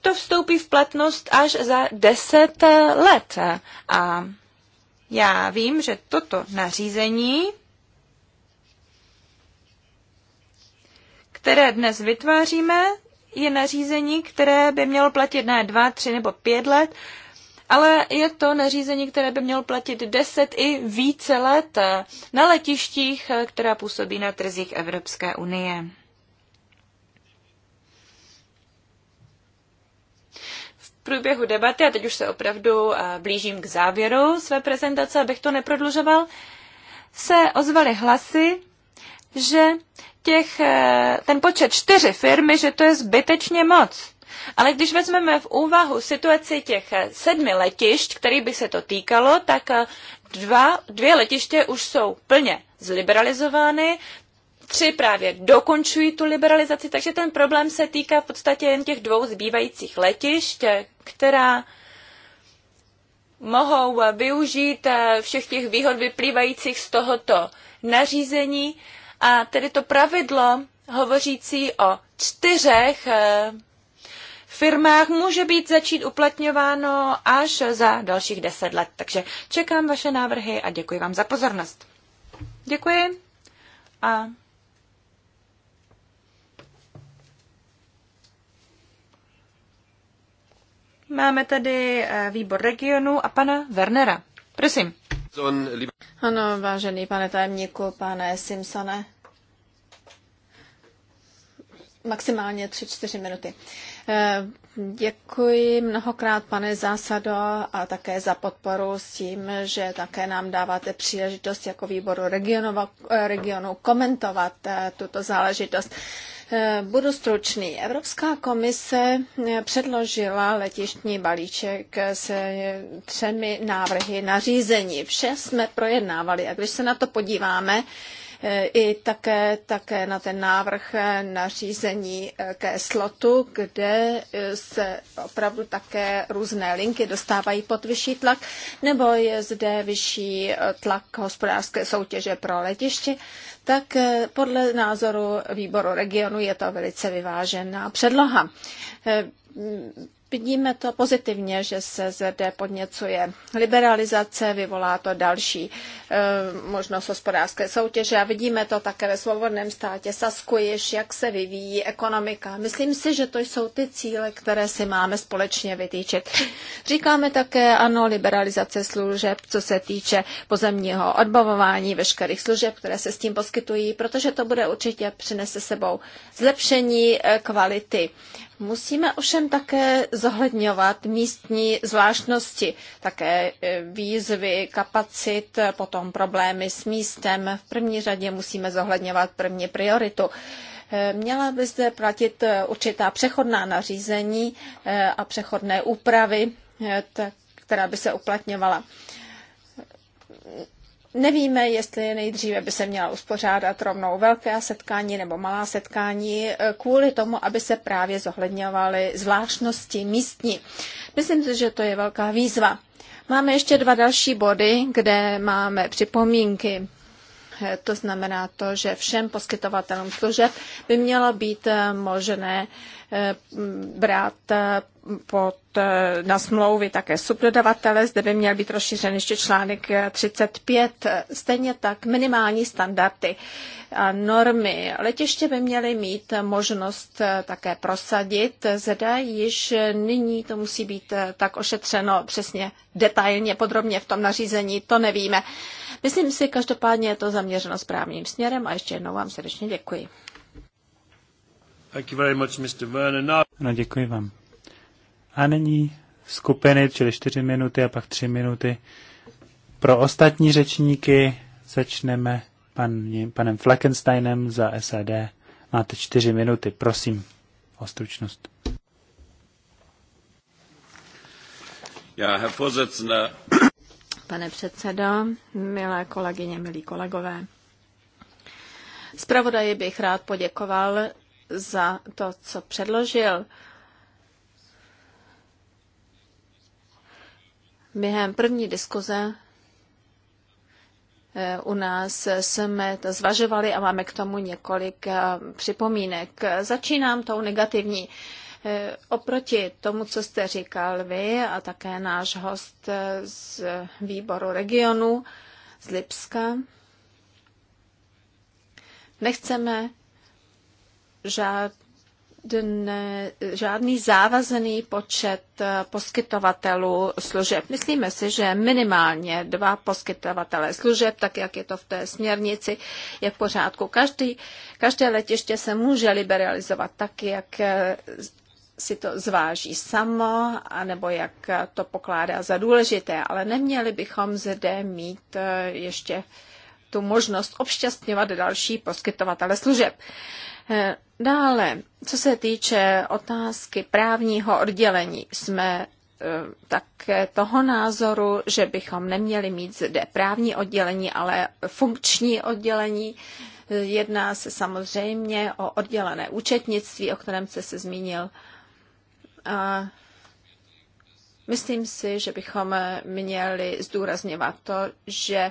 to vstoupí v platnost až za 10 let. A já vím, že toto nařízení, které dnes vytváříme, je nařízení, které by mělo platit na 2, 3 nebo 5 let, ale je to nařízení, které by mělo platit 10 i více let na letištích, která působí na trzích Evropské unie. V průběhu debaty, a teď už se opravdu eh, blížím k závěru své prezentace, abych to neprodlužoval, se ozvaly hlasy, že těch, eh, ten počet čtyři firmy, že to je zbytečně moc. Ale když vezmeme v úvahu situaci těch eh, sedmi letišť, který by se to týkalo, tak eh, dva, dvě letiště už jsou plně zliberalizovány, tři právě dokončují tu liberalizaci, takže ten problém se týká v podstatě jen těch dvou zbývajících letišť, eh, která mohou využít všech těch výhod vyplývajících z tohoto nařízení a tedy to pravidlo hovořící o čtyřech firmách může být začít uplatňováno až za dalších deset let. Takže čekám vaše návrhy a děkuji vám za pozornost. Děkuji a Máme tady eh, výbor regionu a pana Wernera. Prosím. Ano, vážený pane tajemníku, pane Simpsone. Maximálně 3-4 minuty. Děkuji mnohokrát, pane Zásado, a také za podporu s tím, že také nám dáváte příležitost jako výboru regionu, regionu komentovat eh, tuto záležitost. Eh, budu stručný. Evropská komise eh, předložila letištní balíček s třemi návrhy na řízení. Vše jsme projednávali a když se na to podíváme, E, i také, také na ten návrh e, nařízení e, ke slotu, kde se opravdu také různé linky dostávají pod vyšší tlak, nebo je zde vyšší tlak hospodářské soutěže pro letiště, tak podle názoru výboru regionu je to velice vyvážená předloha Vidíme to pozitivně, že se ZD podněcuje liberalizace, vyvolá to další e, možnost hospodářské soutěže a vidíme to také ve svobodném státě Sasku, jež jak se vyvíjí ekonomika. Myslím si, že to jsou ty cíle, které si máme společně vytýčit. Říkáme také ano, liberalizace služeb, co se týče pozemního odbavování veškerých služeb, které se s tím poskytují, protože to bude určitě přinese sebou zlepšení eh, kvality Musíme ovšem také zohledňovat místní zvláštnosti, také e, výzvy, kapacit, potom problémy s místem. V první řadě musíme zohledňovat první prioritu. E, měla by zde platit e, určitá přechodná nařízení a přechodné úpravy, která by se uplatňovala. Nevíme, jestli nejdříve by se měla uspořádat rovnou velké setkání nebo malá setkání eh, kvůli tomu, aby se právě zohledňovaly zvláštnosti místní. Myslím si, že to je velká výzva. Máme ještě dva další body, kde máme připomínky. Eh, to znamená to, že všem poskytovatelům služeb by mělo být eh, možné brát pod E, na smlouvy také subdodavatele. Zde by měl být rozšířen ještě článek 35. Stejně tak minimální standardy a normy. Letiště by měly mít možnost e, také prosadit. Zde již nyní to musí být e, tak ošetřeno přesně detailně, podrobně v tom nařízení, to nevíme. Myslím si, každopádně je to zaměřeno správným směrem a ještě jednou vám srdečně děkuji. Thank you very much, Mr. Werner. No, děkuji vám. A nyní skupiny, čili čtyři minuty a pak tři minuty. Pro ostatní řečníky začneme paní, panem Fleckensteinem za SAD. Máte čtyři minuty, prosím o stručnost. Ja, Herr Vorsitzender. Pane předsedo, milé kolegyně, milí kolegové. Zpravodaji bych rád poděkoval za to, co předložil. Během první diskuze eh, u nás jsme to zvažovali a máme k tomu několik eh, připomínek. Začínám tou negativní. Eh, oproti tomu, co jste říkal vy a také náš host z výboru regionu z Lipska, nechceme žádný žádné, žádný závazený počet eh, poskytovatelů služeb. Myslíme si, že minimálně dva poskytovatele služeb, tak jak je to v té směrnici, je v pořádku. Každý, každé letiště se může liberalizovat tak, jak eh, si to zváží samo, anebo jak to pokládá za důležité, ale neměli bychom zde mít eh, ještě tu možnost obšťastňovat další poskytovatele služeb. Eh, dále, co se týče otázky právního oddělení, jsme eh, také toho názoru, že bychom neměli mít zde právní oddělení, ale funkční oddělení. Eh, jedná se samozřejmě o oddělené účetnictví, o kterém jste se zmínil. A myslím si, že bychom měli zdůrazňovat to, že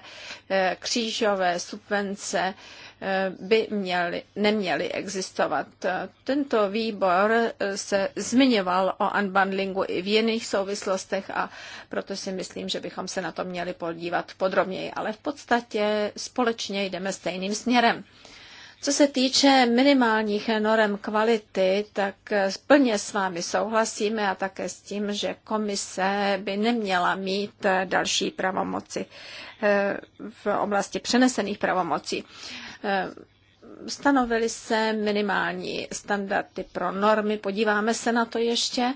křížové subvence Eh, by měly, neměly existovat. Eh, tento výbor eh, se zmiňoval o unbundlingu i v jiných souvislostech a proto si myslím, že bychom se na to měli podívat podrobněji, ale v podstatě společně jdeme stejným směrem. Co se týče minimálních norm kvality, tak plně s vámi souhlasíme a také s tím, že komise by neměla mít další pravomoci v oblasti přenesených pravomocí. Eh, stanovily se minimální standardy pro normy, podíváme se na to ještě,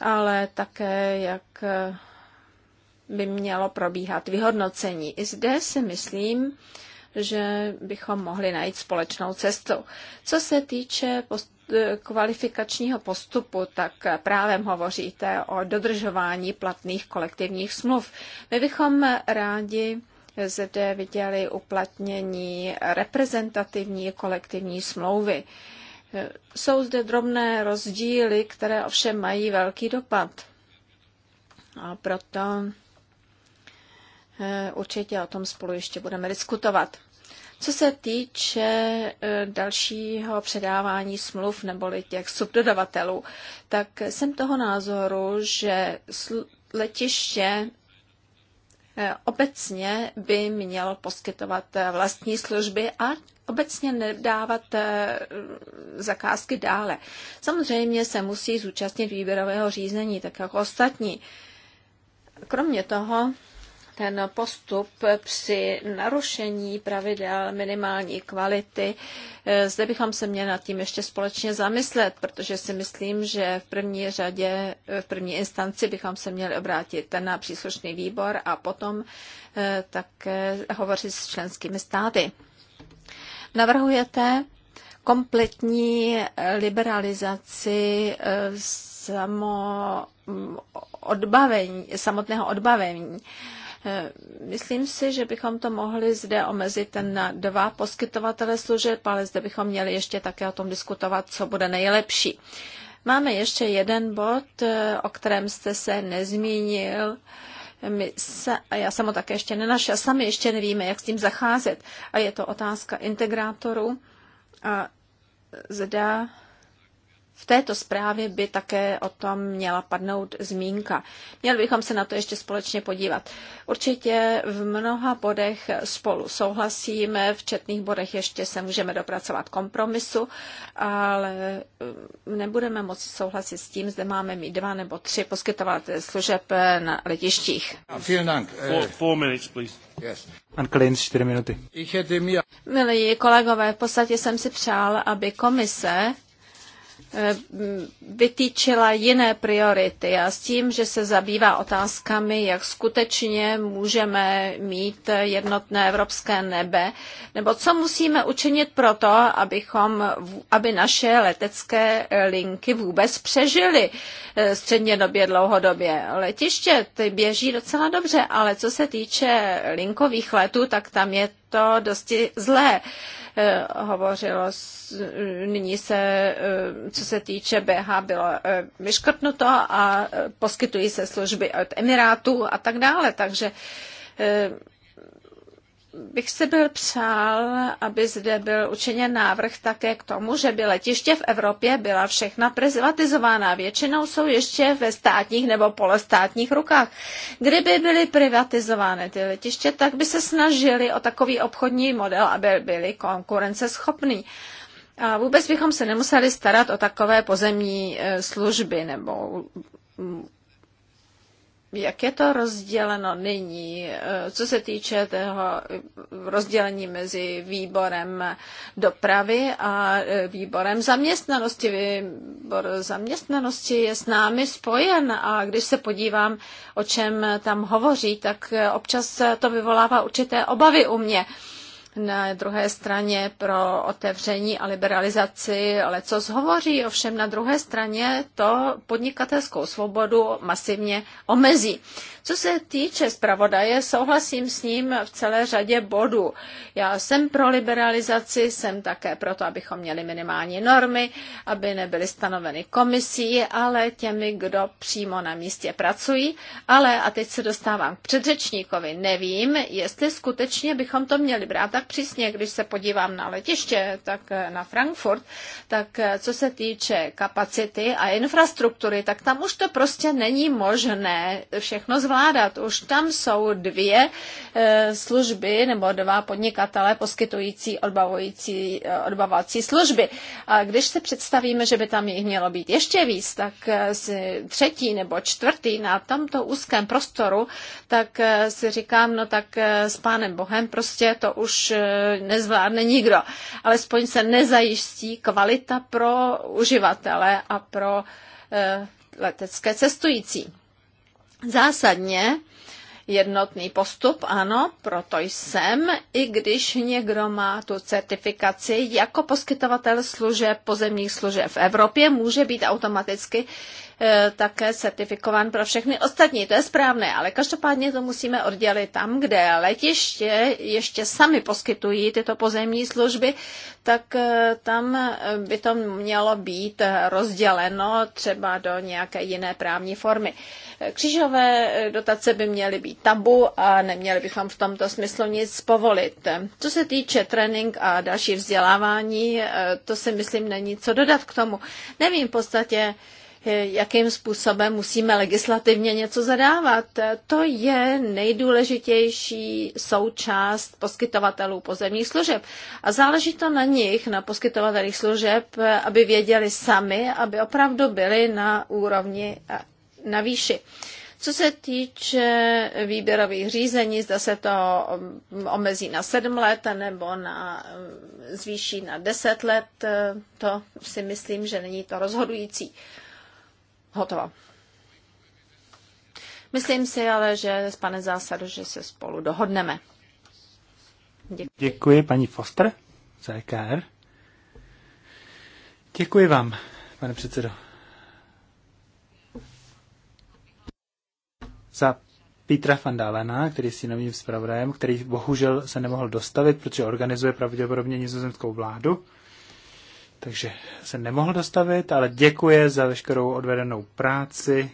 ale také jak eh, by mělo probíhat vyhodnocení. I zde si myslím, že bychom mohli najít společnou cestu. Co se týče post- eh, kvalifikačního postupu, tak právem hovoříte o dodržování platných kolektivních smluv. My bychom rádi zde viděli uplatnění reprezentativní kolektivní smlouvy. Jsou zde drobné rozdíly, které ovšem mají velký dopad. A proto eh, určitě o tom spolu ještě budeme diskutovat. Co se týče eh, dalšího předávání smluv neboli těch subdodavatelů, tak jsem toho názoru, že letiště Eh, obecně by měl poskytovat eh, vlastní služby a obecně nedávat eh, zakázky dále. Samozřejmě se musí zúčastnit výběrového řízení, tak jako ostatní. Kromě toho ten postup při narušení pravidel minimální kvality. Eh, Zde bychom se měli nad tím ještě společně zamyslet, protože si myslím, že v první řadě, eh, v první instanci bychom se měli obrátit na příslušný výbor a potom eh, také hovořit s členskými státy. Navrhujete kompletní liberalizaci samo mm, odbavení, samotného odbavení Eh, myslím si, že bychom to mohli zde omezit na dva poskytovatele služeb, ale zde bychom měli ještě také o tom diskutovat, co bude nejlepší. Máme ještě jeden bod, eh, o kterém jste se nezmínil. My se, a já jsem ho také ještě nenašel, sami ještě nevíme, jak s tím zacházet. A je to otázka integrátoru. A zda v této zprávě by také o tom měla padnout zmínka. Měli bychom se na to ještě společně podívat. Určitě v mnoha bodech spolu souhlasíme, v četných bodech ještě se můžeme dopracovat kompromisu, ale um, nebudeme moci souhlasit s tím, zde máme mít dva nebo tři poskytovatele služeb na letištích. Eh, Pan čtyři minuty. Milí kolegové, v podstatě jsem si přál, aby komise Eh, vytýčila jiné priority a s tím, že se zabývá otázkami, jak skutečně můžeme mít jednotné evropské nebe, nebo co musíme učinit proto, abychom, aby naše letecké linky vůbec přežily eh, střednědobě, dlouhodobě. Letiště ty běží docela dobře, ale co se týče linkových letů, tak tam je to dosti zlé. Eh, hovořilo, nyní se, eh, co se týče BH, bylo eh, vyškrtnuto a poskytují se služby od Emirátu a tak dále. Takže bych si byl přál, aby zde byl učiněn návrh také k tomu, že by letiště v Evropě byla všechna privatizována. Většinou jsou ještě ve státních nebo polostátních rukách. Kdyby byly privatizovány ty letiště, tak by se snažili o takový obchodní model, aby byly konkurenceschopný. A vůbec bychom se nemuseli starat o takové pozemní e, služby nebo jak je to rozděleno nyní, eh, co se týče toho rozdělení mezi výborem dopravy a eh, výborem zaměstnanosti? Výbor zaměstnanosti je s námi spojen a když se podívám, o čem tam hovoří, tak eh, občas to vyvolává určité obavy u mě na druhé straně pro otevření a liberalizaci, ale co zhovoří, ovšem na druhé straně to podnikatelskou svobodu masivně omezí. Co se týče zpravodaje, souhlasím s ním v celé řadě bodů. Já jsem pro liberalizaci, jsem také proto, abychom měli minimální normy, aby nebyly stanoveny komisí, ale těmi, kdo přímo na místě pracují. Ale, a teď se dostávám k předřečníkovi, nevím, jestli skutečně bychom to měli brát tak přísně, když se podívám na letiště, tak na Frankfurt, tak co se týče kapacity a infrastruktury, tak tam už to prostě není možné všechno zvládnout zvládat. Už tam jsou dvě e, služby nebo dva podnikatele poskytující odbavující, e, odbavací služby. A když se představíme, že by tam jich mělo být ještě víc, tak e, si třetí nebo čtvrtý na tomto úzkém prostoru, tak si říkám, no tak s pánem Bohem prostě to už nezvládne nikdo. Alespoň se nezajistí kvalita pro uživatele a pro letecké cestující zásadně jednotný postup, ano, proto jsem, i když někdo má tu certifikaci jako poskytovatel služeb, pozemních služeb v Evropě, může být automaticky E, také certifikován pro všechny ostatní. To je správné, ale každopádně to musíme oddělit tam, kde letiště ještě sami poskytují tyto pozemní služby, tak e, tam e, by to mělo být rozděleno třeba do nějaké jiné právní formy. Křížové dotace by měly být tabu a neměli bychom v tomto smyslu nic povolit. Co se týče trénink a další vzdělávání, to si myslím není co dodat k tomu. Nevím v podstatě, jakým způsobem musíme legislativně něco zadávat. To je nejdůležitější součást poskytovatelů pozemních služeb. A záleží to na nich, na poskytovatelích služeb, aby věděli sami, aby opravdu byli na úrovni eh, na výši. Co se týče výběrových řízení, zda se to mm, omezí na sedm let nebo na, mm, zvýší na deset let, eh, to si myslím, že není to rozhodující. Hotovo. Myslím si ale, že s pane zásadu, že se spolu dohodneme. Děkuji. Děkuji paní Foster za EKR. Děkuji vám, pane předsedo. Za Petra van Dalena, který je synovým zpravodajem, který bohužel se nemohl dostavit, protože organizuje pravděpodobně nizozemskou vládu takže se nemohl dostavit, ale děkuje za veškerou odvedenou práci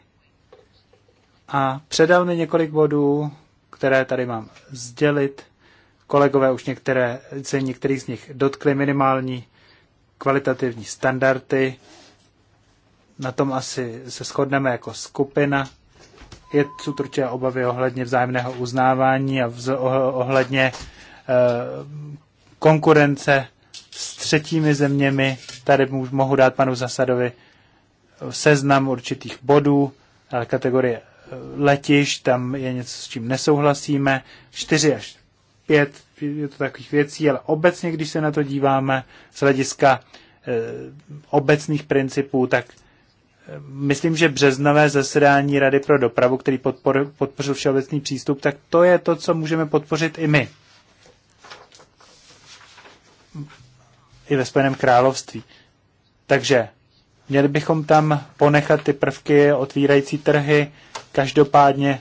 a předal mi několik bodů, které tady mám sdělit. Kolegové už některé, se některých z nich dotkli minimální kvalitativní standardy. Na tom asi se shodneme jako skupina. Je tu určitě obavy ohledně vzájemného uznávání a vz, ohledně eh, konkurence s třetími zeměmi. Tady můžu mohu dát panu Zasadovi seznam určitých bodů, ale kategorie eh, letiš, tam je něco, s čím nesouhlasíme. Čtyři až pět je to takových věcí, ale obecně, když se na to díváme z hlediska eh, obecných principů, tak eh, myslím, že březnové zasedání Rady pro dopravu, který podpor, podpořil všeobecný přístup, tak to je to, co můžeme podpořit i my i ve Spojeném království. Takže měli bychom tam ponechat ty prvky otvírající trhy. Každopádně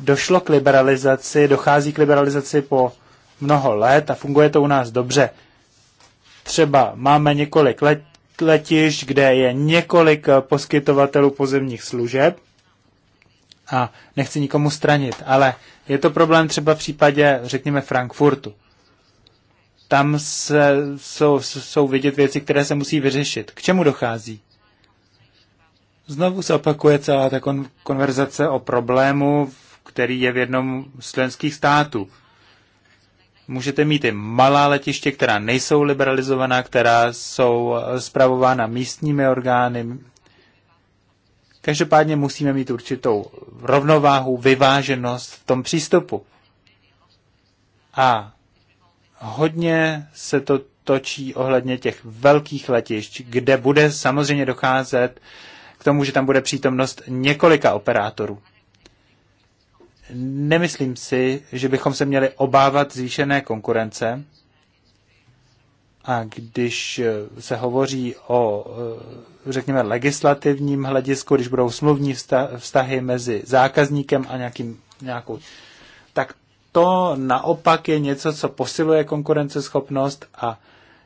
došlo k liberalizaci, dochází k liberalizaci po mnoho let a funguje to u nás dobře. Třeba máme několik let, letišť, kde je několik poskytovatelů pozemních služeb a nechci nikomu stranit, ale je to problém třeba v případě, řekněme, Frankfurtu tam se, jsou, jsou vidět věci, které se musí vyřešit. K čemu dochází? Znovu se opakuje celá ta kon- konverzace o problému, který je v jednom z členských států. Můžete mít i malá letiště, která nejsou liberalizovaná, která jsou zpravována místními orgány. Každopádně musíme mít určitou rovnováhu, vyváženost v tom přístupu. A hodně se to točí ohledně těch velkých letišť, kde bude samozřejmě docházet k tomu, že tam bude přítomnost několika operátorů. Nemyslím si, že bychom se měli obávat zvýšené konkurence. A když eh, se hovoří o, eh, řekněme, legislativním hledisku, když budou smluvní vztahy mezi zákazníkem a nějakým, nějakou to naopak je něco, co posiluje konkurenceschopnost a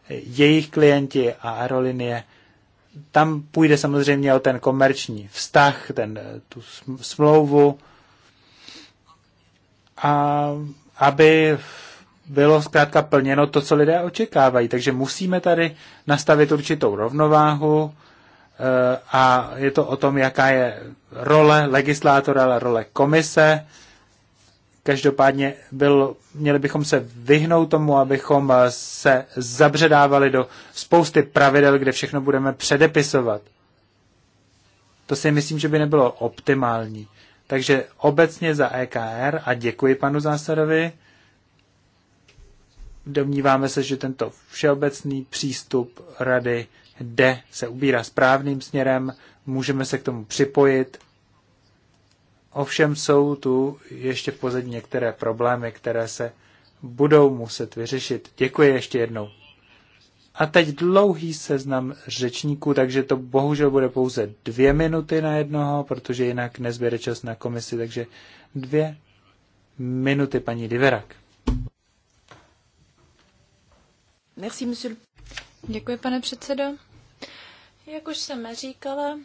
jejich klienti a aerolinie. Tam půjde samozřejmě o ten komerční vztah, ten, tu smlouvu, a aby bylo zkrátka plněno to, co lidé očekávají. Takže musíme tady nastavit určitou rovnováhu eh, a je to o tom, jaká je role legislátora, ale role komise Každopádně byl, měli bychom se vyhnout tomu, abychom eh, se zabředávali do spousty pravidel, kde všechno budeme předepisovat. To si myslím, že by nebylo optimální. Takže obecně za EKR a děkuji panu Zásadovi. Domníváme se, že tento všeobecný přístup rady jde, se ubírá správným směrem, můžeme se k tomu připojit Ovšem jsou tu ještě v pozadí některé problémy, které se budou muset vyřešit. Děkuji ještě jednou. A teď dlouhý seznam řečníků, takže to bohužel bude pouze dvě minuty na jednoho, protože jinak nezběre čas na komisi, takže dvě minuty paní Diverak. Děkuji, pane předsedo. Jak už jsem říkala,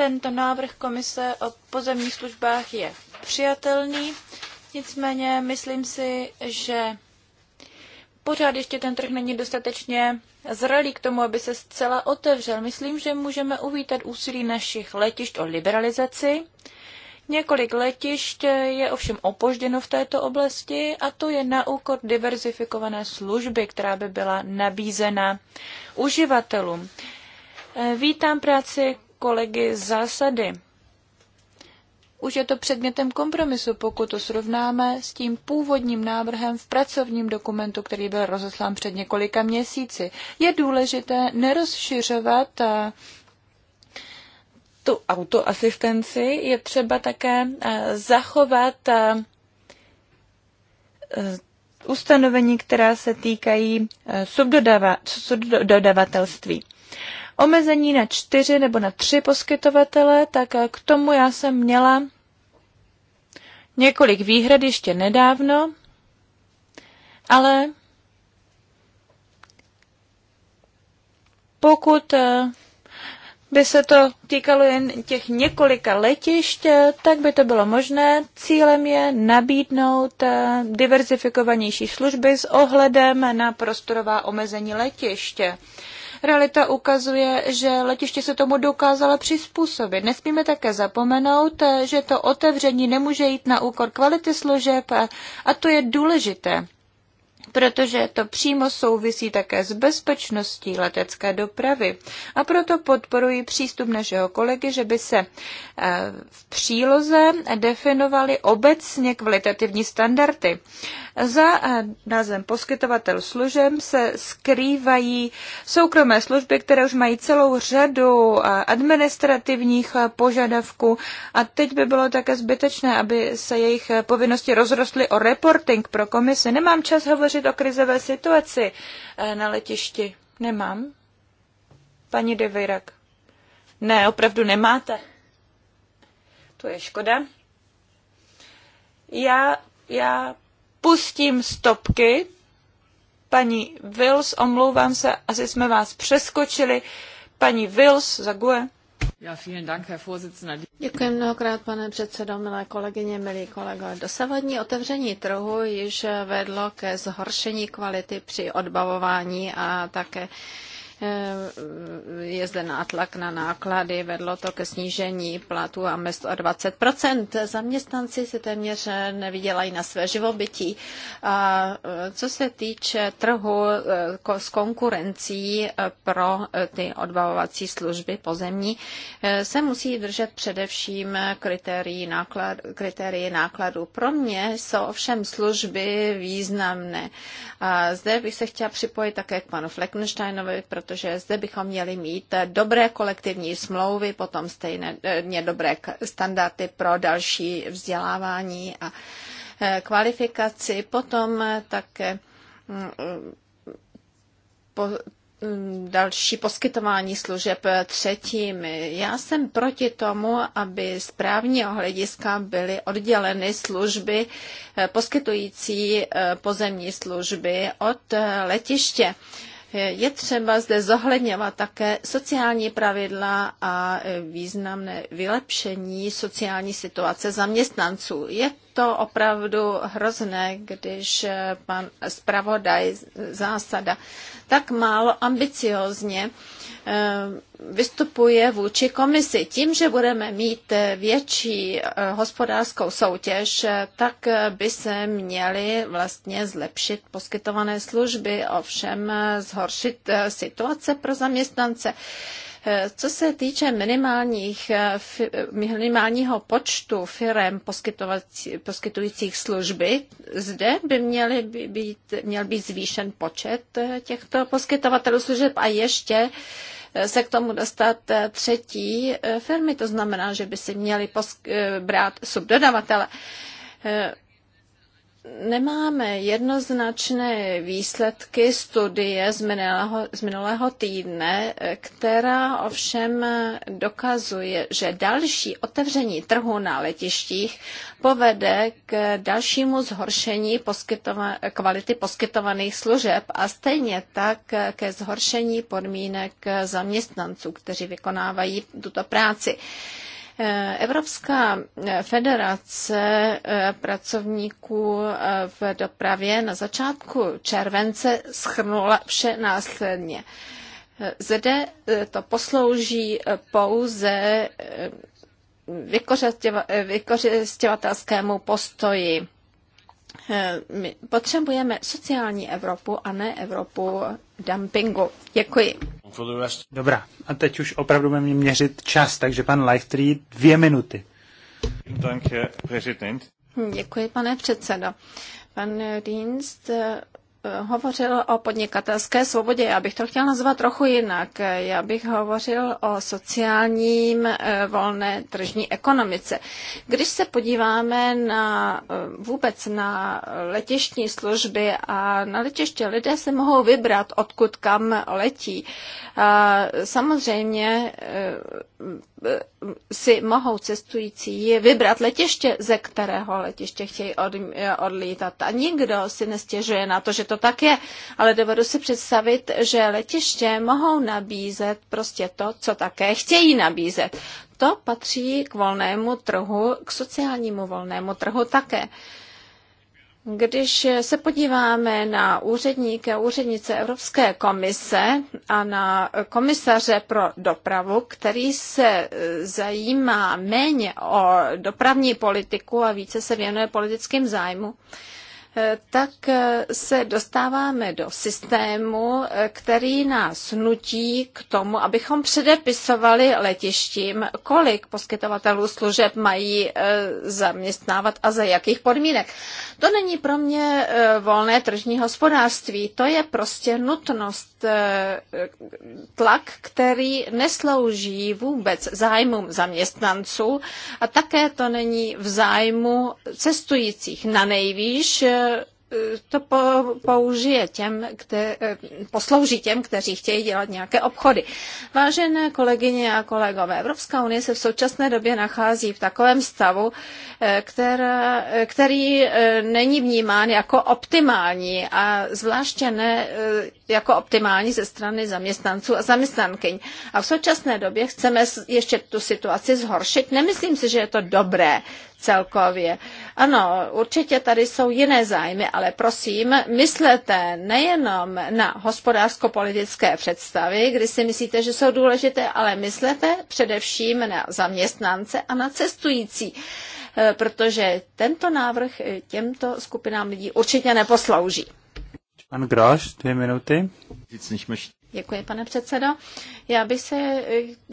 tento návrh komise o pozemních službách je přijatelný, nicméně myslím si, že pořád ještě ten trh není dostatečně zralý k tomu, aby se zcela otevřel. Myslím, že můžeme uvítat úsilí našich letišť o liberalizaci. Několik letišť je ovšem opožděno v této oblasti a to je na úkor diverzifikované služby, která by byla nabízena uživatelům. Vítám práci kolegy zásady. Už je to předmětem kompromisu, pokud to srovnáme s tím původním návrhem v pracovním dokumentu, který byl rozeslán před několika měsíci. Je důležité nerozšiřovat eh, tu autoasistenci, je třeba také eh, zachovat eh, ustanovení, která se týkají subdodavatelství omezení na čtyři nebo na tři poskytovatele, tak eh, k tomu já jsem měla několik výhrad ještě nedávno, ale pokud eh, by se to týkalo jen těch několika letišť, tak by to bylo možné. Cílem je nabídnout eh, diverzifikovanější služby s ohledem na prostorová omezení letiště. Realita ukazuje, že letiště se tomu dokázala přizpůsobit. Nesmíme také zapomenout, že to otevření nemůže jít na úkor kvality služeb a to je důležité protože to přímo souvisí také s bezpečností letecké dopravy. A proto podporuji přístup našeho kolegy, že by se eh, v příloze definovaly obecně kvalitativní standardy. Za eh, názvem poskytovatel služeb se skrývají soukromé služby, které už mají celou řadu eh, administrativních eh, požadavků a teď by bylo také zbytečné, aby se jejich povinnosti rozrostly o reporting pro komisi. Nemám čas hovořit o krizové situaci na letišti. Nemám. Paní de Ne, opravdu nemáte. To je škoda. Já, já pustím stopky. Paní Wills, omlouvám se, asi jsme vás přeskočili. Paní Wills, zaguje. Děkuji mnohokrát, pane předsedo, milé kolegyně, milí kolegové. Dosavadní otevření trhu již vedlo ke zhoršení kvality při odbavování a také Eh, je zde nátlak na náklady, vedlo to ke snížení platů a mest o 20 Zaměstnanci se téměř nevydělají na své živobytí. A eh, co se týče trhu eh, s konkurencí pro ty odbavovací služby pozemní, se musí držet především kritérií náklad, kritérii nákladů. Pro mě jsou ovšem služby významné. A zde bych se chtěla připojit také k panu Fleckensteinovi, protože protože zde bychom měli mít dobré kolektivní smlouvy, potom stejně dobré standardy pro další vzdělávání a e, kvalifikaci, potom e, také mm, e, po, mm, další poskytování služeb třetím. Já jsem proti tomu, aby z právního hlediska byly odděleny služby poskytující pozemní služby od letiště. Je třeba zde zohledňovat také sociální pravidla a e, významné vylepšení sociální situace zaměstnanců. Je to opravdu hrozné, když eh, pan zpravodaj zásada tak málo ambiciozně eh, vystupuje vůči komisi. Tím, že budeme mít eh, větší hospodářskou soutěž, tak by se měly vlastně zlepšit poskytované služby, ovšem zhoršit situace pro zaměstnance. Co se týče minimálních, eh, minimálního počtu firm poskytujících služby, zde by měly být, měl být zvýšen počet eh, těchto poskytovatelů služeb a ještě eh, se k tomu dostat třetí firmy, to znamená, že by si měli brát subdodavatele nemáme jednoznačné výsledky studie z minulého, z minulého týdne, která ovšem dokazuje, že další otevření trhu na letištích povede k dalšímu zhoršení poskytova- kvality poskytovaných služeb a stejně tak ke zhoršení podmínek zaměstnanců, kteří vykonávají tuto práci. Evropská eh, federace eh, pracovníků eh, v dopravě na začátku července schrnula vše následně. Zde to poslouží pouze vykořistěvatelskému postoji Eh, my potřebujeme sociální Evropu a ne Evropu dumpingu. Děkuji. Dobrá, a teď už opravdu budeme měřit čas, takže pan Leichtry dvě minuty. Děkuji, pane předsedo. Pan Dienst hovořil o podnikatelské svobodě. Já bych to chtěl nazvat trochu jinak. Já bych hovořil o sociálním eh, volné tržní ekonomice. Když se podíváme na, eh, vůbec na letištní služby a na letiště, lidé se mohou vybrat, odkud kam letí. samozřejmě eh, si mohou cestující vybrat letiště, ze kterého letiště chtějí od, odlítat. A nikdo si nestěžuje na to, že to tak je, ale dovedu si představit, že letiště mohou nabízet prostě to, co také chtějí nabízet. To patří k volnému trhu, k sociálnímu volnému trhu také. Když se podíváme na úředníky a úřednice Evropské komise a na komisaře pro dopravu, který se e, zajímá méně o dopravní politiku a více se věnuje politickým zájmu, tak se dostáváme do systému, který nás nutí k tomu, abychom předepisovali letištím, kolik poskytovatelů služeb mají eh, zaměstnávat a za jakých podmínek. To není pro mě eh, volné tržní hospodářství, to je prostě nutnost eh, tlak, který neslouží vůbec zájmům zaměstnanců a také to není v zájmu cestujících. Na nejvýš to použije těm, kte, poslouží těm, kteří chtějí dělat nějaké obchody. Vážené kolegyně a kolegové, Evropská unie se v současné době nachází v takovém stavu, eh, která, eh, který eh, není vnímán jako optimální a zvláště ne jako optimální ze strany zaměstnanců a zaměstnankyň. A v současné době chceme ještě tu situaci zhoršit. Nemyslím si, že je to dobré celkově. Ano, určitě tady jsou jiné zájmy, ale prosím, myslete nejenom na hospodářsko-politické představy, kdy si myslíte, že jsou důležité, ale myslete především na zaměstnance a na cestující, eh, protože tento návrh těmto skupinám lidí určitě neposlouží. Pan Groš, dvě minuty. Děkuji, pane předsedo. Já bych se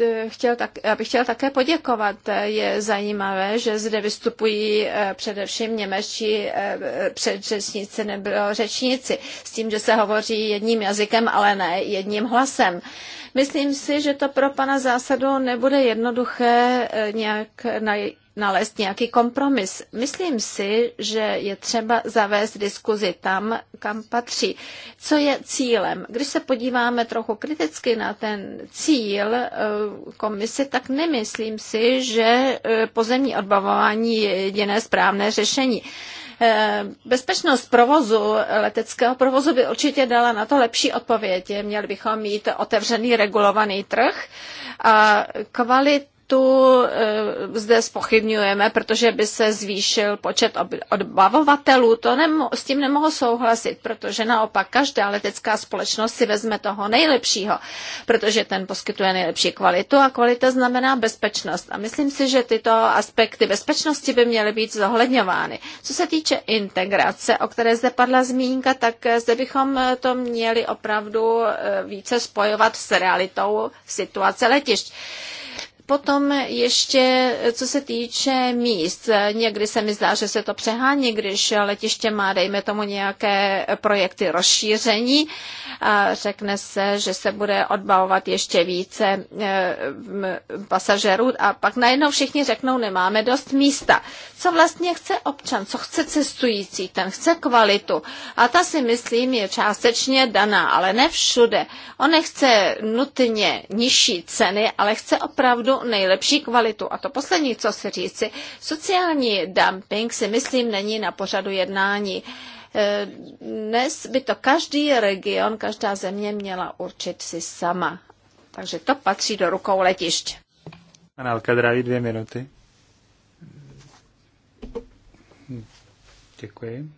eh, chtěl, tak, já bych chtěl také poděkovat. Je zajímavé, že zde vystupují eh, především němečtí eh, předřečníci nebo řečníci s tím, že se hovoří jedním jazykem, ale ne jedním hlasem. Myslím si, že to pro pana zásadu nebude jednoduché nějak nalézt nějaký kompromis. Myslím si, že je třeba zavést diskuzi tam, kam patří. Co je cílem? Když se podíváme trochu kriticky na ten cíl eh, komise, tak nemyslím si, že eh, pozemní odbavování je jediné správné řešení. Eh, bezpečnost provozu, leteckého provozu by určitě dala na to lepší odpověď. Měli bychom mít otevřený regulovaný trh a kvalit tu eh, zde spochybňujeme, protože by se zvýšil počet odbavovatelů. To nemo, s tím nemohu souhlasit, protože naopak každá letecká společnost si vezme toho nejlepšího, protože ten poskytuje nejlepší kvalitu a kvalita znamená bezpečnost. A myslím si, že tyto aspekty bezpečnosti by měly být zohledňovány. Co se týče integrace, o které zde padla zmínka, tak eh, zde bychom eh, to měli opravdu více spojovat s realitou situace letišť Potom ještě, co se týče míst, někdy se mi zdá, že se to přehání, když letiště má, dejme tomu, nějaké projekty rozšíření a řekne se, že se bude odbavovat ještě více eh, pasažerů a pak najednou všichni řeknou, nemáme dost místa. Co vlastně chce občan, co chce cestující, ten chce kvalitu a ta si myslím je částečně daná, ale ne všude. On nechce nutně nižší ceny, ale chce opravdu nejlepší kvalitu. A to poslední, co si říci, sociální dumping si myslím není na pořadu jednání. E, dnes by to každý region, každá země měla určit si sama. Takže to patří do rukou letišť. Análka Dráví, dvě minuty. Děkuji.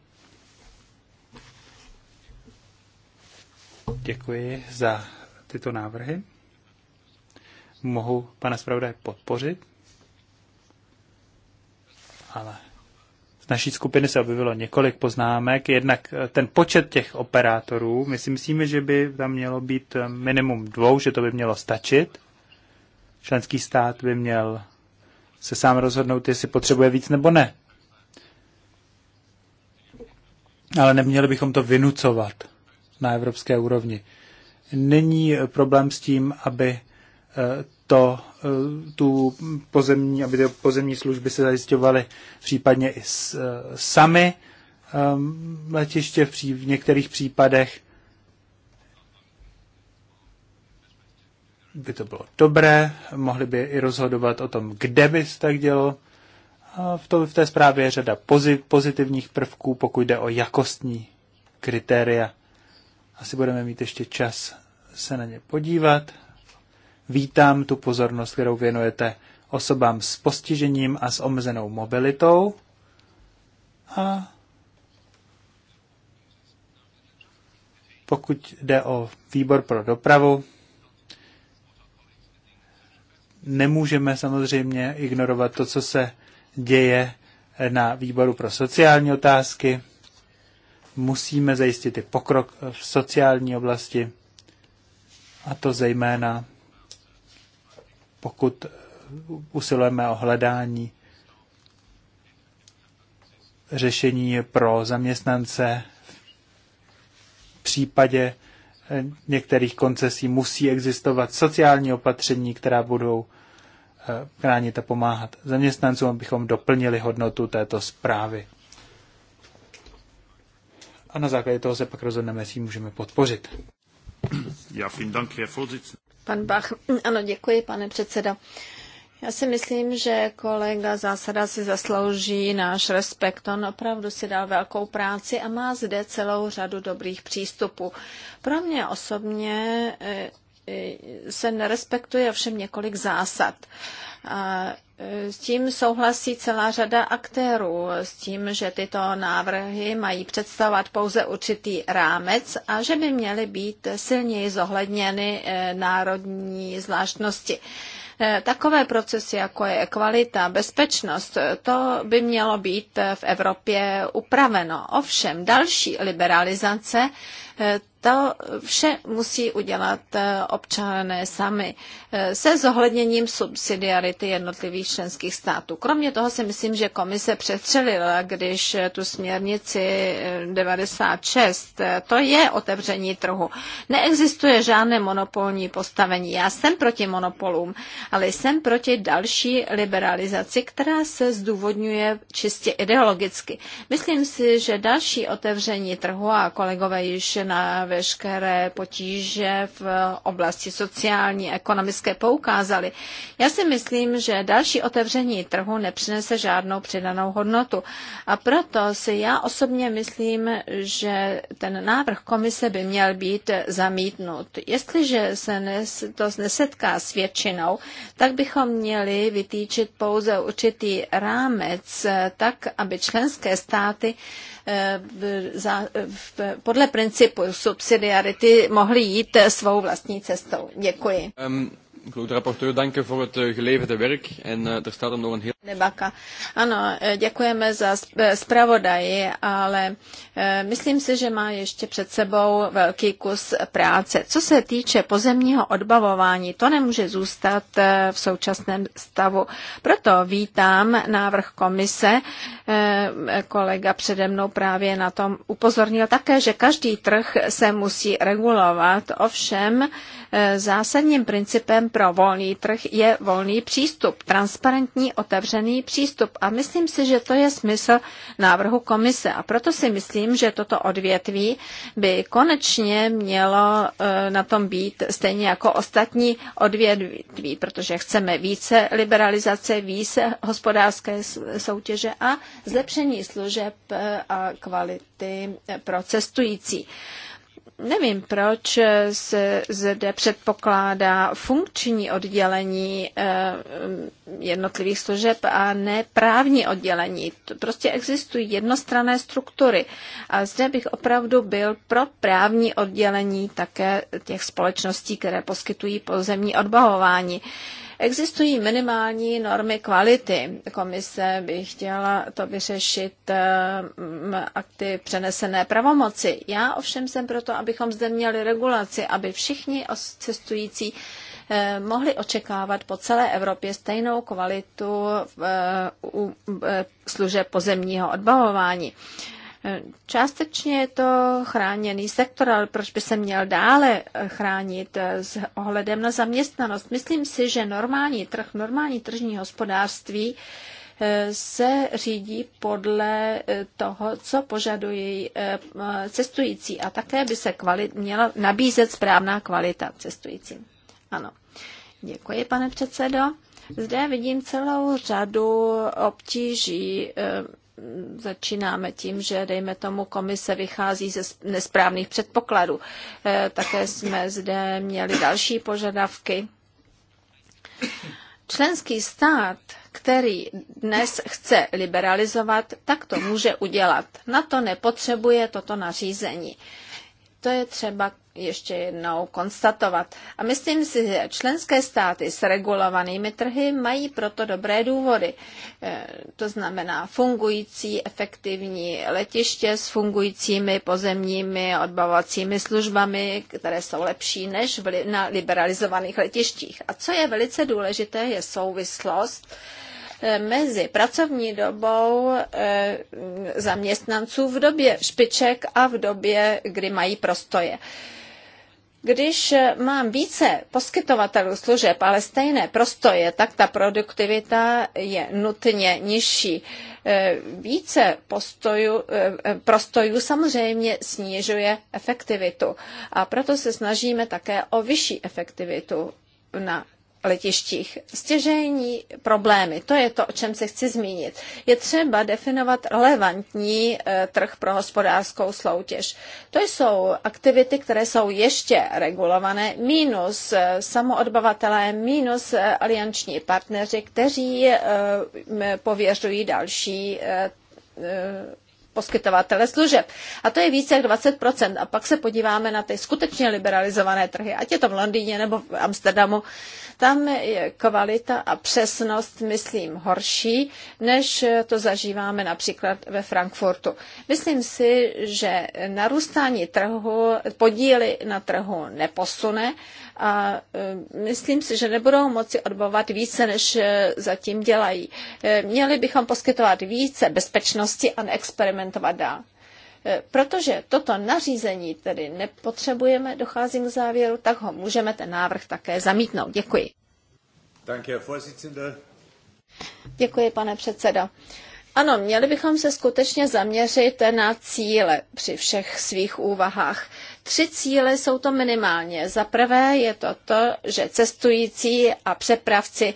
Děkuji za tyto návrhy mohu pana zpravodaje podpořit, ale z naší skupiny se objevilo několik poznámek. Jednak eh, ten počet těch operátorů, my si myslíme, že by tam mělo být eh, minimum dvou, že to by mělo stačit. Členský stát by měl se sám rozhodnout, jestli potřebuje víc nebo ne. Ale neměli bychom to vynucovat na evropské úrovni. Není eh, problém s tím, aby to, eh, tu pozemní, aby ty pozemní služby se zajišťovaly případně i s, eh, sami ehm, letiště v, pří, v některých případech. By to bylo dobré, mohli by i rozhodovat o tom, kde by se tak dělo. A v, to, v té zprávě je řada pozitivních prvků, pokud jde o jakostní kritéria. Asi budeme mít ještě čas se na ně podívat. Vítám tu pozornost, kterou věnujete osobám s postižením a s omezenou mobilitou. A pokud jde o výbor pro dopravu, nemůžeme samozřejmě ignorovat to, co se děje na výboru pro sociální otázky. Musíme zajistit i pokrok v sociální oblasti, a to zejména pokud usilujeme o hledání řešení pro zaměstnance v případě eh, některých koncesí musí existovat sociální opatření, která budou eh, chránit a pomáhat zaměstnancům, abychom doplnili hodnotu této zprávy. A na základě toho se pak rozhodneme, jestli můžeme podpořit. Ja, vielen Dank, Herr Vorsitzender. Pan Bach. Ano, děkuji, pane předsedo. Já si myslím, že kolega Zásada si zaslouží náš respekt. On opravdu si dal velkou práci a má zde celou řadu dobrých přístupů. Pro mě osobně eh, se nerespektuje ovšem několik zásad. A e, s tím souhlasí celá řada aktérů, s tím, že tyto návrhy mají představovat pouze určitý rámec a že by měly být silněji zohledněny e, národní zvláštnosti. E, takové procesy, jako je kvalita, bezpečnost, to by mělo být v Evropě upraveno. Ovšem, další liberalizace Eh, to vše musí udělat eh, občané sami eh, se zohledněním subsidiarity jednotlivých členských států. Kromě toho si myslím, že komise přetřelila, když tu směrnici 96, to je otevření trhu. Neexistuje žádné monopolní postavení. Já jsem proti monopolům, ale jsem proti další liberalizaci, která se zdůvodňuje čistě ideologicky. Myslím si, že další otevření trhu, a kolegové již na veškeré potíže v oblasti sociální, ekonomické poukázali. Já si myslím, že další otevření trhu nepřinese žádnou přidanou hodnotu. A proto si já osobně myslím, že ten návrh komise by měl být zamítnut. Jestliže se to nesetká s většinou, tak bychom měli vytýčit pouze určitý rámec, tak aby členské státy podle principu subsidiarity mohli jít svou vlastní cestou. Děkuji. Um. Ik wil de rapporteur danken voor het eh, geleverde werk en eh, er staat hem nog een heel... Debaka. Ano, eh, děkujeme za zpravodaji, ale myslím si, že má ještě před sebou velký kus práce. Co se týče pozemního odbavování, to nemůže zůstat v současném stavu. Proto vítám návrh komise. Kolega přede mnou právě na tom upozornil také, že každý trh se musí regulovat. Ovšem, zásadním principem pro volný trh je volný přístup, transparentní, otevřený přístup. A myslím si, že to je smysl návrhu komise. A proto si myslím, že toto odvětví by konečně mělo eh, na tom být stejně jako ostatní odvětví, protože chceme více liberalizace, více hospodářské soutěže a zlepšení služeb eh, a kvality eh, pro cestující. Nevím, proč se zde předpokládá funkční oddělení eh, jednotlivých služeb a ne právní oddělení. Prostě existují jednostrané struktury a zde bych opravdu byl pro právní oddělení také těch společností, které poskytují pozemní odbahování. Existují minimální normy kvality. Komise by chtěla to vyřešit eh, akty přenesené pravomoci. Já ovšem jsem proto, abychom zde měli regulaci, aby všichni cestující eh, mohli očekávat po celé Evropě stejnou kvalitu eh, služeb pozemního odbavování. Částečně je to chráněný sektor, ale proč by se měl dále chránit s ohledem na zaměstnanost? Myslím si, že normální trh, normální tržní hospodářství eh, se řídí podle eh, toho, co požadují eh, cestující a také by se kvalit, měla nabízet správná kvalita cestujícím. Ano. Děkuji, pane předsedo. Zde vidím celou řadu obtíží začínáme tím, že dejme tomu komise vychází ze nesprávných předpokladů. Eh, také jsme zde měli další požadavky. Členský stát, který dnes chce liberalizovat, tak to může udělat. Na to nepotřebuje toto nařízení. To je třeba ještě jednou konstatovat. A myslím si, že členské státy s regulovanými trhy mají proto dobré důvody. E, to znamená fungující, efektivní letiště s fungujícími pozemními odbavovacími službami, které jsou lepší než na liberalizovaných letištích. A co je velice důležité, je souvislost e, mezi pracovní dobou e, zaměstnanců v době špiček a v době, kdy mají prostoje. Když eh, mám více poskytovatelů služeb, ale stejné prostoje, tak ta produktivita je nutně nižší. Eh, více postoju, eh, prostojů samozřejmě snižuje efektivitu a proto se snažíme také o vyšší efektivitu na letištích. Stěžení problémy, to je to, o čem se chci zmínit. Je třeba definovat relevantní eh, trh pro hospodářskou sloutěž. To jsou aktivity, které jsou ještě regulované, minus eh, samoodbavatelé, minus eh, alianční partneři, kteří pověřují další poskytovatele služeb. A to je více jak 20%. A pak se podíváme na ty skutečně liberalizované trhy, ať je to v Londýně nebo v Amsterdamu, tam je kvalita a přesnost, myslím, horší, než to zažíváme například ve Frankfurtu. Myslím si, že narůstání trhu, podíly na trhu neposune a e, myslím si, že nebudou moci odbovat více, než zatím dělají. E, měli bychom poskytovat více bezpečnosti a neexperimentovat dál. Eh, protože toto nařízení tedy nepotřebujeme, docházím k závěru, tak ho můžeme ten návrh také zamítnout. Děkuji. Děkuji, pane předsedo. Ano, měli bychom se skutečně zaměřit na cíle při všech svých úvahách. Tři cíle jsou to minimálně. Za prvé je to to, že cestující a přepravci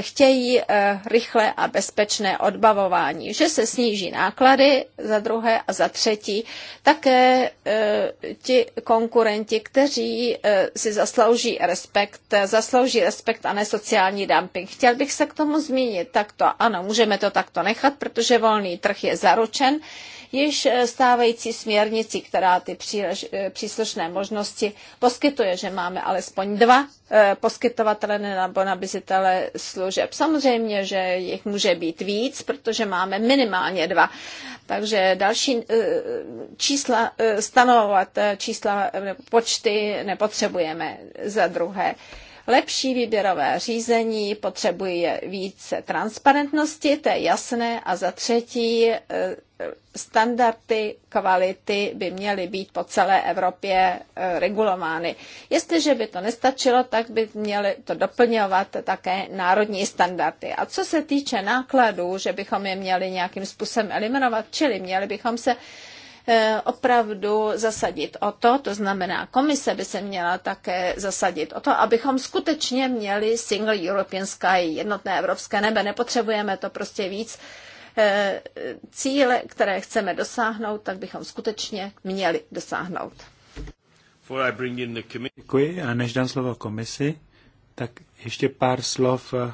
chtějí eh, rychlé a bezpečné odbavování, že se sníží náklady, za druhé a za třetí také eh, ti konkurenti, kteří eh, si zaslouží respekt, zaslouží respekt a ne sociální dumping. Chtěl bych se k tomu zmínit takto. Ano, můžeme to takto nechat, protože volný trh je zaručen již eh, stávající směrnici, která ty přílež, eh, příslušné možnosti poskytuje, že máme alespoň dva eh, poskytovatele nebo nabizitele služeb. Samozřejmě, že jich může být víc, protože máme minimálně dva. Takže další čísla, stanovovat čísla nebo počty nepotřebujeme za druhé lepší výběrové řízení, potřebuje více transparentnosti, to je jasné, a za třetí standardy kvality by měly být po celé Evropě e, regulovány. Jestliže by to nestačilo, tak by měly to doplňovat také národní standardy. A co se týče nákladů, že bychom je měli nějakým způsobem eliminovat, čili měli bychom se e, opravdu zasadit o to, to znamená, komise by se měla také zasadit o to, abychom skutečně měli Single European Sky, jednotné evropské nebe, nepotřebujeme to prostě víc, Eh, cíle, které chceme dosáhnout, tak bychom skutečně měli dosáhnout. Děkuji a než dám slovo komisi, tak ještě pár slov eh,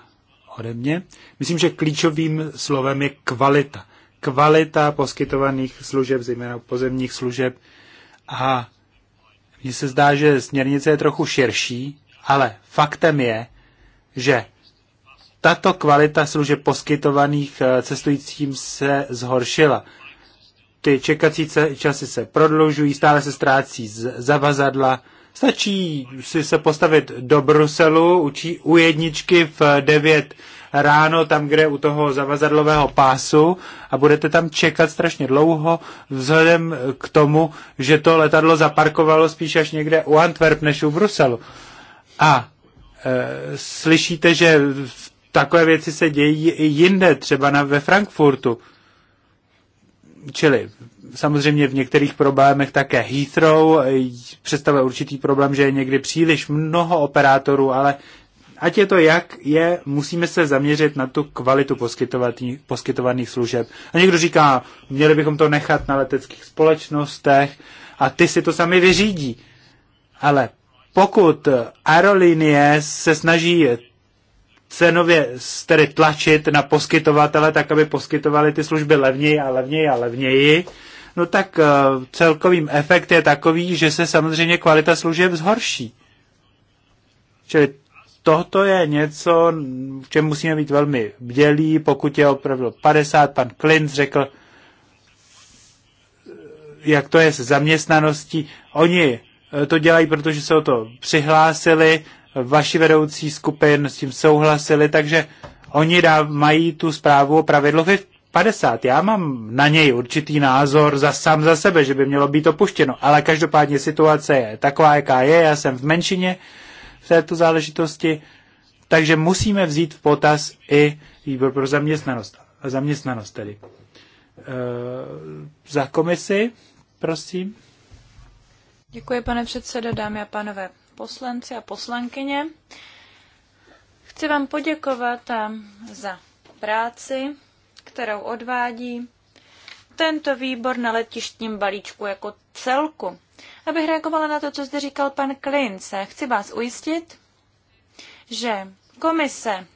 ode mě. Myslím, že klíčovým slovem je kvalita. Kvalita poskytovaných služeb, zejména pozemních služeb. A mně se zdá, že směrnice je trochu širší, ale faktem je, že tato kvalita služeb poskytovaných eh, cestujícím se zhoršila. Ty čekací časy se prodlužují, stále se ztrácí zavazadla. Stačí si se postavit do Bruselu, učí u jedničky v 9 ráno tam, kde u toho zavazadlového pásu a budete tam čekat strašně dlouho vzhledem k tomu, že to letadlo zaparkovalo spíš až někde u Antwerp než u Bruselu. A e, slyšíte, že takové věci se dějí i jinde, třeba na, ve Frankfurtu. Čili samozřejmě v některých problémech také Heathrow představuje určitý problém, že je někdy příliš mnoho operátorů, ale ať je to jak je, musíme se zaměřit na tu kvalitu poskytovaných služeb. A někdo říká, měli bychom to nechat na leteckých společnostech a ty si to sami vyřídí. Ale pokud aerolinie se snaží cenově tedy tlačit na poskytovatele, tak aby poskytovali ty služby levněji a levněji a levněji, no tak eh, celkovým efekt je takový, že se samozřejmě kvalita služeb zhorší. Čili tohoto je něco, v čem musíme být velmi bdělí, pokud je opravdu 50, pan Klinc řekl, eh, jak to je se zaměstnaností. Oni eh, to dělají, protože se o to přihlásili, vaši vedoucí skupin s tím souhlasili, takže oni dá, mají tu zprávu o pravidlo 50. Já mám na něj určitý názor za sám za sebe, že by mělo být opuštěno, ale každopádně situace je taková, jaká je, já jsem v menšině v této záležitosti, takže musíme vzít v potaz i výbor pro zaměstnanost. Zaměstnanost tedy. E, za komisi, prosím. Děkuji, pane předsedo, dámy a pánové poslanci a poslankyně. Chci vám poděkovat eh, za práci, kterou odvádí tento výbor na letištním balíčku jako celku. Abych reagovala na to, co zde říkal pan Klince, eh, chci vás ujistit, že komise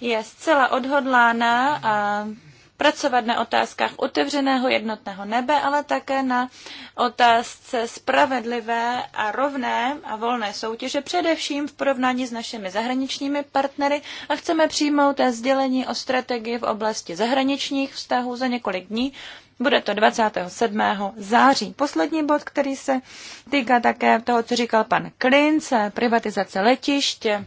je zcela odhodlána a eh, pracovat na otázkách otevřeného jednotného nebe, ale také na otázce spravedlivé a rovné a volné soutěže, především v porovnání s našimi zahraničními partnery a chceme přijmout sdělení o strategii v oblasti zahraničních vztahů za několik dní. Bude to 27. září. Poslední bod, který se týká také toho, co říkal pan Klince, privatizace letiště.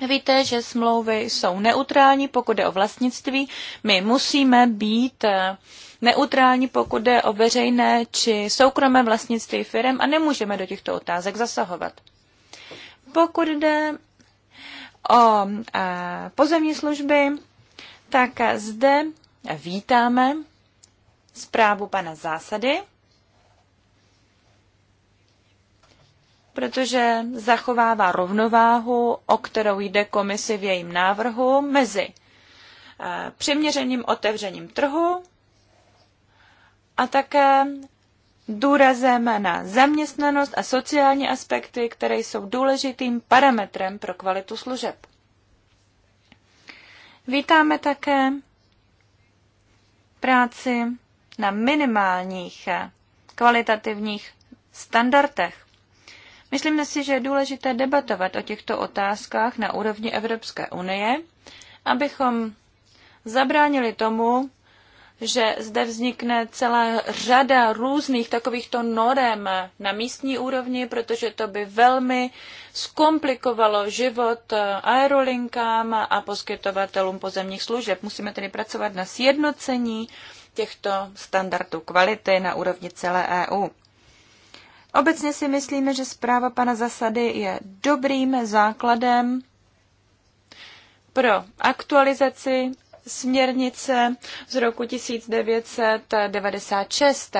Víte, že smlouvy jsou neutrální, pokud je o vlastnictví. My musíme být eh, neutrální, pokud je o veřejné či soukromé vlastnictví firm a nemůžeme do těchto otázek zasahovat. Pokud jde o eh, pozemní služby, tak eh, zde vítáme zprávu pana Zásady protože zachovává rovnováhu, o kterou jde komisi v jejím návrhu, mezi eh, přiměřeným otevřením trhu a také důrazem na zaměstnanost a sociální aspekty, které jsou důležitým parametrem pro kvalitu služeb. Vítáme také práci na minimálních kvalitativních standardech Myslíme si, že je důležité debatovat o těchto otázkách na úrovni Evropské unie, abychom zabránili tomu, že zde vznikne celá řada různých takovýchto norem na místní úrovni, protože to by velmi zkomplikovalo život aerolinkám a poskytovatelům pozemních služeb. Musíme tedy pracovat na sjednocení těchto standardů kvality na úrovni celé EU. Obecně si myslíme, že zpráva pana Zasady je dobrým základem pro aktualizaci směrnice z roku 1996.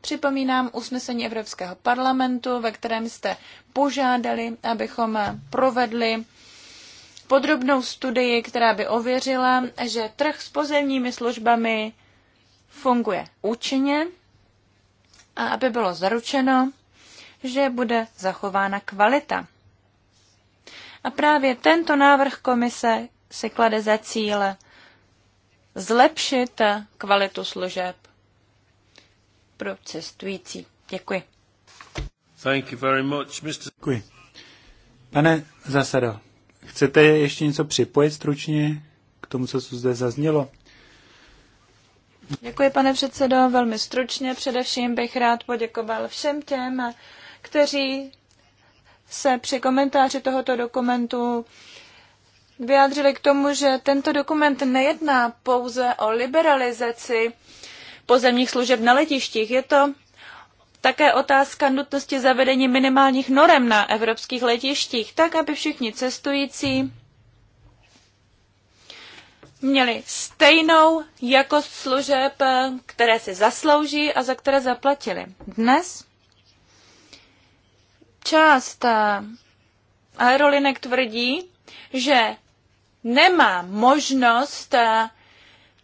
Připomínám usnesení Evropského parlamentu, ve kterém jste požádali, abychom provedli podrobnou studii, která by ověřila, že trh s pozemními službami funguje účinně a aby bylo zaručeno, že bude zachována kvalita. A právě tento návrh komise si klade za cíl zlepšit kvalitu služeb pro cestující. Děkuji. Thank you very much, Mr. Děkuji. Pane Zasado, chcete ještě něco připojit stručně k tomu, co zde zaznělo? Děkuji, pane předsedo. Velmi stručně především bych rád poděkoval všem těm, kteří se při komentáři tohoto dokumentu vyjádřili k tomu, že tento dokument nejedná pouze o liberalizaci pozemních služeb na letištích. Je to také otázka nutnosti zavedení minimálních norem na evropských letištích, tak aby všichni cestující měli stejnou jakost služeb, které si zaslouží a za které zaplatili. Dnes Část eh, aerolinek tvrdí, že nemá možnost eh,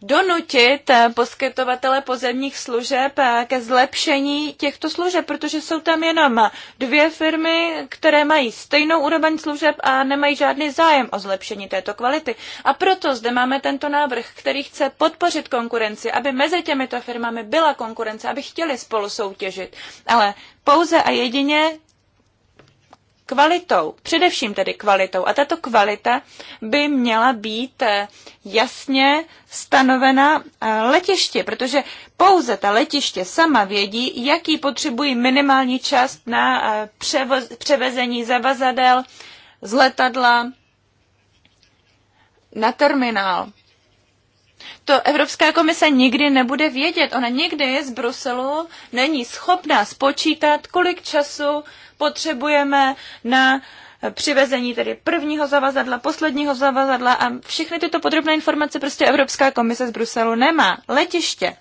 donutit eh, poskytovatele pozemních služeb ke zlepšení těchto služeb, protože jsou tam jenom dvě firmy, které mají stejnou úroveň služeb a nemají žádný zájem o zlepšení této kvality. A proto zde máme tento návrh, který chce podpořit konkurenci, aby mezi těmito firmami byla konkurence, aby chtěli spolu soutěžit. Ale pouze a jedině kvalitou, především tedy kvalitou. A tato kvalita by měla být eh, jasně stanovena eh, letiště, protože pouze ta letiště sama vědí, jaký potřebují minimální čas na eh, převoz, převezení zavazadel z letadla na terminál. To Evropská komise nikdy nebude vědět. Ona nikdy z Bruselu není schopná spočítat, kolik času uh, potřebujeme na přivezení tedy prvního zavazadla, posledního zavazadla a všechny tyto podrobné informace prostě Evropská komise z Bruselu nemá. Letiště.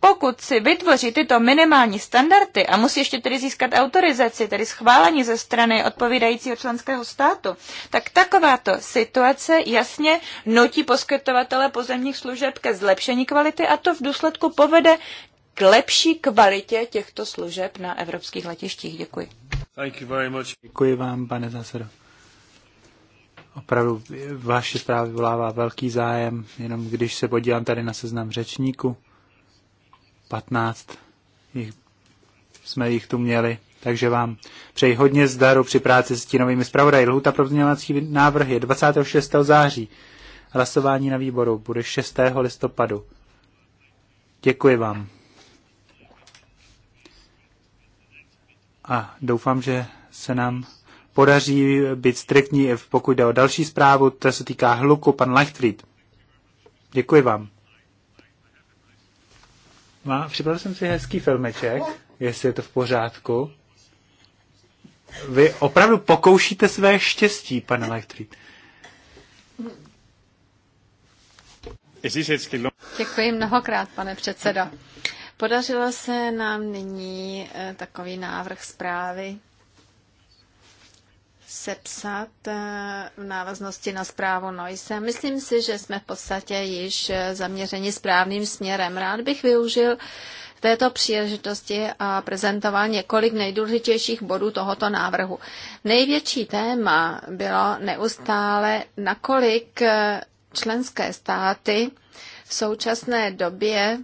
Pokud si vytvoří tyto minimální standardy a musí ještě tedy získat autorizaci, tedy schválení ze strany odpovídajícího členského státu, tak takováto situace jasně nutí poskytovatele pozemních služeb ke zlepšení kvality a to v důsledku povede k lepší kvalitě těchto služeb na evropských letištích. Děkuji. Thank you very much. Děkuji vám, pane zásado. Opravdu vaše zpráva vyvolává velký zájem, jenom když se podívám tady na seznam řečníků, 15 jich, jsme jich tu měli, takže vám přeji hodně zdaru při práci s stínovými zpravodaji. Lhuta pro vzdělávací návrh je 26. září. Hlasování na výboru bude 6. listopadu. Děkuji vám. a doufám, že se nám podaří být striktní, pokud jde o další zprávu, to se týká hluku, pan Leichtfried. Děkuji vám. Má, připravil jsem si hezký filmeček, jestli je to v pořádku. Vy opravdu pokoušíte své štěstí, pane Leichtfried. Děkuji mnohokrát, pane předsedo. Podařilo se nám nyní eh, takový návrh zprávy sepsat eh, v návaznosti na zprávu Noise. Myslím si, že jsme v podstatě již eh, zaměřeni správným směrem. Rád bych využil této příležitosti a prezentoval několik nejdůležitějších bodů tohoto návrhu. Největší téma bylo neustále, nakolik členské státy v současné době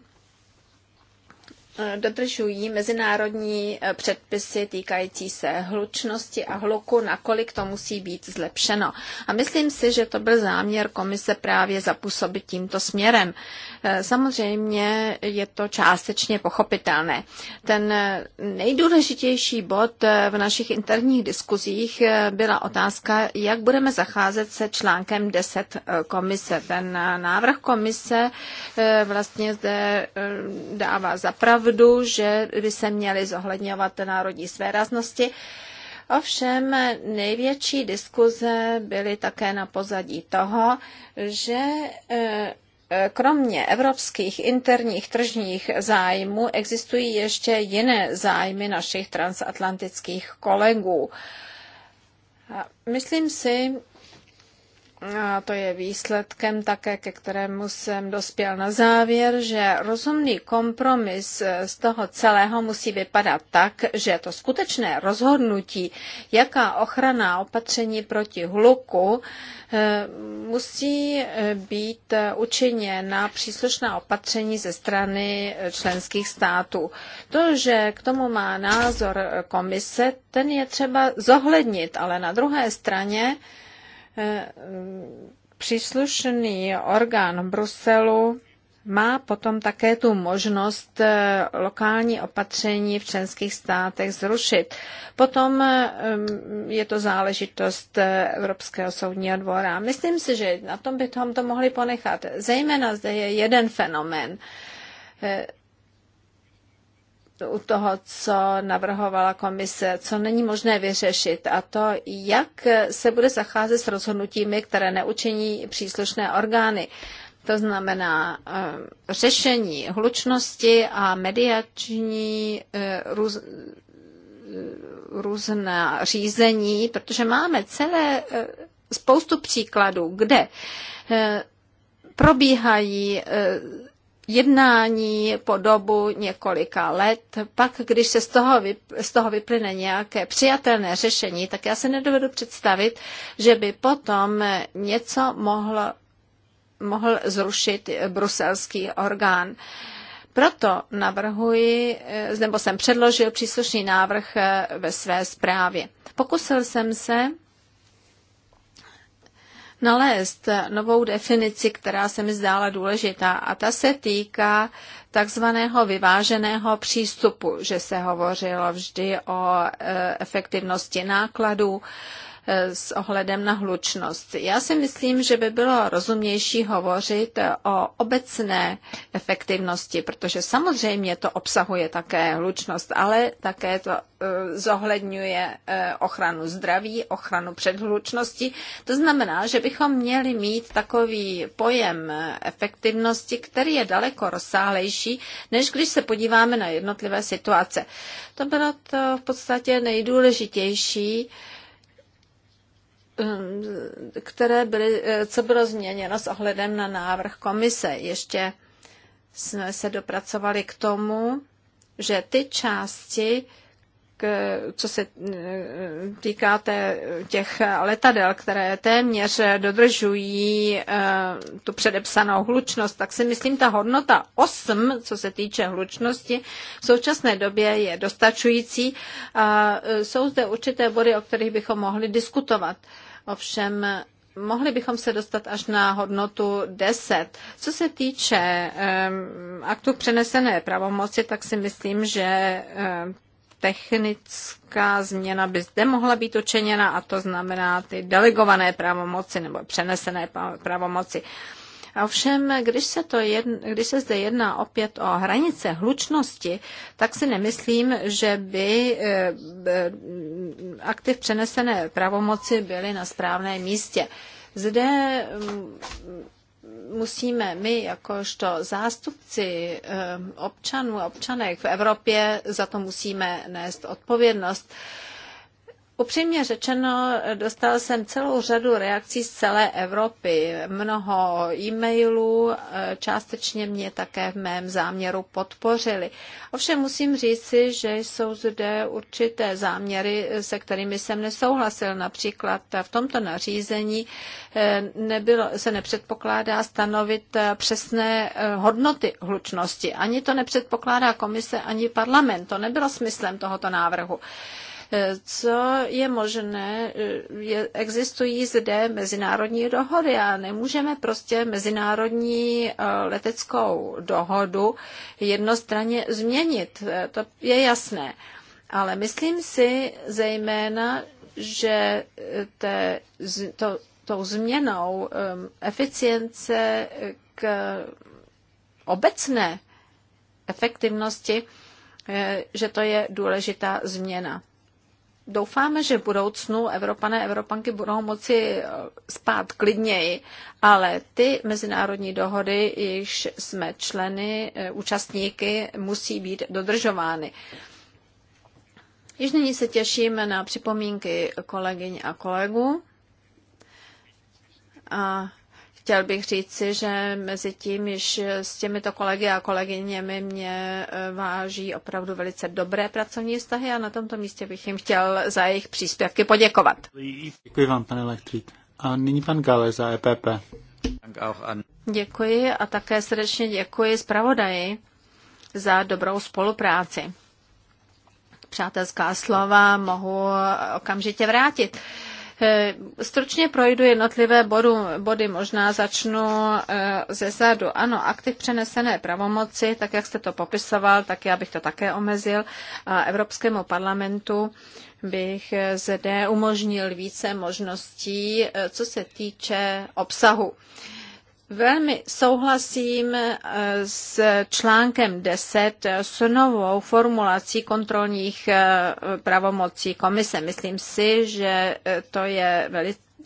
Eh, dodržují mezinárodní eh, předpisy týkající se hlučnosti a hluku, nakolik to musí být zlepšeno. A myslím si, že to byl záměr komise právě zapůsobit tímto směrem. Eh, samozřejmě je to částečně pochopitelné. Ten nejdůležitější bod v našich interních diskuzích byla otázka, jak budeme zacházet se článkem 10 komise. Ten návrh komise vlastně zde dává zapravu pravdu, že by se měly zohledňovat národní své raznosti. Ovšem největší diskuze byly také na pozadí toho, že e, e, kromě evropských interních tržních zájmů existují ještě jiné zájmy našich transatlantických kolegů. Myslím si, a to je výsledkem také, ke kterému jsem dospěl na závěr, že rozumný kompromis eh, z toho celého musí vypadat tak, že to skutečné rozhodnutí, jaká ochrana opatření proti hluku, eh, musí eh, být učiněna příslušná opatření ze strany členských států. To, že k tomu má názor komise, ten je třeba zohlednit, ale na druhé straně, Eh, příslušný orgán Bruselu má potom také tu možnost eh, lokální opatření v členských státech zrušit. Potom eh, mm, je to záležitost Evropského soudního dvora. Myslím si, že na tom bychom to mohli ponechat. Zejména zde je jeden fenomén u toho, co navrhovala komise, co není možné vyřešit a to, jak se bude zacházet s rozhodnutími, které neučiní příslušné orgány. To znamená eh, řešení hlučnosti a mediační eh, růz, eh, různá řízení, protože máme celé spoustu příkladů, kde probíhají jednání po dobu několika let. Pak, když se z toho, vy, z toho vyplyne nějaké přijatelné řešení, tak já se nedovedu představit, že by potom něco mohl, mohl zrušit bruselský orgán. Proto navrhuji, nebo jsem předložil příslušný návrh ve své zprávě. Pokusil jsem se nalézt novou definici, která se mi zdála důležitá a ta se týká takzvaného vyváženého přístupu, že se hovořilo vždy o e, efektivnosti nákladů, Eh, s ohledem na hlučnost. Já si myslím, že by bylo rozumnější hovořit eh, o obecné efektivnosti, protože samozřejmě to obsahuje také hlučnost, ale také to eh, zohledňuje ochranu zdraví, ochranu před hlučností. To znamená, že bychom měli mít takový pojem efektivnosti, který je daleko rozsáhlejší, než když se podíváme na jednotlivé situace. To bylo to v podstatě nejdůležitější, Eh, které byly, eh, co bylo změněno s ohledem na návrh komise. Ještě jsme se dopracovali k tomu, že ty části, co se eh, týká těch letadel, které téměř dodržují eh, tu předepsanou hlučnost, tak si myslím, ta hodnota 8, co se týče hlučnosti, v současné době je dostačující. A eh, jsou zde určité body, o kterých bychom mohli diskutovat. Ovšem mohli bychom se dostat až na hodnotu 10. Co se týče um, aktu přenesené pravomoci, tak si myslím, že um, technická změna by zde mohla být učiněna a to znamená ty delegované pravomoci nebo přenesené pravomoci. Ovšem, když se, to jedn, když se zde jedná opět o hranice hlučnosti, tak si nemyslím, že by eh, eh, aktiv přenesené pravomoci byly na správné místě. Zde mm, musíme my jakožto zástupci eh, občanů a občanek v Evropě za to musíme nést odpovědnost. Upřímně řečeno, dostal jsem celou řadu reakcí z celé Evropy, mnoho e-mailů, eh, částečně mě také v mém záměru podpořili. Ovšem musím říci, že jsou zde určité záměry, se kterými jsem nesouhlasil. Například v tomto nařízení eh, nebylo, se nepředpokládá stanovit eh, přesné hodnoty hlučnosti. Ani to nepředpokládá komise, ani parlament. To nebylo smyslem tohoto návrhu. E, co je možné, e, je, existují zde mezinárodní dohody a nemůžeme prostě mezinárodní e, leteckou dohodu jednostranně změnit. To je jasné. Ale myslím si zejména, že te, to, tou změnou eficience k obecné efektivnosti, že to je důležitá změna doufáme, že v budoucnu Evropané Evropanky budou moci eh, spát klidněji, ale ty mezinárodní dohody, již jsme členy, eh, účastníky, musí být dodržovány. Již nyní se těšíme na připomínky kolegyň a kolegů. A Chtěl bych říci, že mezi tím již s těmito kolegy a kolegyněmi mě e, váží opravdu velice dobré pracovní vztahy a na tomto místě bych jim chtěl za jejich příspěvky poděkovat. Děkuji vám, pane Lechtrit. A nyní pan Gale za EPP. Děkuji a také srdečně děkuji zpravodaji za dobrou spolupráci. Přátelská slova mohu okamžitě vrátit. Eh, stručně projdu jednotlivé bodu, body, možná začnu eh, ze zadu. Ano, aktiv přenesené pravomoci, tak jak jste to popisoval, tak já bych to také omezil. A Evropskému parlamentu bych eh, zde umožnil více možností, co se týče obsahu. Velmi souhlasím eh, s článkem 10 eh, s novou formulací kontrolních eh, pravomocí komise. Myslím si, že to je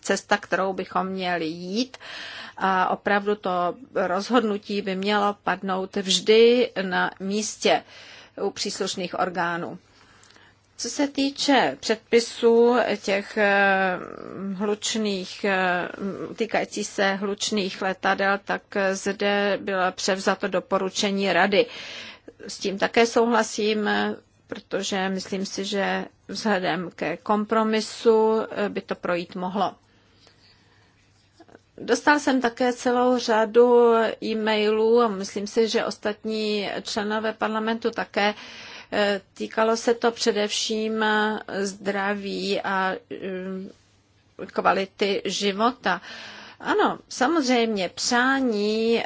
cesta, kterou bychom měli jít. A opravdu to rozhodnutí by mělo padnout vždy na místě u příslušných orgánů. Co se týče předpisů těch eh, hlučných, eh, týkající se hlučných letadel, tak eh, zde bylo převzato doporučení rady. S tím také souhlasím, protože myslím si, že vzhledem ke kompromisu by to projít mohlo. Dostal jsem také celou řadu e-mailů a myslím si, že ostatní členové parlamentu také uh, Eh, týkalo se to především eh, zdraví a eh, kvality života. Ano, samozřejmě přání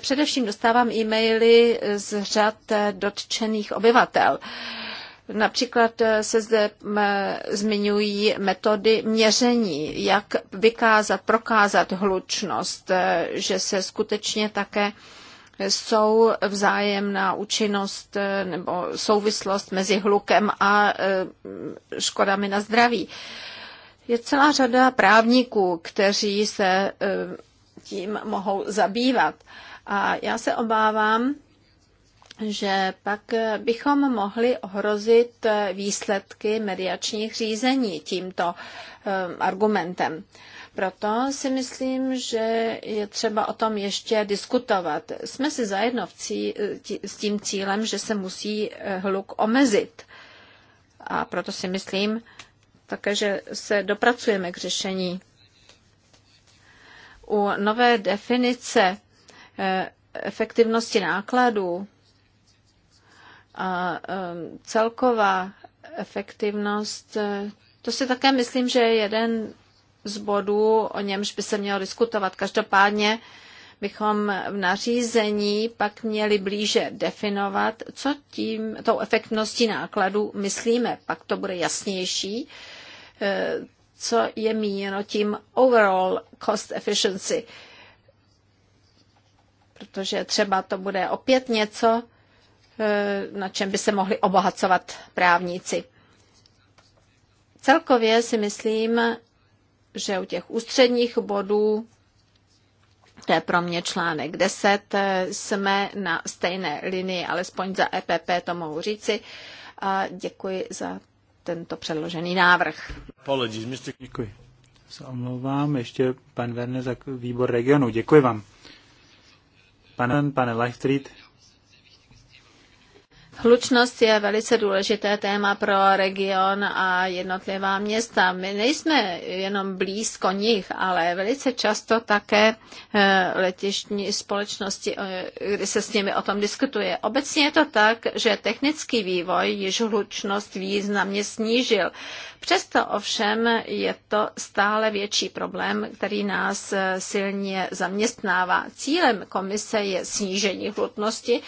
především dostávám e-maily z řad dotčených obyvatel. Například se zde zmiňují metody měření, jak vykázat, prokázat hlučnost, že se skutečně také jsou vzájemná účinnost eh, nebo souvislost mezi hlukem a eh, škodami na zdraví. Je celá řada právníků, kteří se eh, tím mohou zabývat. A já se obávám, že pak bychom mohli ohrozit výsledky mediačních řízení tímto argumentem. Proto si myslím, že je třeba o tom ještě diskutovat. Jsme si zajedno v cí, tí, s tím cílem, že se musí eh, hluk omezit. A proto si myslím také, že se dopracujeme k řešení. U nové definice eh, efektivnosti nákladů a eh, celková efektivnost, to si také myslím, že je jeden z bodů, o němž by se mělo diskutovat. Každopádně bychom v nařízení pak měli blíže definovat, co tím, tou efektností nákladů myslíme. Pak to bude jasnější, eh, co je míněno tím overall cost efficiency. Protože třeba to bude opět něco, eh, na čem by se mohli obohacovat právníci. Celkově si myslím, že u těch ústředních bodů, to je pro mě článek 10, eh, jsme na stejné linii, alespoň za EPP to mohu říci. A děkuji za tento předložený návrh. Děkuji. Se omlouvám, ještě pan Verne za výbor regionu. Děkuji vám. Pane, pane Leichtried, Hlučnost je velice důležité téma pro region a jednotlivá města. My nejsme jenom blízko nich, ale velice často také eh, letištní společnosti, eh, kdy se s nimi o tom diskutuje. Obecně je to tak, že technický vývoj již hlučnost významně snížil. Přesto ovšem je to stále větší problém, který nás eh, silně zaměstnává. Cílem komise je snížení hlutnosti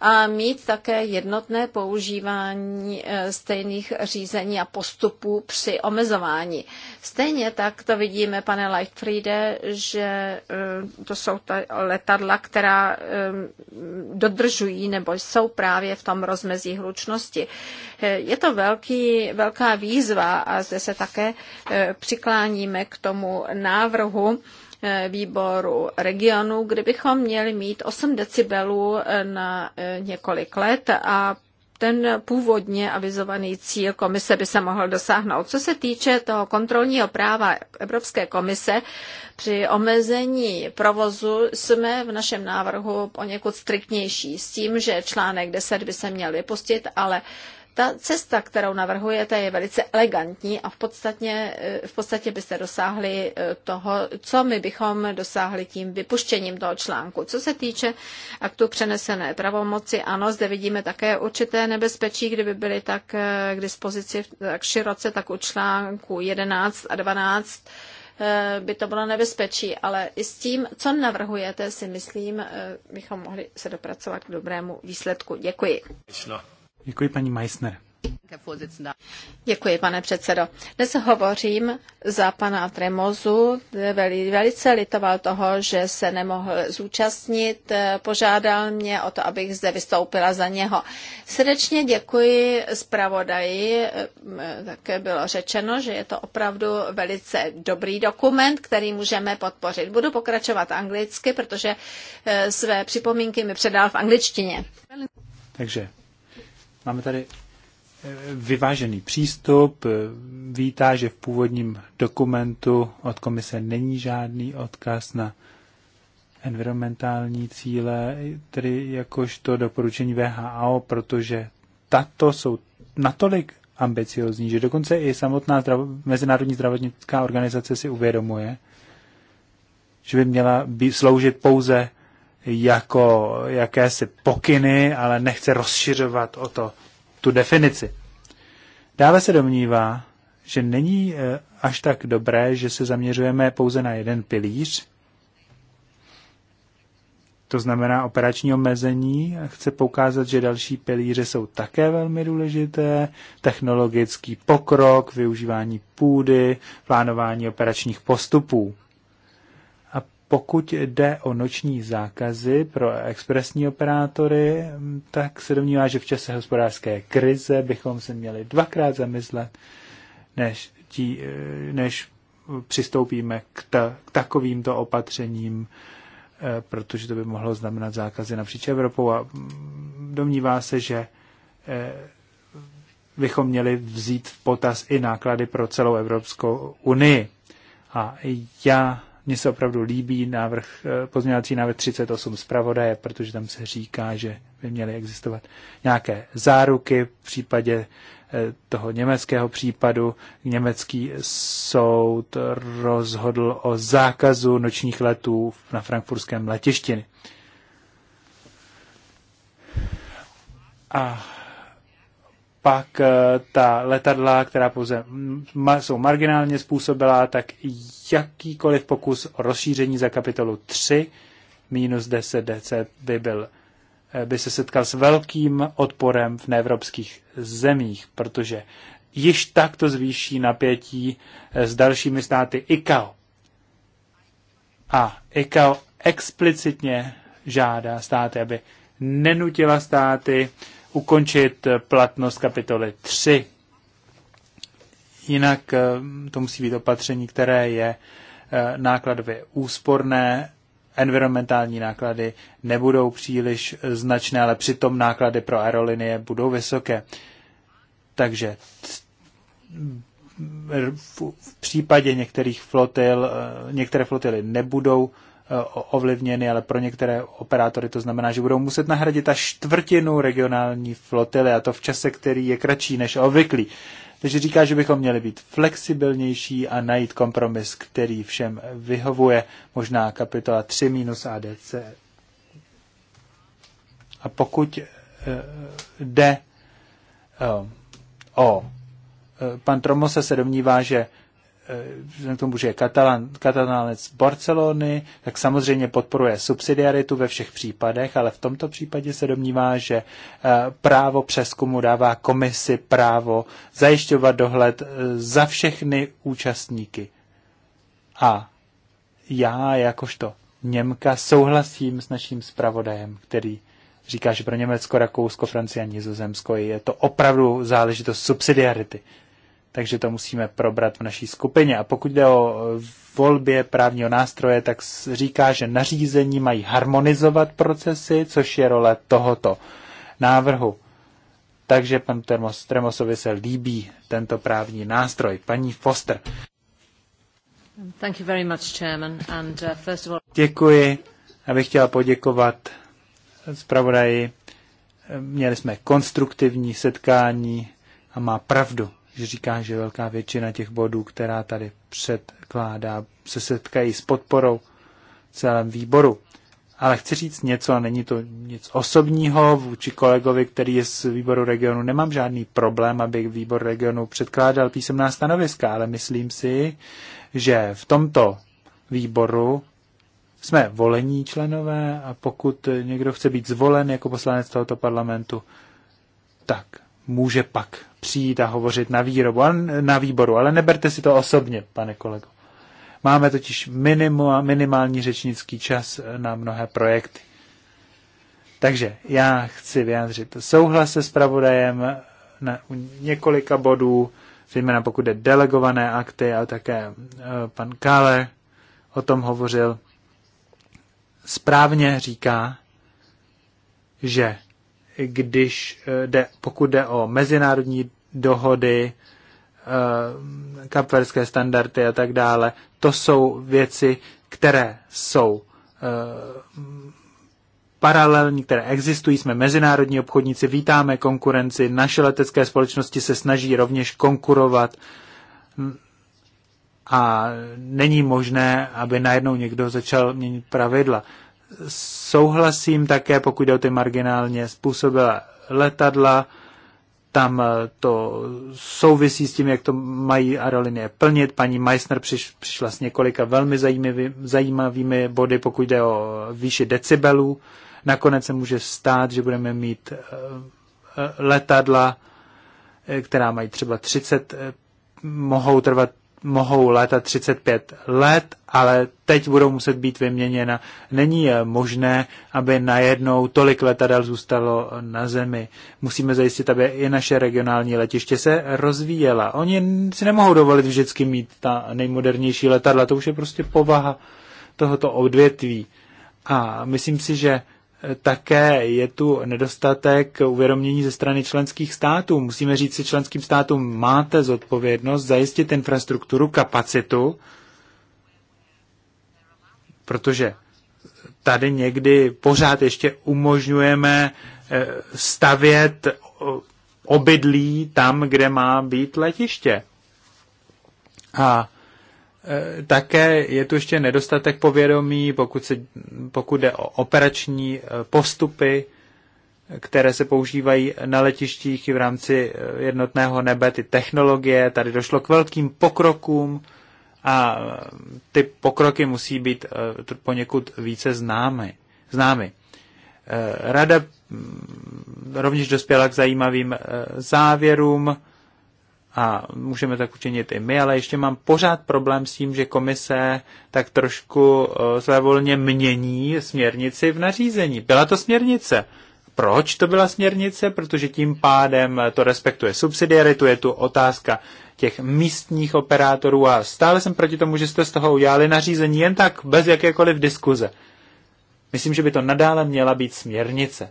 a mít také jedno jednotné používání e, stejných řízení a postupů při omezování. Stejně tak to vidíme, pane Lightfriede, že e, to jsou ta letadla, která e, dodržují nebo jsou právě v tom rozmezí hlučnosti. Je to velký, velká výzva a zde se také přikláníme k tomu návrhu, Eh, výboru regionu, kdybychom měli mít 8 decibelů eh, na eh, několik let a ten původně avizovaný cíl komise by se mohl dosáhnout. Co se týče toho kontrolního práva Evropské komise, při omezení provozu jsme v našem návrhu poněkud striktnější s tím, že článek 10 by se měl vypustit, ale ta cesta, kterou navrhujete, je velice elegantní a v podstatě, eh, v podstatě byste dosáhli eh, toho, co my bychom dosáhli tím vypuštěním toho článku. Co se týče aktu přenesené pravomoci, ano, zde vidíme také určité nebezpečí, kdyby byly tak eh, k dispozici tak široce, tak u článku 11 a 12 by to bylo nebezpečí, ale i s tím, co navrhujete, si myslím, bychom mohli se dopracovat k dobrému výsledku. Děkuji. Děkuji, paní Meissner. Děkuji, pane předsedo. Dnes hovořím za pana Tremozu. Velice litoval toho, že se nemohl zúčastnit. Požádal mě o to, abych zde vystoupila za něho. Srdečně děkuji zpravodaji. Také bylo řečeno, že je to opravdu velice dobrý dokument, který můžeme podpořit. Budu pokračovat anglicky, protože eh, své připomínky mi předal v angličtině. Takže Máme tady eh, vyvážený přístup, eh, vítá, že v původním dokumentu od komise není žádný odkaz na environmentální cíle, tedy jakožto doporučení VHO, protože tato jsou natolik ambiciozní, že dokonce i samotná zdrav- Mezinárodní zdravotnická organizace si uvědomuje, že by měla být sloužit pouze jako jakési pokyny, ale nechce rozšiřovat o to tu definici. Dále se domnívá, že není eh, až tak dobré, že se zaměřujeme pouze na jeden pilíř, to znamená operační omezení. Chce poukázat, že další pilíře jsou také velmi důležité. Technologický pokrok, využívání půdy, plánování operačních postupů. Pokud jde o noční zákazy pro expresní operátory, tak se domnívá, že v čase hospodářské krize bychom se měli dvakrát zamyslet, než, tí, než přistoupíme k, ta, k takovýmto opatřením, protože to by mohlo znamenat zákazy napříč Evropou a domnívá se, že eh, bychom měli vzít v potaz i náklady pro celou Evropskou unii. A já mně se opravdu líbí návrh, eh, pozměňovací návrh 38 zpravodaje, protože tam se říká, že by měly existovat nějaké záruky v případě eh, toho německého případu. Německý soud rozhodl o zákazu nočních letů na frankfurském letišti. A pak eh, ta letadla, která pouze jsou marginálně způsobila, tak jakýkoliv pokus o rozšíření za kapitolu 3 minus 10 DC by, byl, eh, by se setkal s velkým odporem v neevropských zemích, protože již tak to zvýší napětí eh, s dalšími státy ICAO. A ICAO explicitně žádá státy, aby nenutila státy ukončit eh, platnost kapitoly 3. Jinak eh, to musí být opatření, které je eh, nákladově úsporné, environmentální náklady nebudou příliš značné, ale přitom náklady pro aerolinie budou vysoké. Takže v případě některých flotil, některé flotily nebudou ovlivněny, ale pro některé operátory to znamená, že budou muset nahradit až čtvrtinu regionální flotily a to v čase, který je kratší než obvyklý. Takže říká, že bychom měli být flexibilnější a najít kompromis, který všem vyhovuje. Možná kapitola 3 minus ADC. A pokud eh, jde eh, o eh, pan Tromose se domnívá, že vzhledem k tomu, že je katalan, katalánec Barcelony, tak samozřejmě podporuje subsidiaritu ve všech případech, ale v tomto případě se domnívá, že eh, právo přeskumu dává komisi právo zajišťovat dohled eh, za všechny účastníky. A já jakožto Němka souhlasím s naším zpravodajem, který říká, že pro Německo, Rakousko, Francie a Nizozemsko je to opravdu záležitost subsidiarity takže to musíme probrat v naší skupině. A pokud jde o e, volbě právního nástroje, tak říká, že nařízení mají harmonizovat procesy, což je role tohoto návrhu. Takže pan Termos, Tremosovi se líbí tento právní nástroj. Paní Foster. Uh, Děkuji. Já bych chtěla poděkovat zpravodaji. Měli jsme konstruktivní setkání a má pravdu že říká, že velká většina těch bodů, která tady předkládá, se setkají s podporou celém výboru. Ale chci říct něco, a není to nic osobního vůči kolegovi, který je z výboru regionu. Nemám žádný problém, aby výbor regionu předkládal písemná stanoviska, ale myslím si, že v tomto výboru jsme volení členové a pokud někdo chce být zvolen jako poslanec tohoto parlamentu, tak může pak přijít a hovořit na, výrobu, na výboru. Ale neberte si to osobně, pane kolego. Máme totiž minimu, minimální řečnický čas na mnohé projekty. Takže já chci vyjádřit souhlas se zpravodajem na několika bodů, zejména pokud jde delegované akty, a také eh, pan Kále o tom hovořil. Správně říká, že když eh, jde, pokud jde o mezinárodní dohody, eh, kapverské standardy a tak dále, to jsou věci, které jsou eh, paralelní, které existují, jsme mezinárodní obchodníci, vítáme konkurenci, naše letecké společnosti se snaží rovněž konkurovat a není možné, aby najednou někdo začal měnit pravidla souhlasím také, pokud jde o ty marginálně způsobila letadla, tam eh, to souvisí s tím, jak to mají aerolinie plnit. Paní Meissner přiš, přišla s několika velmi zajímavý, zajímavými body, pokud jde o výši decibelů. Nakonec se může stát, že budeme mít eh, eh, letadla, která mají třeba 30, mohou trvat mohou létat 35 let, ale teď budou muset být vyměněna. Není eh, možné, aby najednou tolik letadel zůstalo eh, na zemi. Musíme zajistit, aby i naše regionální letiště se rozvíjela. Oni si nemohou dovolit vždycky mít ta nejmodernější letadla, to už je prostě povaha tohoto odvětví. A myslím si, že také je tu nedostatek uvědomění ze strany členských států. Musíme říct si členským státům, máte zodpovědnost zajistit infrastrukturu, kapacitu, protože tady někdy pořád ještě umožňujeme eh, stavět eh, obydlí tam, kde má být letiště. A Eh, také je tu ještě nedostatek povědomí, pokud, se, pokud jde o operační eh, postupy, které se používají na letištích i v rámci eh, jednotného nebe, ty technologie. Tady došlo k velkým pokrokům a ty pokroky musí být poněkud více známy. známy. Rada mm, rovněž dospěla k zajímavým závěrům, a můžeme tak učinit i my, ale ještě mám pořád problém s tím, že komise tak trošku eh, svévolně mění směrnici v nařízení. Byla to směrnice. Proč to byla směrnice? Protože tím pádem to respektuje subsidiaritu, je tu otázka těch místních operátorů a stále jsem proti tomu, že jste z toho udělali nařízení jen tak, bez jakékoliv diskuze. Myslím, že by to nadále měla být směrnice.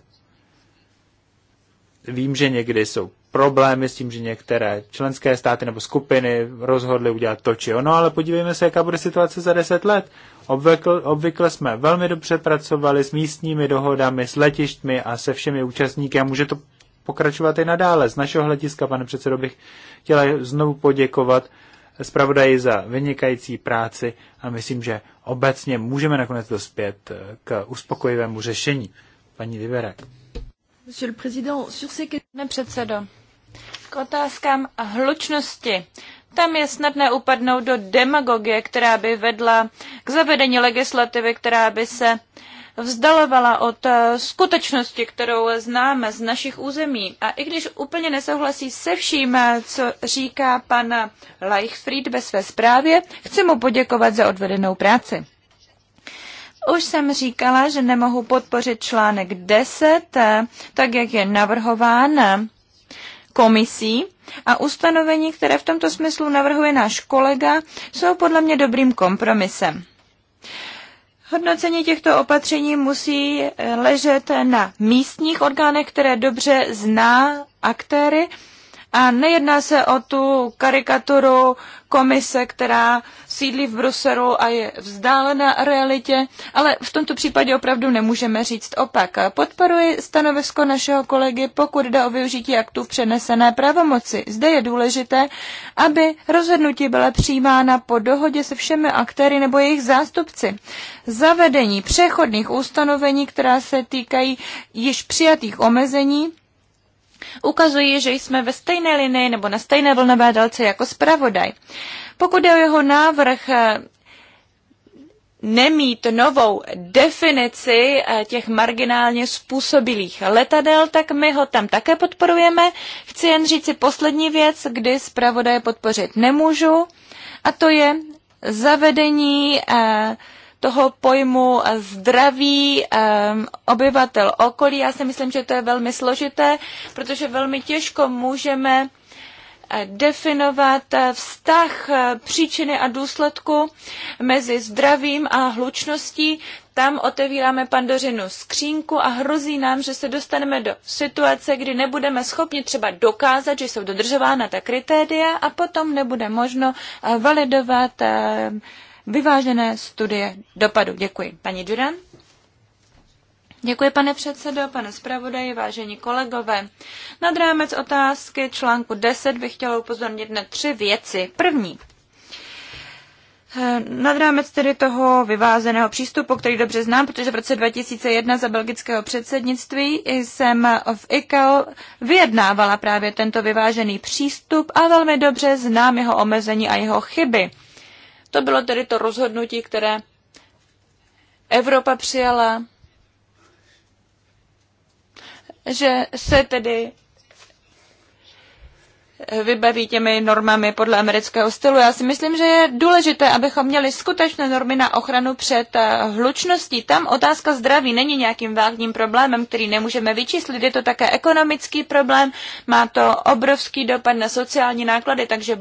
Vím, že někdy jsou problémy s tím, že některé členské státy nebo skupiny rozhodly udělat to či ono, ale podívejme se, jaká bude situace za deset let. Obvykle, obvykle jsme velmi dobře pracovali s místními dohodami, s letištmi a se všemi účastníky a může to pokračovat i nadále. Z našeho hlediska, pane předsedo, bych chtěla znovu poděkovat zpravodaji za vynikající práci a myslím, že obecně můžeme nakonec dospět k uspokojivému řešení. Paní Liberek. Pane předsedo, k otázkám hlučnosti. Tam je snadné upadnout do demagogie, která by vedla k zavedení legislativy, která by se vzdalovala od eh, skutečnosti, kterou známe z našich území. A i když úplně nesouhlasí se vším, eh, co říká pan Leichfried ve své zprávě, chci mu poděkovat za odvedenou práci. Už jsem říkala, že nemohu podpořit článek 10, eh, tak jak je navrhován komisí a ustanovení, které v tomto smyslu navrhuje náš kolega, jsou podle mě dobrým kompromisem. Hodnocení těchto opatření musí eh, ležet na místních orgánech, které dobře zná aktéry a nejedná se o tu karikaturu komise, která sídlí v Bruselu a je vzdálena realitě, ale v tomto případě opravdu nemůžeme říct opak. Podporuji stanovisko našeho kolegy, pokud jde o využití aktů v přenesené pravomoci. Zde je důležité, aby rozhodnutí byla přijímána po dohodě se všemi aktéry nebo jejich zástupci. Zavedení přechodných ustanovení, která se týkají již přijatých omezení, ukazují, že jsme ve stejné linii nebo na stejné vlnové délce jako zpravodaj. Pokud je o jeho návrh eh, nemít novou definici eh, těch marginálně způsobilých letadel, tak my ho tam také podporujeme. Chci jen říct si poslední věc, kdy zpravodaje podpořit nemůžu, a to je zavedení eh, toho pojmu zdraví obyvatel okolí. Já si myslím, že to je velmi složité, protože velmi těžko můžeme eh, definovat eh, vztah eh, příčiny a důsledku mezi zdravím a hlučností. Tam otevíráme pandořinu skřínku a hrozí nám, že se dostaneme do situace, kdy nebudeme schopni třeba dokázat, že jsou dodržována ta kritéria a potom nebude možno validovat vyvážené studie dopadu. Děkuji. Paní Duran? Děkuji, pane předsedo, pane zpravodaji, vážení kolegové. Nad rámec otázky článku 10 bych chtěla upozornit na tři věci. První. Nad rámec tedy toho vyvázeného přístupu, který dobře znám, protože v roce 2001 za belgického předsednictví jsem v ICAO vyjednávala právě tento vyvážený přístup a velmi dobře znám jeho omezení a jeho chyby. To bylo tedy to rozhodnutí, které Evropa přijala, že se tedy vybaví těmi normami podle amerického stylu. Já si myslím, že je důležité, abychom měli skutečné normy na ochranu před eh, hlučností. Tam otázka zdraví není nějakým vážným problémem, který nemůžeme vyčíslit. Je to také ekonomický problém, má to obrovský dopad na sociální náklady, takže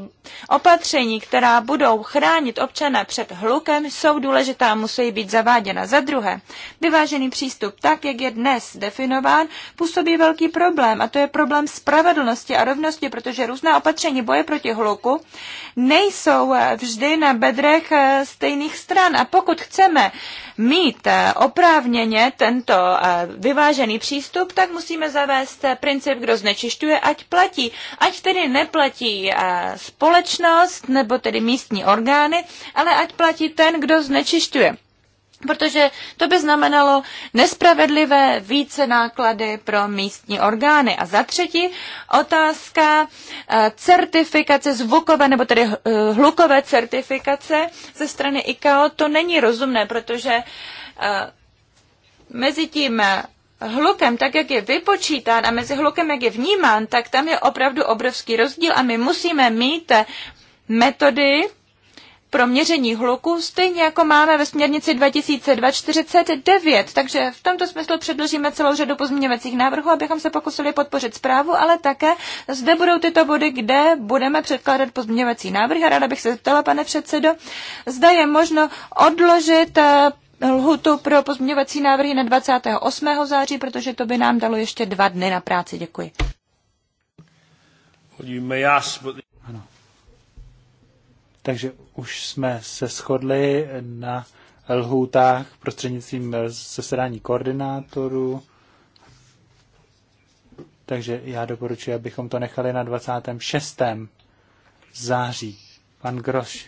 opatření, která budou chránit občana před hlukem, jsou důležitá a musí být zaváděna. Za druhé, vyvážený přístup, tak jak je dnes definován, působí velký problém a to je problém spravedlnosti a rovnosti, protože různá opatření boje proti hluku nejsou eh, vždy na bedrech eh, stejných stran. A pokud chceme mít eh, oprávněně tento vyvážený přístup, tak musíme zavést princip, kdo znečišťuje, ať platí. Ať tedy neplatí společnost nebo tedy místní orgány, ale ať platí ten, kdo znečišťuje protože to by znamenalo nespravedlivé více náklady pro místní orgány. A za třetí otázka eh, certifikace zvukové nebo tedy eh, hlukové certifikace ze strany ICAO. To není rozumné, protože eh, mezi tím hlukem, tak jak je vypočítán a mezi hlukem, jak je vnímán, tak tam je opravdu obrovský rozdíl a my musíme mít metody, pro měření hluku, stejně jako máme ve směrnici 2249. Takže v tomto smyslu předložíme celou řadu pozměňovacích návrhů, abychom se pokusili podpořit zprávu, ale také zde budou tyto body, kde budeme předkládat pozměňovací návrhy. A ráda bych se zeptala, pane předsedo, zda je možno odložit eh, lhutu pro pozměňovací návrhy na 28. září, protože to by nám dalo ještě dva dny na práci. Děkuji. Takže už jsme se shodli na lhůtách prostřednictvím zasedání koordinátorů. Takže já doporučuji, abychom to nechali na 26. září. Pan Groš.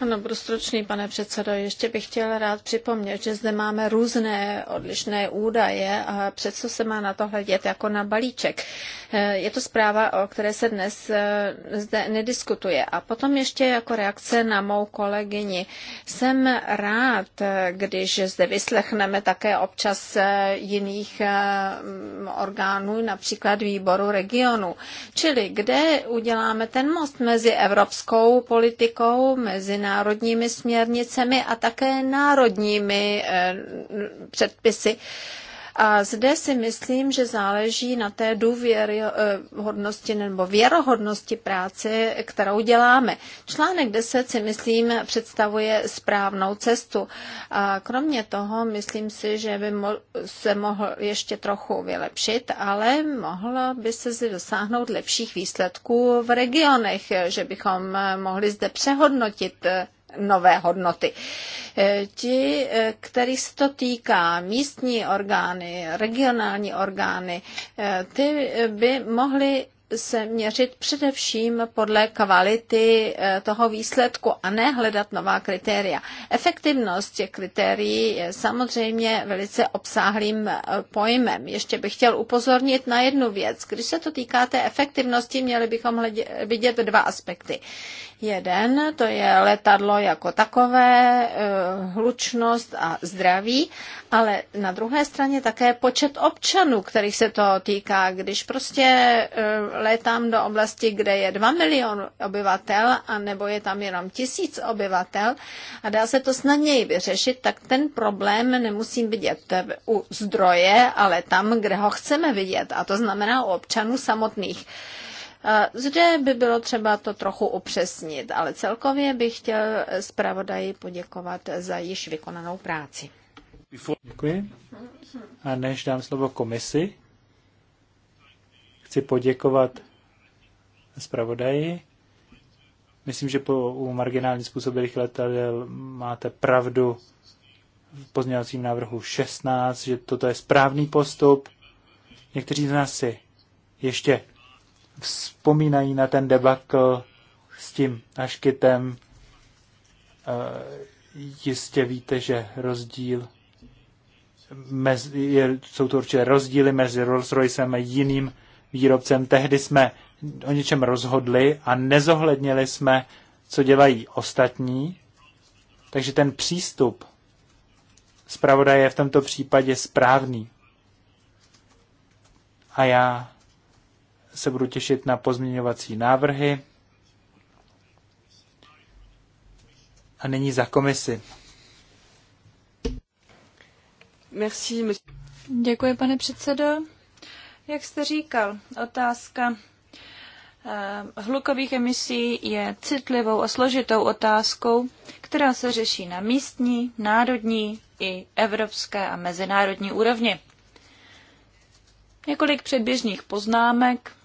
Ano, budu stručný, pane předsedo. Ještě bych chtěl rád připomnět, že zde máme různé odlišné údaje a přesto se má na to hledět jako na balíček. Eh, je to zpráva, o které se dnes eh, zde nediskutuje. A potom ještě jako reakce na mou kolegyni. Jsem rád, když zde vyslechneme také občas eh, jiných mm, orgánů, například výboru regionu. Čili kde uděláme ten most mezi evropskou politikou, mezi národními směrnicemi a také národními eh, předpisy. A zde si myslím, že záleží na té důvěryhodnosti eh, nebo věrohodnosti práce, kterou děláme. Článek 10 si myslím představuje správnou cestu. A kromě toho myslím si, že by se mohl ještě trochu vylepšit, ale mohlo by se dosáhnout lepších výsledků v regionech, že bychom eh, mohli zde přehodnotit eh, nové hodnoty. Eh, ti, eh, kterých se to týká, místní orgány, regionální orgány, eh, ty by mohly se měřit především podle kvality toho výsledku a ne hledat nová kritéria. Efektivnost těch kritérií je samozřejmě velice obsáhlým pojmem. Ještě bych chtěl upozornit na jednu věc. Když se to týká té efektivnosti, měli bychom vidět dva aspekty. Jeden, to je letadlo jako takové, eh, hlučnost a zdraví, ale na druhé straně také počet občanů, kterých se to týká. Když prostě eh, létám do oblasti, kde je 2 milion obyvatel, a nebo je tam jenom tisíc obyvatel a dá se to snadněji vyřešit, tak ten problém nemusím vidět u zdroje, ale tam, kde ho chceme vidět, a to znamená u občanů samotných. Eh, zde by bylo třeba to trochu upřesnit, ale celkově bych chtěl zpravodaji poděkovat za již vykonanou práci. Děkuji. A než dám slovo komisi, chci poděkovat zpravodaji. Myslím, že po, u marginálně způsobilých letadel máte pravdu v pozměňovacím návrhu 16, že toto je správný postup. Někteří z nás si ještě vzpomínají na ten debakl s tím Aškytem, e, Jistě víte, že rozdíl mezi, je, jsou to určitě rozdíly mezi Rolls-Roycem a jiným výrobcem. Tehdy jsme o něčem rozhodli a nezohlednili jsme, co dělají ostatní. Takže ten přístup zpravodaje je v tomto případě správný. A já se budu těšit na pozměňovací návrhy. A nyní za komisi. Merci, Děkuji, pane předsedo. Jak jste říkal, otázka eh, hlukových emisí je citlivou a složitou otázkou, která se řeší na místní, národní i evropské a mezinárodní úrovni. Několik předběžných poznámek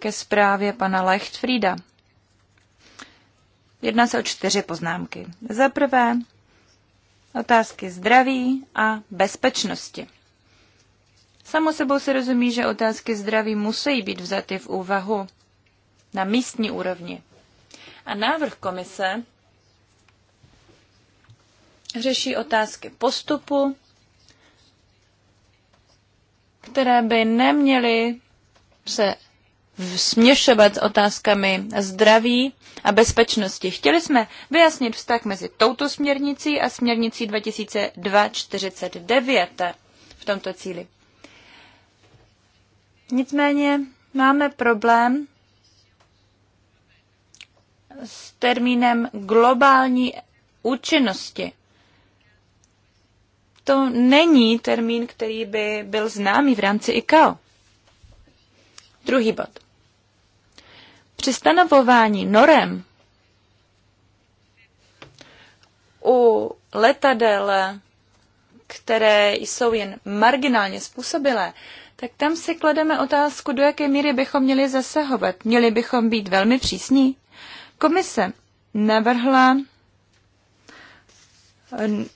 ke zprávě pana Leichtfrieda. Jedná se o čtyři poznámky. Za prvé otázky zdraví a bezpečnosti. Samo sebou se rozumí, že otázky zdraví musí být vzaty v úvahu na místní úrovni. A návrh komise řeší otázky postupu, které by neměly se směšovat otázkami zdraví a bezpečnosti. Chtěli jsme vyjasnit vztah mezi touto směrnicí a směrnicí 2249 v tomto cíli. Nicméně máme problém s termínem globální účinnosti. To není termín, který by byl známý v rámci ICAO. Druhý bod. Při stanovování norem u letadel, které jsou jen marginálně způsobilé, tak tam si klademe otázku, do jaké míry bychom měli zasahovat. Měli bychom být velmi přísní? Komise navrhla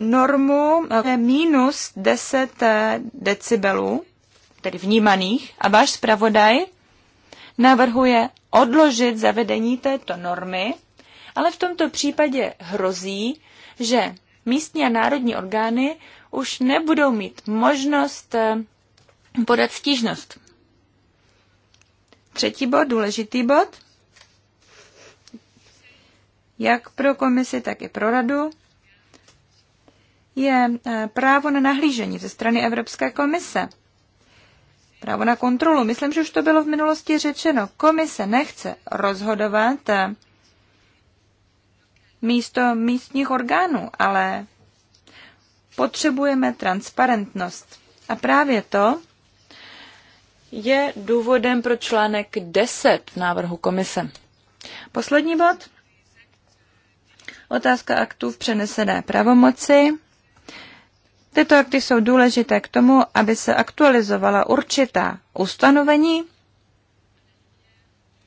normu eh, minus 10 eh, decibelů, tedy vnímaných, a váš zpravodaj navrhuje odložit zavedení této normy, ale v tomto případě hrozí, že místní a národní orgány už nebudou mít možnost eh, podat stížnost. Třetí bod, důležitý bod, jak pro komisi, tak i pro radu, je eh, právo na nahlížení ze strany Evropské komise právo na kontrolu. Myslím, že už to bylo v minulosti řečeno. Komise nechce rozhodovat eh, místo místních orgánů, ale potřebujeme transparentnost. A právě to je důvodem pro článek 10 v návrhu komise. Poslední bod. Otázka aktů v přenesené pravomoci. Tyto akty jsou důležité k tomu, aby se aktualizovala určitá ustanovení,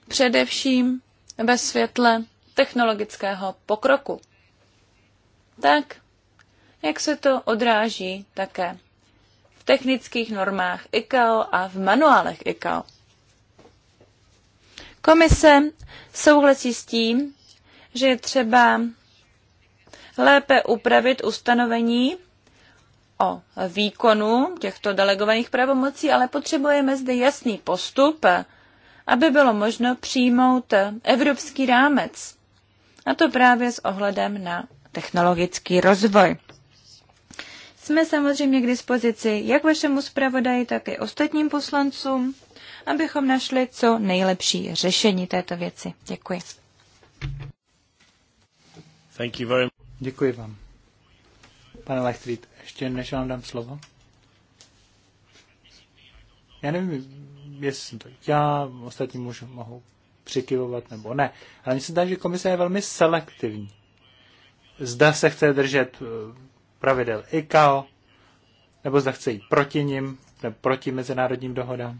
především ve světle technologického pokroku. Tak, jak se to odráží také v technických normách ICAO a v manuálech ICAO. Komise souhlasí s tím, že je třeba lépe upravit ustanovení o výkonu těchto delegovaných pravomocí, ale potřebujeme zde jasný postup, aby bylo možno přijmout evropský rámec. A to právě s ohledem na technologický rozvoj. Jsme samozřejmě k dispozici jak vašemu zpravodaji, tak i ostatním poslancům, abychom našli co nejlepší řešení této věci. Děkuji. Thank you very much. Děkuji vám. Pane Leichtfried, ještě než vám dám slovo. Já nevím, jestli jsem to já, ostatní můžu, mohou přikyvovat nebo ne. Ale mně se zdá, že komise je velmi selektivní. Zda se chce držet eh, pravidel ICAO, nebo zda chce jít proti nim, nebo proti mezinárodním dohodám.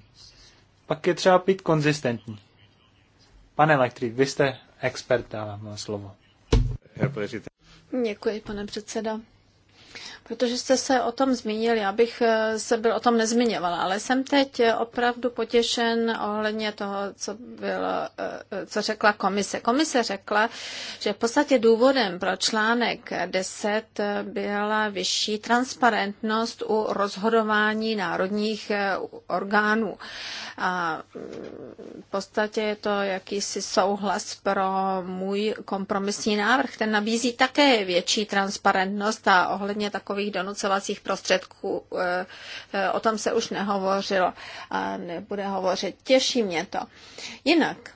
Pak je třeba být konzistentní. Pane Elektrik, vy jste expert, dávám vám slovo. Děkuji, pane předseda. Protože jste se o tom zmínili, abych eh, se byl o tom nezmiňovala, ale jsem teď opravdu potěšen ohledně toho, co, bylo, eh, co řekla komise. Komise řekla, že v podstatě důvodem pro článek 10 byla vyšší transparentnost u rozhodování národních eh, orgánů. A mm, v podstatě je to jakýsi souhlas pro můj kompromisní návrh. Ten nabízí také větší transparentnost a ohledně ohledně takových donucovacích prostředků, eh, eh, o tom se už nehovořilo a nebude hovořit. Těší mě to. Jinak,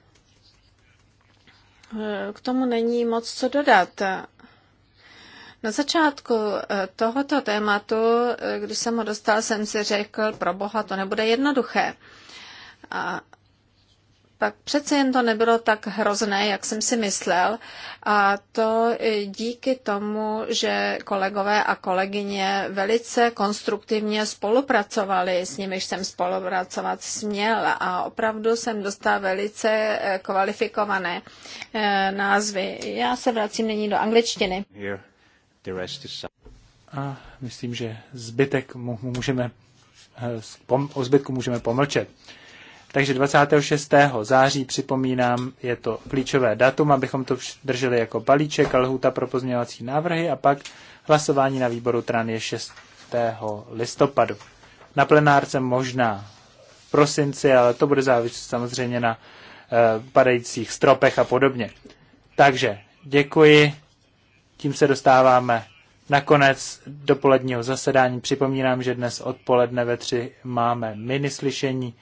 eh, k tomu není moc co dodat. Na začátku tohoto tématu, když jsem ho dostal, jsem si řekl, pro boha, to nebude jednoduché. A tak přece jen to nebylo tak hrozné, jak jsem si myslel. A to díky tomu, že kolegové a kolegyně velice konstruktivně spolupracovali, s nimiž jsem spolupracovat směl a opravdu jsem dostal velice eh, kvalifikované eh, názvy. Já se vracím nyní do angličtiny. A myslím, že zbytek můžeme, eh, o zbytku můžeme pomlčet. Takže 26. září připomínám, je to klíčové datum, abychom to drželi jako balíček a lhůta pro pozměňovací návrhy a pak hlasování na výboru TRAN je 6. listopadu. Na plenárce možná v prosinci, ale to bude záviset samozřejmě na eh, padajících stropech a podobně. Takže děkuji, tím se dostáváme Nakonec dopoledního zasedání připomínám, že dnes odpoledne ve tři máme minislyšení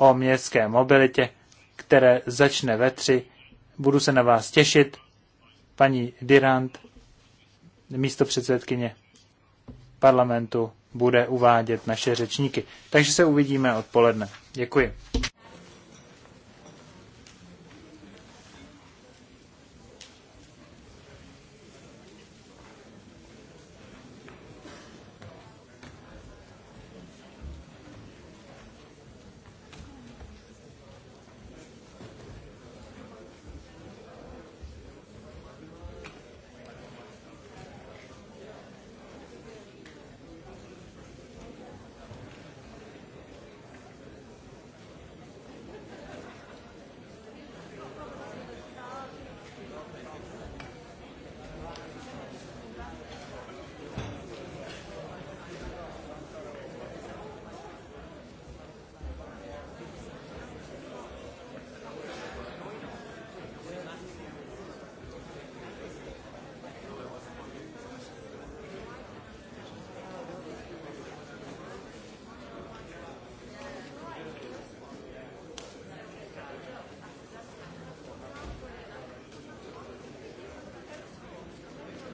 o městské mobilitě, které začne ve tři. Budu se na vás těšit, paní Dirant, místo předsedkyně parlamentu, bude uvádět naše řečníky. Takže se uvidíme odpoledne. Děkuji.